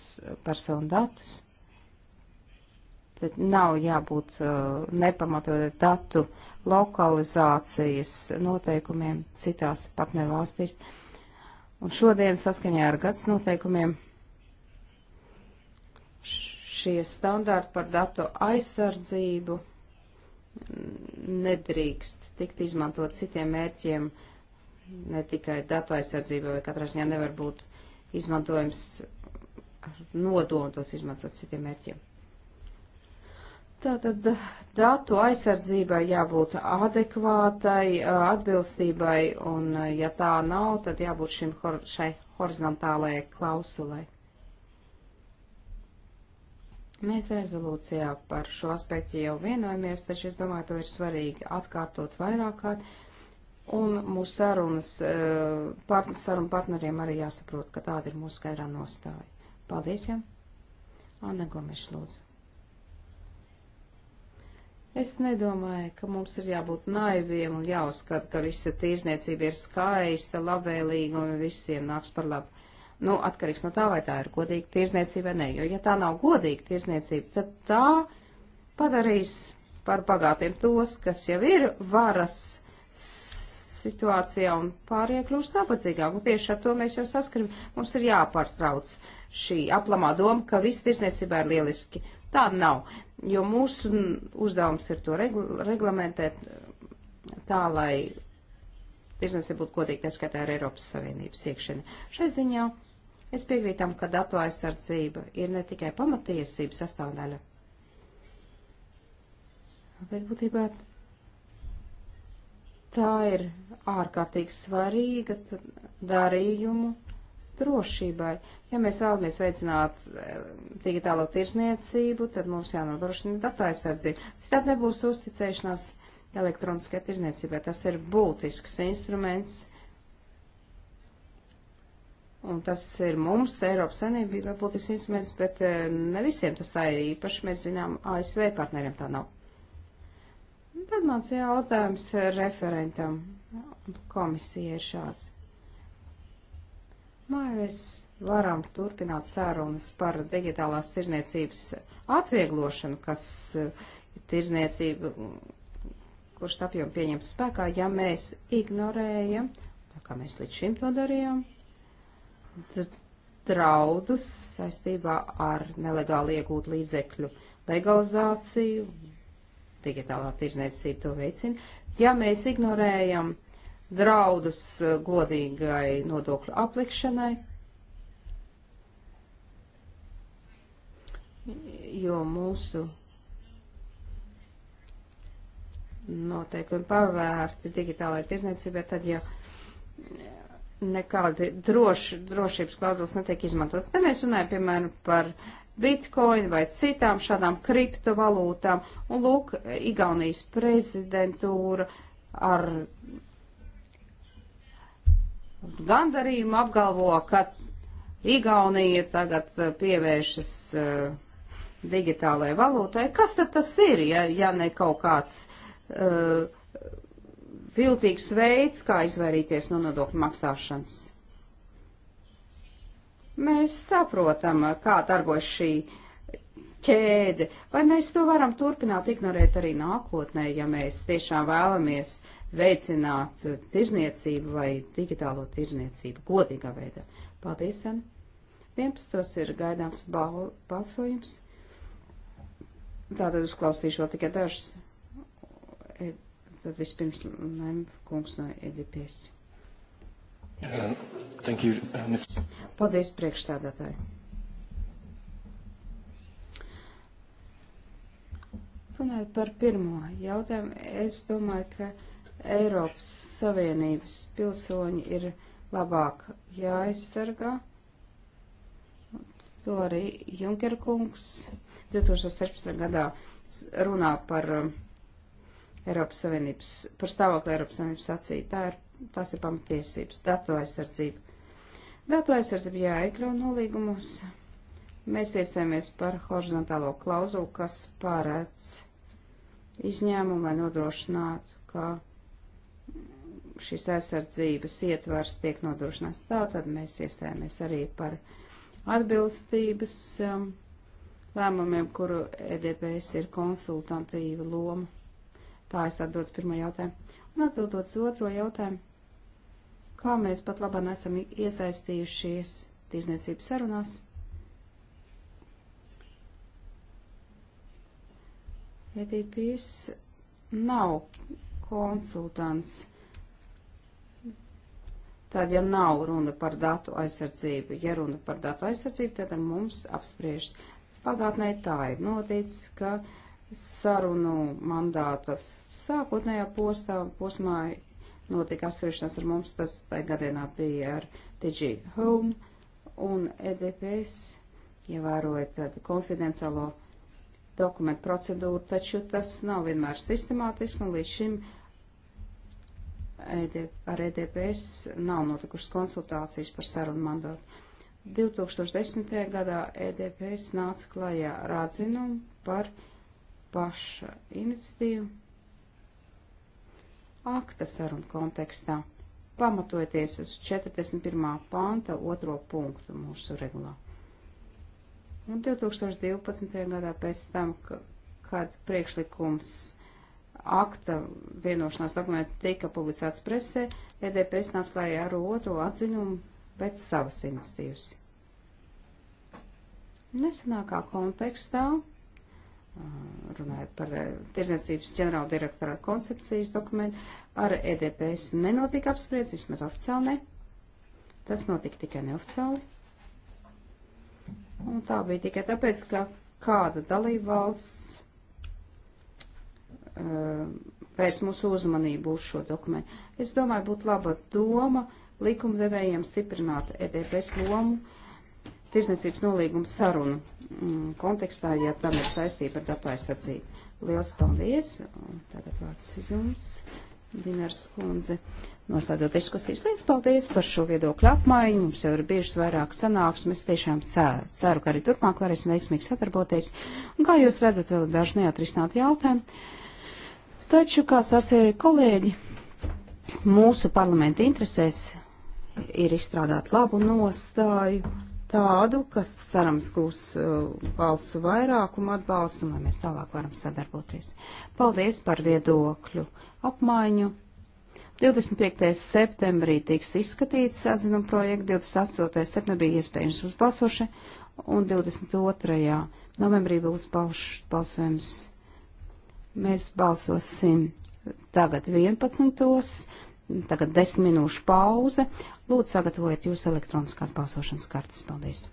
personu datus Tad nav jābūt uh, nepamatot datu lokalizācijas noteikumiem citās partnervalstīs. Un šodien saskaņā ar gads noteikumiem šie standarti par datu aizsardzību nedrīkst tikt izmantot citiem mērķiem, ne tikai datu aizsardzībai, vai katrā ziņā nevar būt izmantojums nodomu tos izmantot citiem mērķiem. Tātad datu aizsardzībai jābūt adekvātai, atbilstībai, un ja tā nav, tad jābūt šim, hor šai horizontālajai klausulai. Mēs rezolūcijā par šo aspektu jau vienojamies, taču es domāju, to ir svarīgi atkārtot vairāk kārt. Un mūsu sarunas, part, sarunu partneriem arī jāsaprot, ka tāda ir mūsu skaidrā nostāja. Paldies, ja? Anna Gomeša, lūdzu. Es nedomāju, ka mums ir jābūt naiviem un jāuzskata, ka visa tīrzniecība ir skaista, labvēlīga un visiem nāks par labu. Nu, atkarīgs no tā, vai tā ir godīga tīrzniecība vai nē. Jo, ja tā nav godīga tīrzniecība, tad tā padarīs par bagātiem tos, kas jau ir varas situācijā un pārējie kļūst nabadzīgāk. Un tieši ar to mēs jau saskaramies. Mums ir jāpārtrauc šī aplamā doma, ka viss tirsniecībā ir lieliski. Tāda nav, jo mūsu uzdevums ir to regl reglamentēt eh, tā, lai tirsniecība būtu godīga, tā skatā ar Eiropas Savienības iekšieni. Šai ziņā es piekrītam, ka datu aizsardzība ir ne tikai pamatiesība sastāvdaļa, bet būtībā tā ir ārkārtīgi svarīga darījumu drošībai. Ja mēs vēlamies veicināt eh, digitālo tirzniecību, tad mums jānodrošina datu aizsardzība. Citādi nebūs uzticēšanās elektroniskajai tirzniecībai. Tas ir būtisks instruments. Un tas ir mums, Eiropas Savienībai, būtisks instruments, bet eh, ne visiem tas tā ir īpaši. Mēs zinām, ASV partneriem tā nav. Un tad mans jautājums eh, referentam komisija ir šāds. Mēs varam turpināt sērunas par digitālās tirzniecības atvieglošanu, kas eh, tirzniecība, kuras apjom pieņem spēkā, ja mēs ignorējam, kā mēs līdz šim to darījām, draudus saistībā ar nelegāli iegūt līdzekļu legalizāciju, digitālā tirzniecība to veicina, ja mēs ignorējam draudus eh, godīgai nodokļu aplikšanai, jo mūsu noteikumi pavērti digitālajai tirzniecībai, tad ja nekādi droš, drošības klauzulas netiek izmantotas. Te mēs runājam, piemēram, par bitcoin vai citām šādām kriptovalūtām, un lūk, Igaunijas prezidentūra ar gandarījumu apgalvo, ka Igaunija tagad eh, pievēršas uh, digitālajai valūtai. Kas tad tas ir, ja, ja ne kaut kāds uh, viltīgs veids, kā izvairīties no nodokļu maksāšanas? Mēs saprotam, kā darbojas šī ķēde. Vai mēs to varam turpināt ignorēt arī nākotnē, ja mēs tiešām vēlamies uh, veicināt tirzniecību vai digitālo tirzniecību godīgā veidā. Paldies, Anna. 11. ir gaidāms balsojums. Tātad uzklausīšu vēl tikai dažus. E, tad vispirms Lemba kungs no EDPS. Thank you, uh, Ms. Paldies, priekšstādātāji. Runājot par pirmo jautājumu, es domāju, ka Eiropas Savienības pilsoņi ir labāk jāaizsargā. To arī Junker kungs 2016. gadā runā par um, Eiropas Savienības, par stāvokli Eiropas Savienības acī. Tā ir, tās ir pamatiesības, datu aizsardzība. Datu aizsardzība jāiekļau nolīgumus. Mēs iestājāmies par horizontālo klauzulu, kas pārēc izņēmumu, lai nodrošinātu, ka šis aizsardzības ietvars tiek nodrošināts. Tā tad mēs iestājāmies arī par atbilstības um, lēmumiem, kuru EDPS ir konsultantīva loma. Tā es atbildes pirmo jautājumu. Un atbildot uz otro jautājumu, kā mēs pat labāk esam iesaistījušies tirzniecības sarunās. EDPS nav konsultants Tad, ja nav runa par datu aizsardzību, ja runa par datu aizsardzību, tad mums apspriež. Pagātnē tā ir noticis, ka sarunu mandāta sākotnējā postā, posmā notika apspriešanās ar mums, tas tajā gadienā bija ar TG Home un EDPS, ievēroja tad konfidenciālo dokumentu procedūru, taču tas nav vienmēr sistemātiski un līdz šim E ar EDPS nav notikušas konsultācijas par sarunu mandātu. 2010. gadā EDPS nāca klajā ar atzinumu par paša iniciatīvu akta sarunu kontekstā, pamatojoties uz 41. panta otro punktu mūsu regulā. Un 2012. gadā pēc tam, kad priekšlikums akta vienošanās dokumenti tika publicēts presē, EDPS nāca klājā ar otro atziņumu pēc savas iniciatīvas. Nesenākā kontekstā, runājot par tirdzniecības ģenerāla direktora koncepcijas dokumentu, ar EDPS nenotika apspriedz, vismaz oficiāli ne. Tas notika tikai neoficiāli. Un tā bija tikai tāpēc, ka kāda dalībvalsts Eh, vērst mūsu uzmanību uz šo dokumentu. Es domāju, būtu laba doma likumdevējiem stiprināt EDPS lomu tirsniecības nolīguma sarunu mm, kontekstā, ja tam ir saistība ar datu aizsardzību. Liels paldies! Tātad vārds jums, Dinars Kunze. Noslēdzot diskusijas, liels paldies par šo viedokļu apmaiņu. Mums jau ir bijušas vairāk sanāksmes. Tiešām ceru, ceru, ka arī turpmāk varēsim veiksmīgi sadarboties. Un kā jūs redzat, vēl ir daži neatrisināti jautājumi. Taču, kā sacīja kolēģi, mūsu parlamenta interesēs ir izstrādāt labu nostāju, tādu, kas cerams gūs uh, balsu vairākumu atbalstu, un lai mēs tālāk varam sadarboties. Paldies par viedokļu apmaiņu. 25. septembrī tiks izskatīts atzinuma projekts, 28. septembrī iespējams būs balsoši, un 22. novembrī būs balš, balsojums Mēs balsosim tagad 11. Tagad 10 minūšu pauze. Lūdzu, sagatavojiet jūsu elektroniskās balsošanas kartes. Paldies!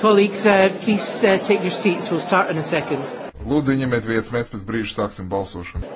Colleagues, uh, please uh, take your seats. We'll start in a second. Lūdzu, ņemiet vietas, mēs pēc brīža sāksim balsošanu.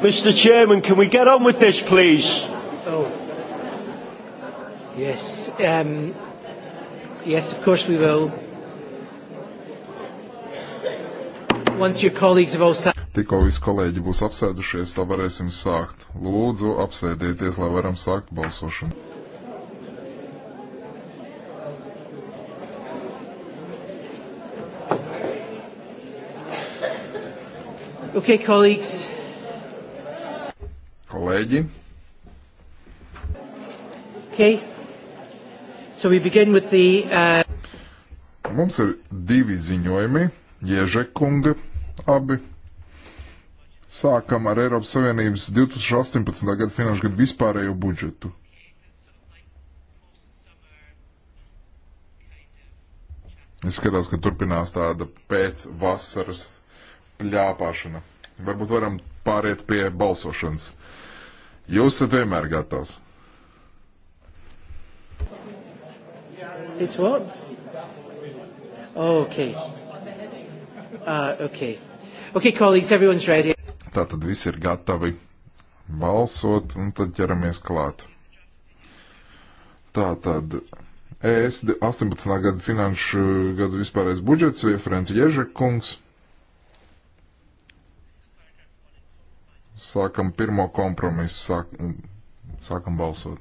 Mr. Chairman, can we get on with this, please? Oh. Yes. Um, yes, of course we will. Once your colleagues have all sat. Tikko visi kolēģi būs apsēdušies, tā varēsim sākt. Lūdzu, apsēdieties, lai varam sākt balsošanu. Okay, colleagues kolēģi! Okay. So we begin with the, uh... Mums ir divi ziņojumi, Ježekunga abi. Sākam ar Eiropas Savienības 2018. gada finanšu gadu vispārējo budžetu. Izskatās, ka turpinās tāda pēcvasaras pļāpāšana. Varbūt varam pāriet pie balsošanas. Uh, Jūs esat vienmēr gatavs. It's what? Oh, okay. Uh, okay. Okay, colleagues, everyone's ready. Tātad visi ir gatavi balsot, un tad ķeramies klāt. Tātad ES 18. gada finanšu gadu vispārējais budžets, referents Ježekungs. kungs. Sākam pirmo kompromisu, sāk, sākam balsot.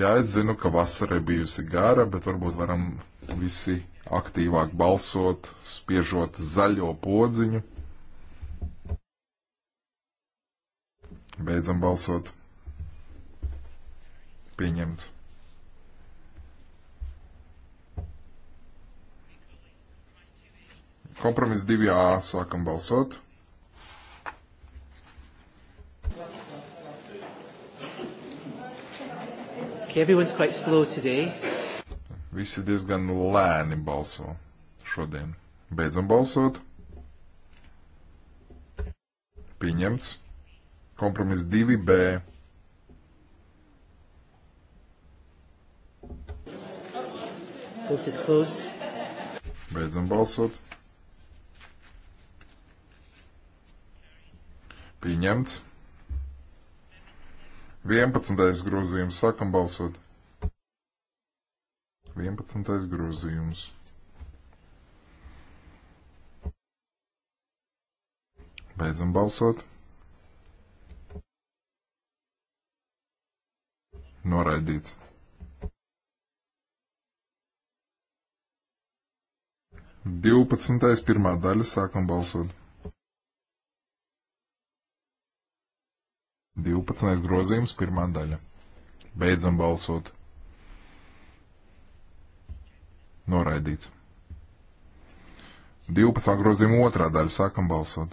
Jā, es zinu, ka vasara ir bijusi gara, bet varbūt varam visi aktīvāk balsot, spiežot zaļo podziņu. Beidzam balsot. Pieņemts. Kompromiss 2A sākam balsot. Okay, everyone's quite slow today. Visi diezgan lēni balso šodien. Beidzam balsot. Pieņemts. Kompromiss 2B. Vote is closed. Beidzam balsot. Pieņemts. 11. grozījums. Sākam balsot. 11. grozījums. Beidzam balsot. Noraidīts. Divpadsmitais pirmā daļa sākam balsot. 12. grozījums, pirmā daļa. Beidzam balsot. Noraidīts. 12. grozījuma otrā daļa. Sākam balsot.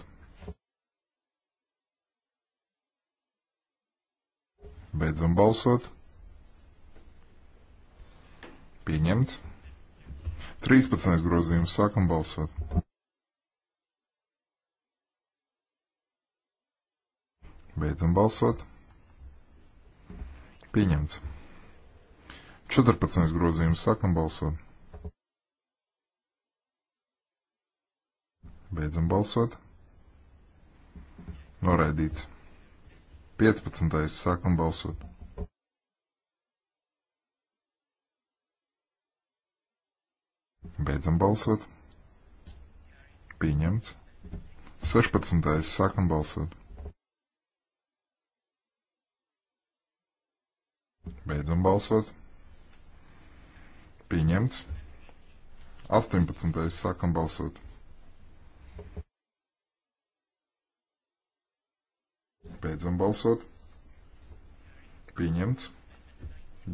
Beidzam balsot. Pieņemts. 13. grozījums. Sākam balsot. Beidzam balsot. Pieņemts. 14. grozījums. Sākam balsot. Beidzam balsot. Noraidīts. 15. Sākam balsot. Beidzam balsot. Pieņemts. 16. Sākam balsot. Beidzam balsot. Pieņemts. 18. sākam balsot. Beidzam balsot. Pieņemts.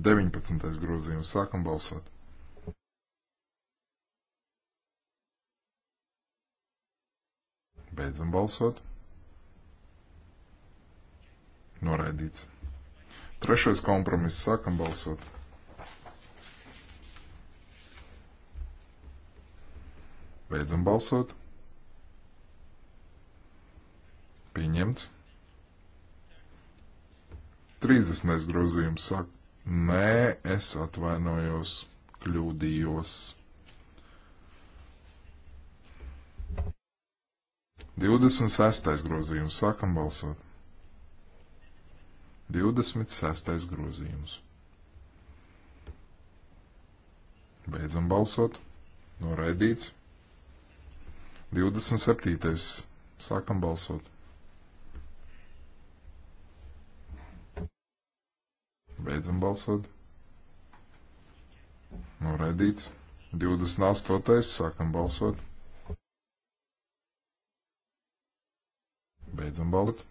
19. grozījums. Sākam balsot. Beidzam balsot. Noraidīts. Trešais kompromiss. Sākam balsot. Beidzam balsot. Pieņemts. 30. grozījums saka, nē, es atvainojos, kļūdījos. 26. grozījums sākam balsot. 26. grozījums. Beidzam balsot. Noraidīts. 27. Sākam balsot. Beidzam balsot. Noraidīts. 28. Sākam balsot. Beidzam balsot.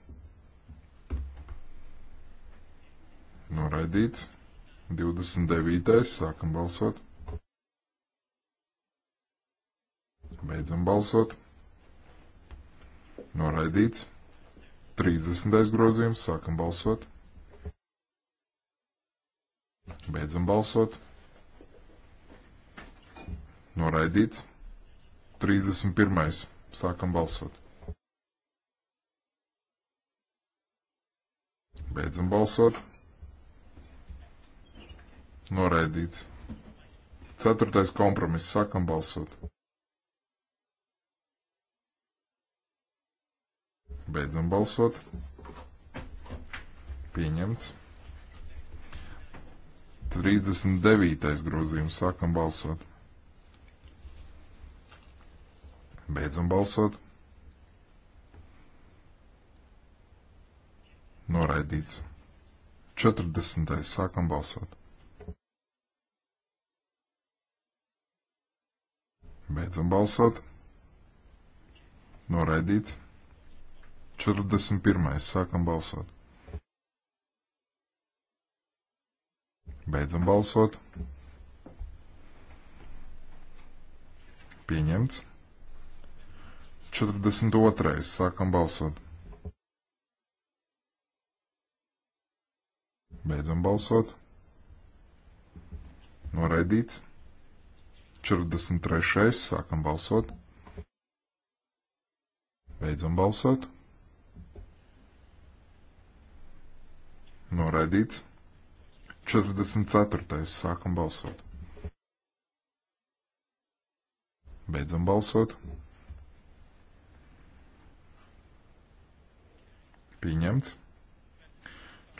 Noraidīts. 29. Sākam balsot. Beidzam balsot. Noraidīts. 30. grozījums. Sākam balsot. Beidzam balsot. Noraidīts. 31. Sākam balsot. Beidzam balsot. Noraidīts. Ceturtais kompromiss. Sākam balsot. Beidzam balsot. Pieņemts. 39. grozījums. Sākam balsot. Beidzam balsot. Noraidīts. 40. Sākam balsot. Beidzam balsot. Noraidīts. 41. Sākam balsot. Beidzam balsot. Pieņemts. 42. Sākam balsot. Beidzam balsot. Noraidīts. 43. Sākam balsot. Beidzam balsot. Noraidīts. 44. Sākam balsot. Beidzam balsot. Pieņemts.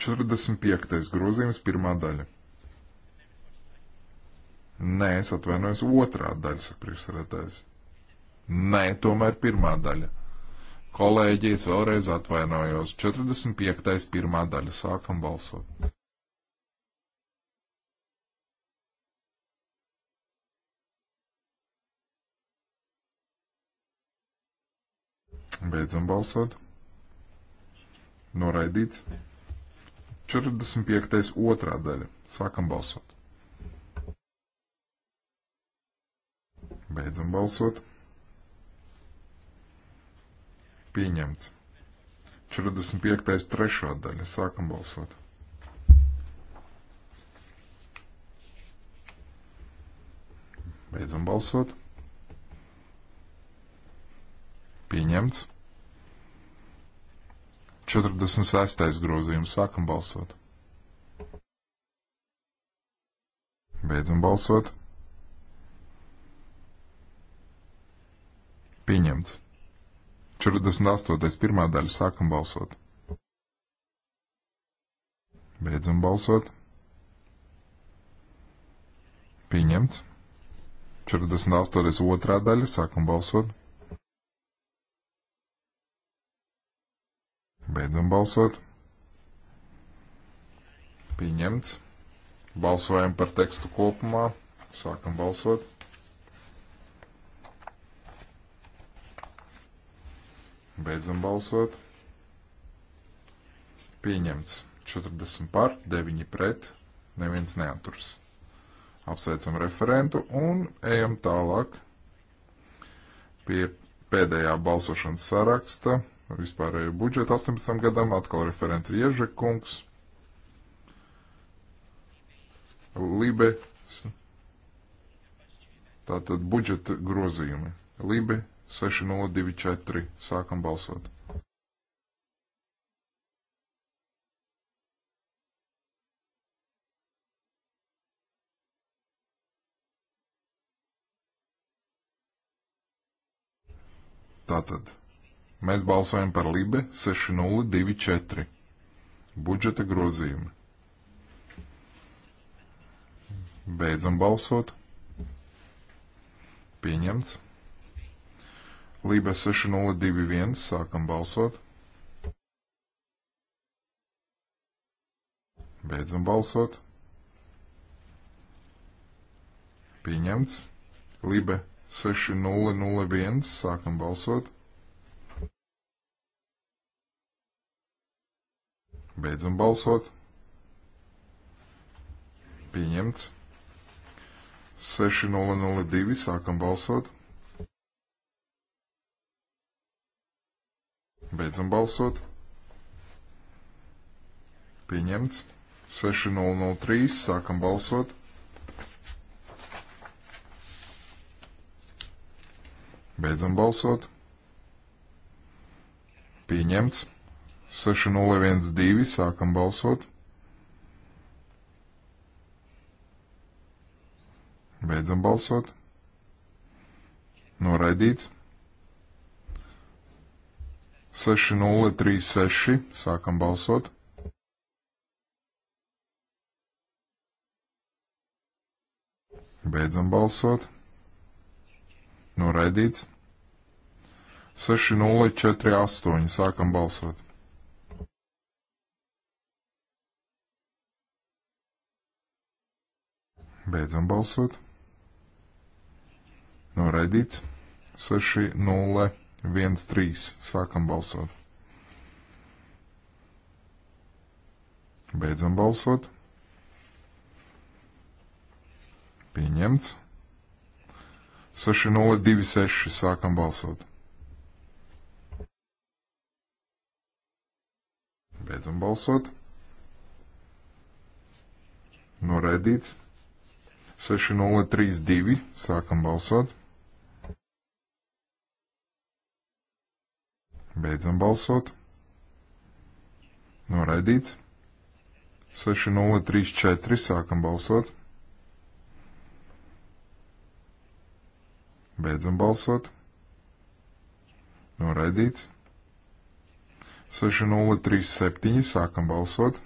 45. grozījums, pirmā daļa. Nē, es atvainojos, otrā daļa, saka priekšsēdētājs. Nē, tomēr pirmā daļa. Kolēģi, es vēlreiz atvainojos. 45. pirmā daļa. Sākam balsot. Beidzam balsot. Noraidīts. 45. otrā daļa. Sākam balsot. Beidzam balsot. Pieņemts. 45. trešā daļa. Sākam balsot. Beidzam balsot. Pieņemts. 46. grozījums. Sākam balsot. Beidzam balsot. Pieņemts. 48. pirmā daļa sākam balsot. Beidzam balsot. Pieņemts. 48. otrā daļa sākam balsot. Beidzam balsot. Pieņemts. Balsojam par tekstu kopumā. Sākam balsot. Beidzam balsot. Pieņemts 40 par, 9 pret, neviens neaturs. Apsveicam referentu un ejam tālāk pie pēdējā balsošanas saraksta vispārējo budžetu 18 gadam, atkal referents Riežekungs, Libe, tātad budžeta grozījumi, Libe 6024. Sākam balsot. Tātad mēs balsojam par Libe 6024 budžeta grozījumu. Beidzam balsot. Pieņemts. Lībe 6021, sākam balsot. Beidzam balsot. Pieņemts. Libe 6001, sākam balsot. Beidzam balsot. Pieņemts. 6002, sākam balsot. Beidzam balsot. Pieņemts. 6003. Sākam balsot. Beidzam balsot. Pieņemts. 6012. Sākam balsot. Beidzam balsot. Noraidīts. 6036. Sākam balsot. Beidzam balsot. Noraidīts. 6048. Sākam balsot. Beidzam balsot. Noraidīts. 60. 1, 3. Sākam balsot. Beidzam balsot. Pieņemts. 6026. Sākam balsot. Beidzam balsot. Noraidīts. 6032. Sākam balsot. Beidzam balsot. Noraidīts. 6034 sākam balsot. Beidzam balsot. Noraidīts. 6037 sākam balsot.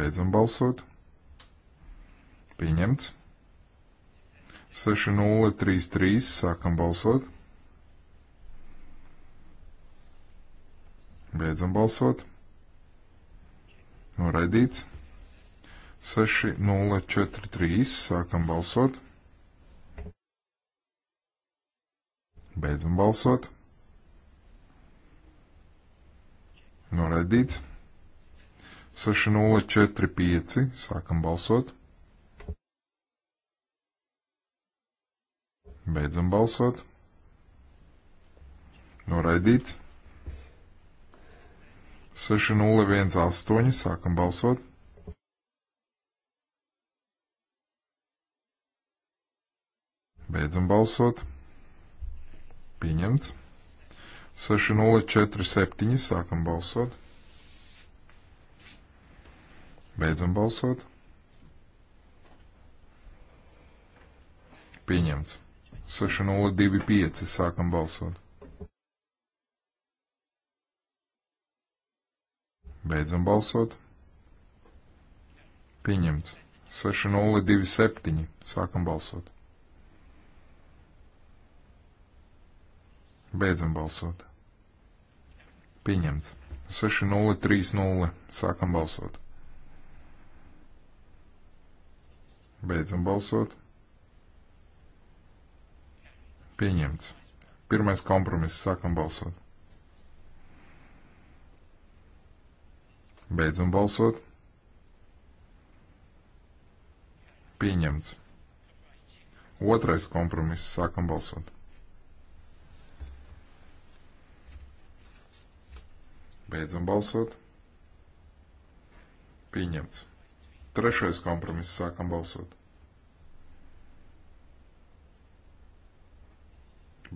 Beidzam balsot. Pieņemts. 6033. Sākam balsot. Beidzam balsot. Noraidīts. 6043. Sākam balsot. Beidzam balsot. Noraidīts. 6045. Sākam balsot. Beidzam balsot. Noraidīts. 6018. Sākam balsot. Beidzam balsot. Pieņemts. 6047. Sākam balsot. Beidzam balsot. Pieņemts. 6025. Sākam balsot. Beidzam balsot. Pieņemts. 6027. Sākam balsot. Beidzam balsot. Pieņemts. 6030. Sākam balsot. Beidzam balsot. Pieņemts. Pirmais kompromiss. Sākam balsot. Beidzam balsot. Pieņemts. Otrais kompromiss. Sākam balsot. Beidzam balsot. Pieņemts. Trešais kompromiss. Sākam balsot.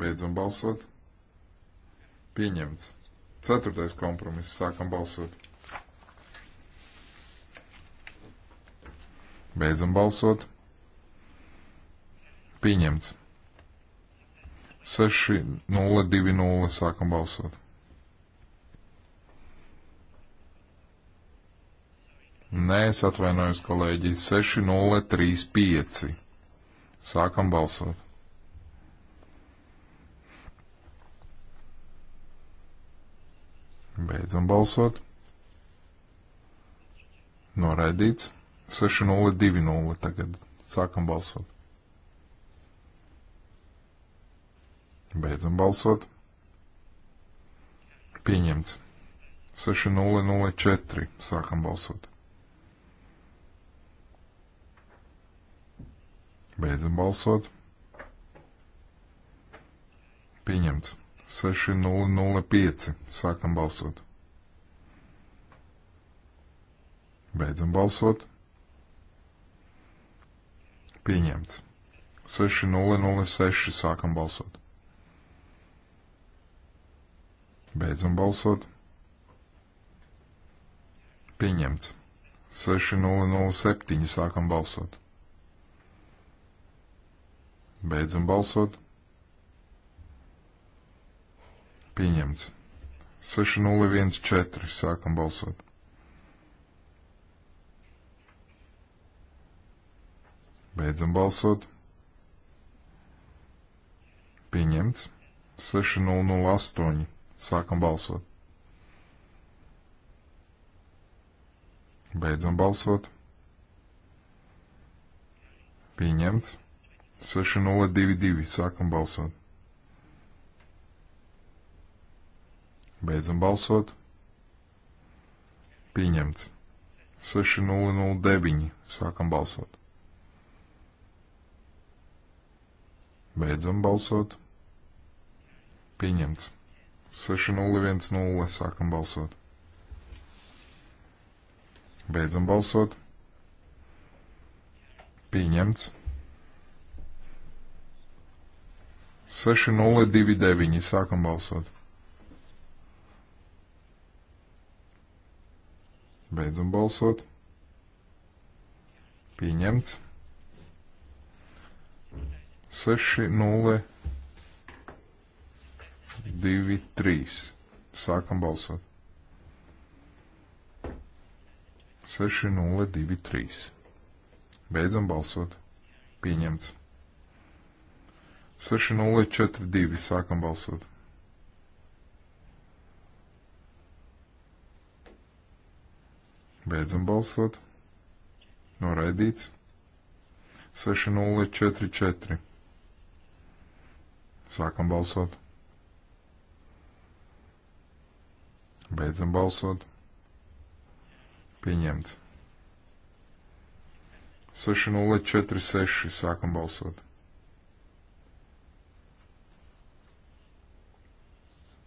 Beidzam balsot. Pieņemts. Ceturtais kompromiss. Sākam balsot. Beidzam balsot. Pieņemts. 6020 sākam balsot. Nē, es atvainojos, kolēģi, 6035. Sākam balsot. Beidzam balsot. Noraidīts. 6-0-2-0 tagad. Sākam balsot. Beidzam balsot. Pieņemts. 6-0-0-4. Sākam balsot. Beidzam balsot. Pieņemts. 6005. Sākam balsot. Beidzam balsot. Pieņemts. 6006. Sākam balsot. Beidzam balsot. Pieņemts. 6007. Sākam balsot. Beidzam balsot. Pieņemts. 6014. Sākam balsot. Beidzam balsot. Pieņemts. 6008. Sākam balsot. Beidzam balsot. Pieņemts. 6022. Sākam balsot. Beidzam balsot. Pieņemts. 6009. Sākam balsot. Beidzam balsot. Pieņemts. 6010. Sākam balsot. Beidzam balsot. Pieņemts. 6029. Sākam balsot. Beidzam balsot. Pieņemts. 6, 0, 2, 3. Sākam balsot. 6, 0, 2, 3. Beidzam balsot. Pieņemts. 6, 0, 4, 2. Sākam balsot. 6, 0, 4, 2. Beidzam balsot. Noraidīts. 6044. Sākam balsot. Beidzam balsot. Pieņemts. 6046. Sākam balsot.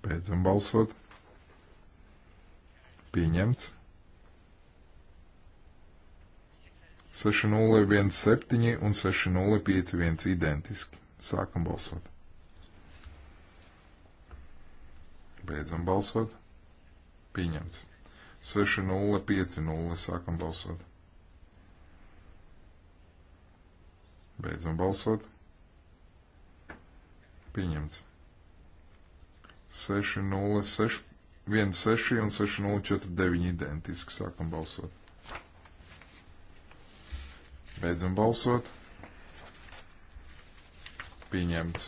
Beidzam balsot. Pieņemts. 6017 un 6051 identiski. Sākam balsot. Beidzam balsot. Pieņemts. 6050 sākam balsot. Beidzam balsot. Pieņemts. 6016 un 6049 identiski. Sākam balsot. Beidzam balsot. Pieņemts.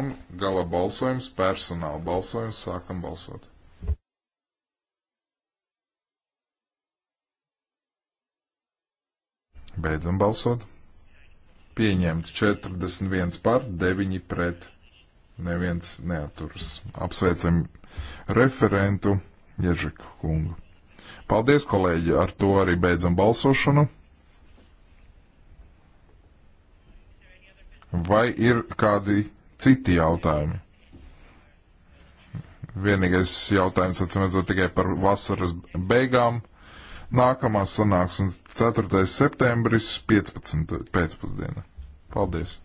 Un gala balsojums, personāla balsojums, sākam balsot. Beidzam balsot. Pieņemts 41 par, 9 pret. Neviens neaturas. Apsveicam referentu Ježiku kungu. Paldies, kolēģi, ar to arī beidzam balsošanu. Vai ir kādi citi jautājumi? Vienīgais jautājums, atcīmredzot, tikai par vasaras beigām. Nākamā sanāksme 4. septembris 15. pēcpusdiena. Paldies!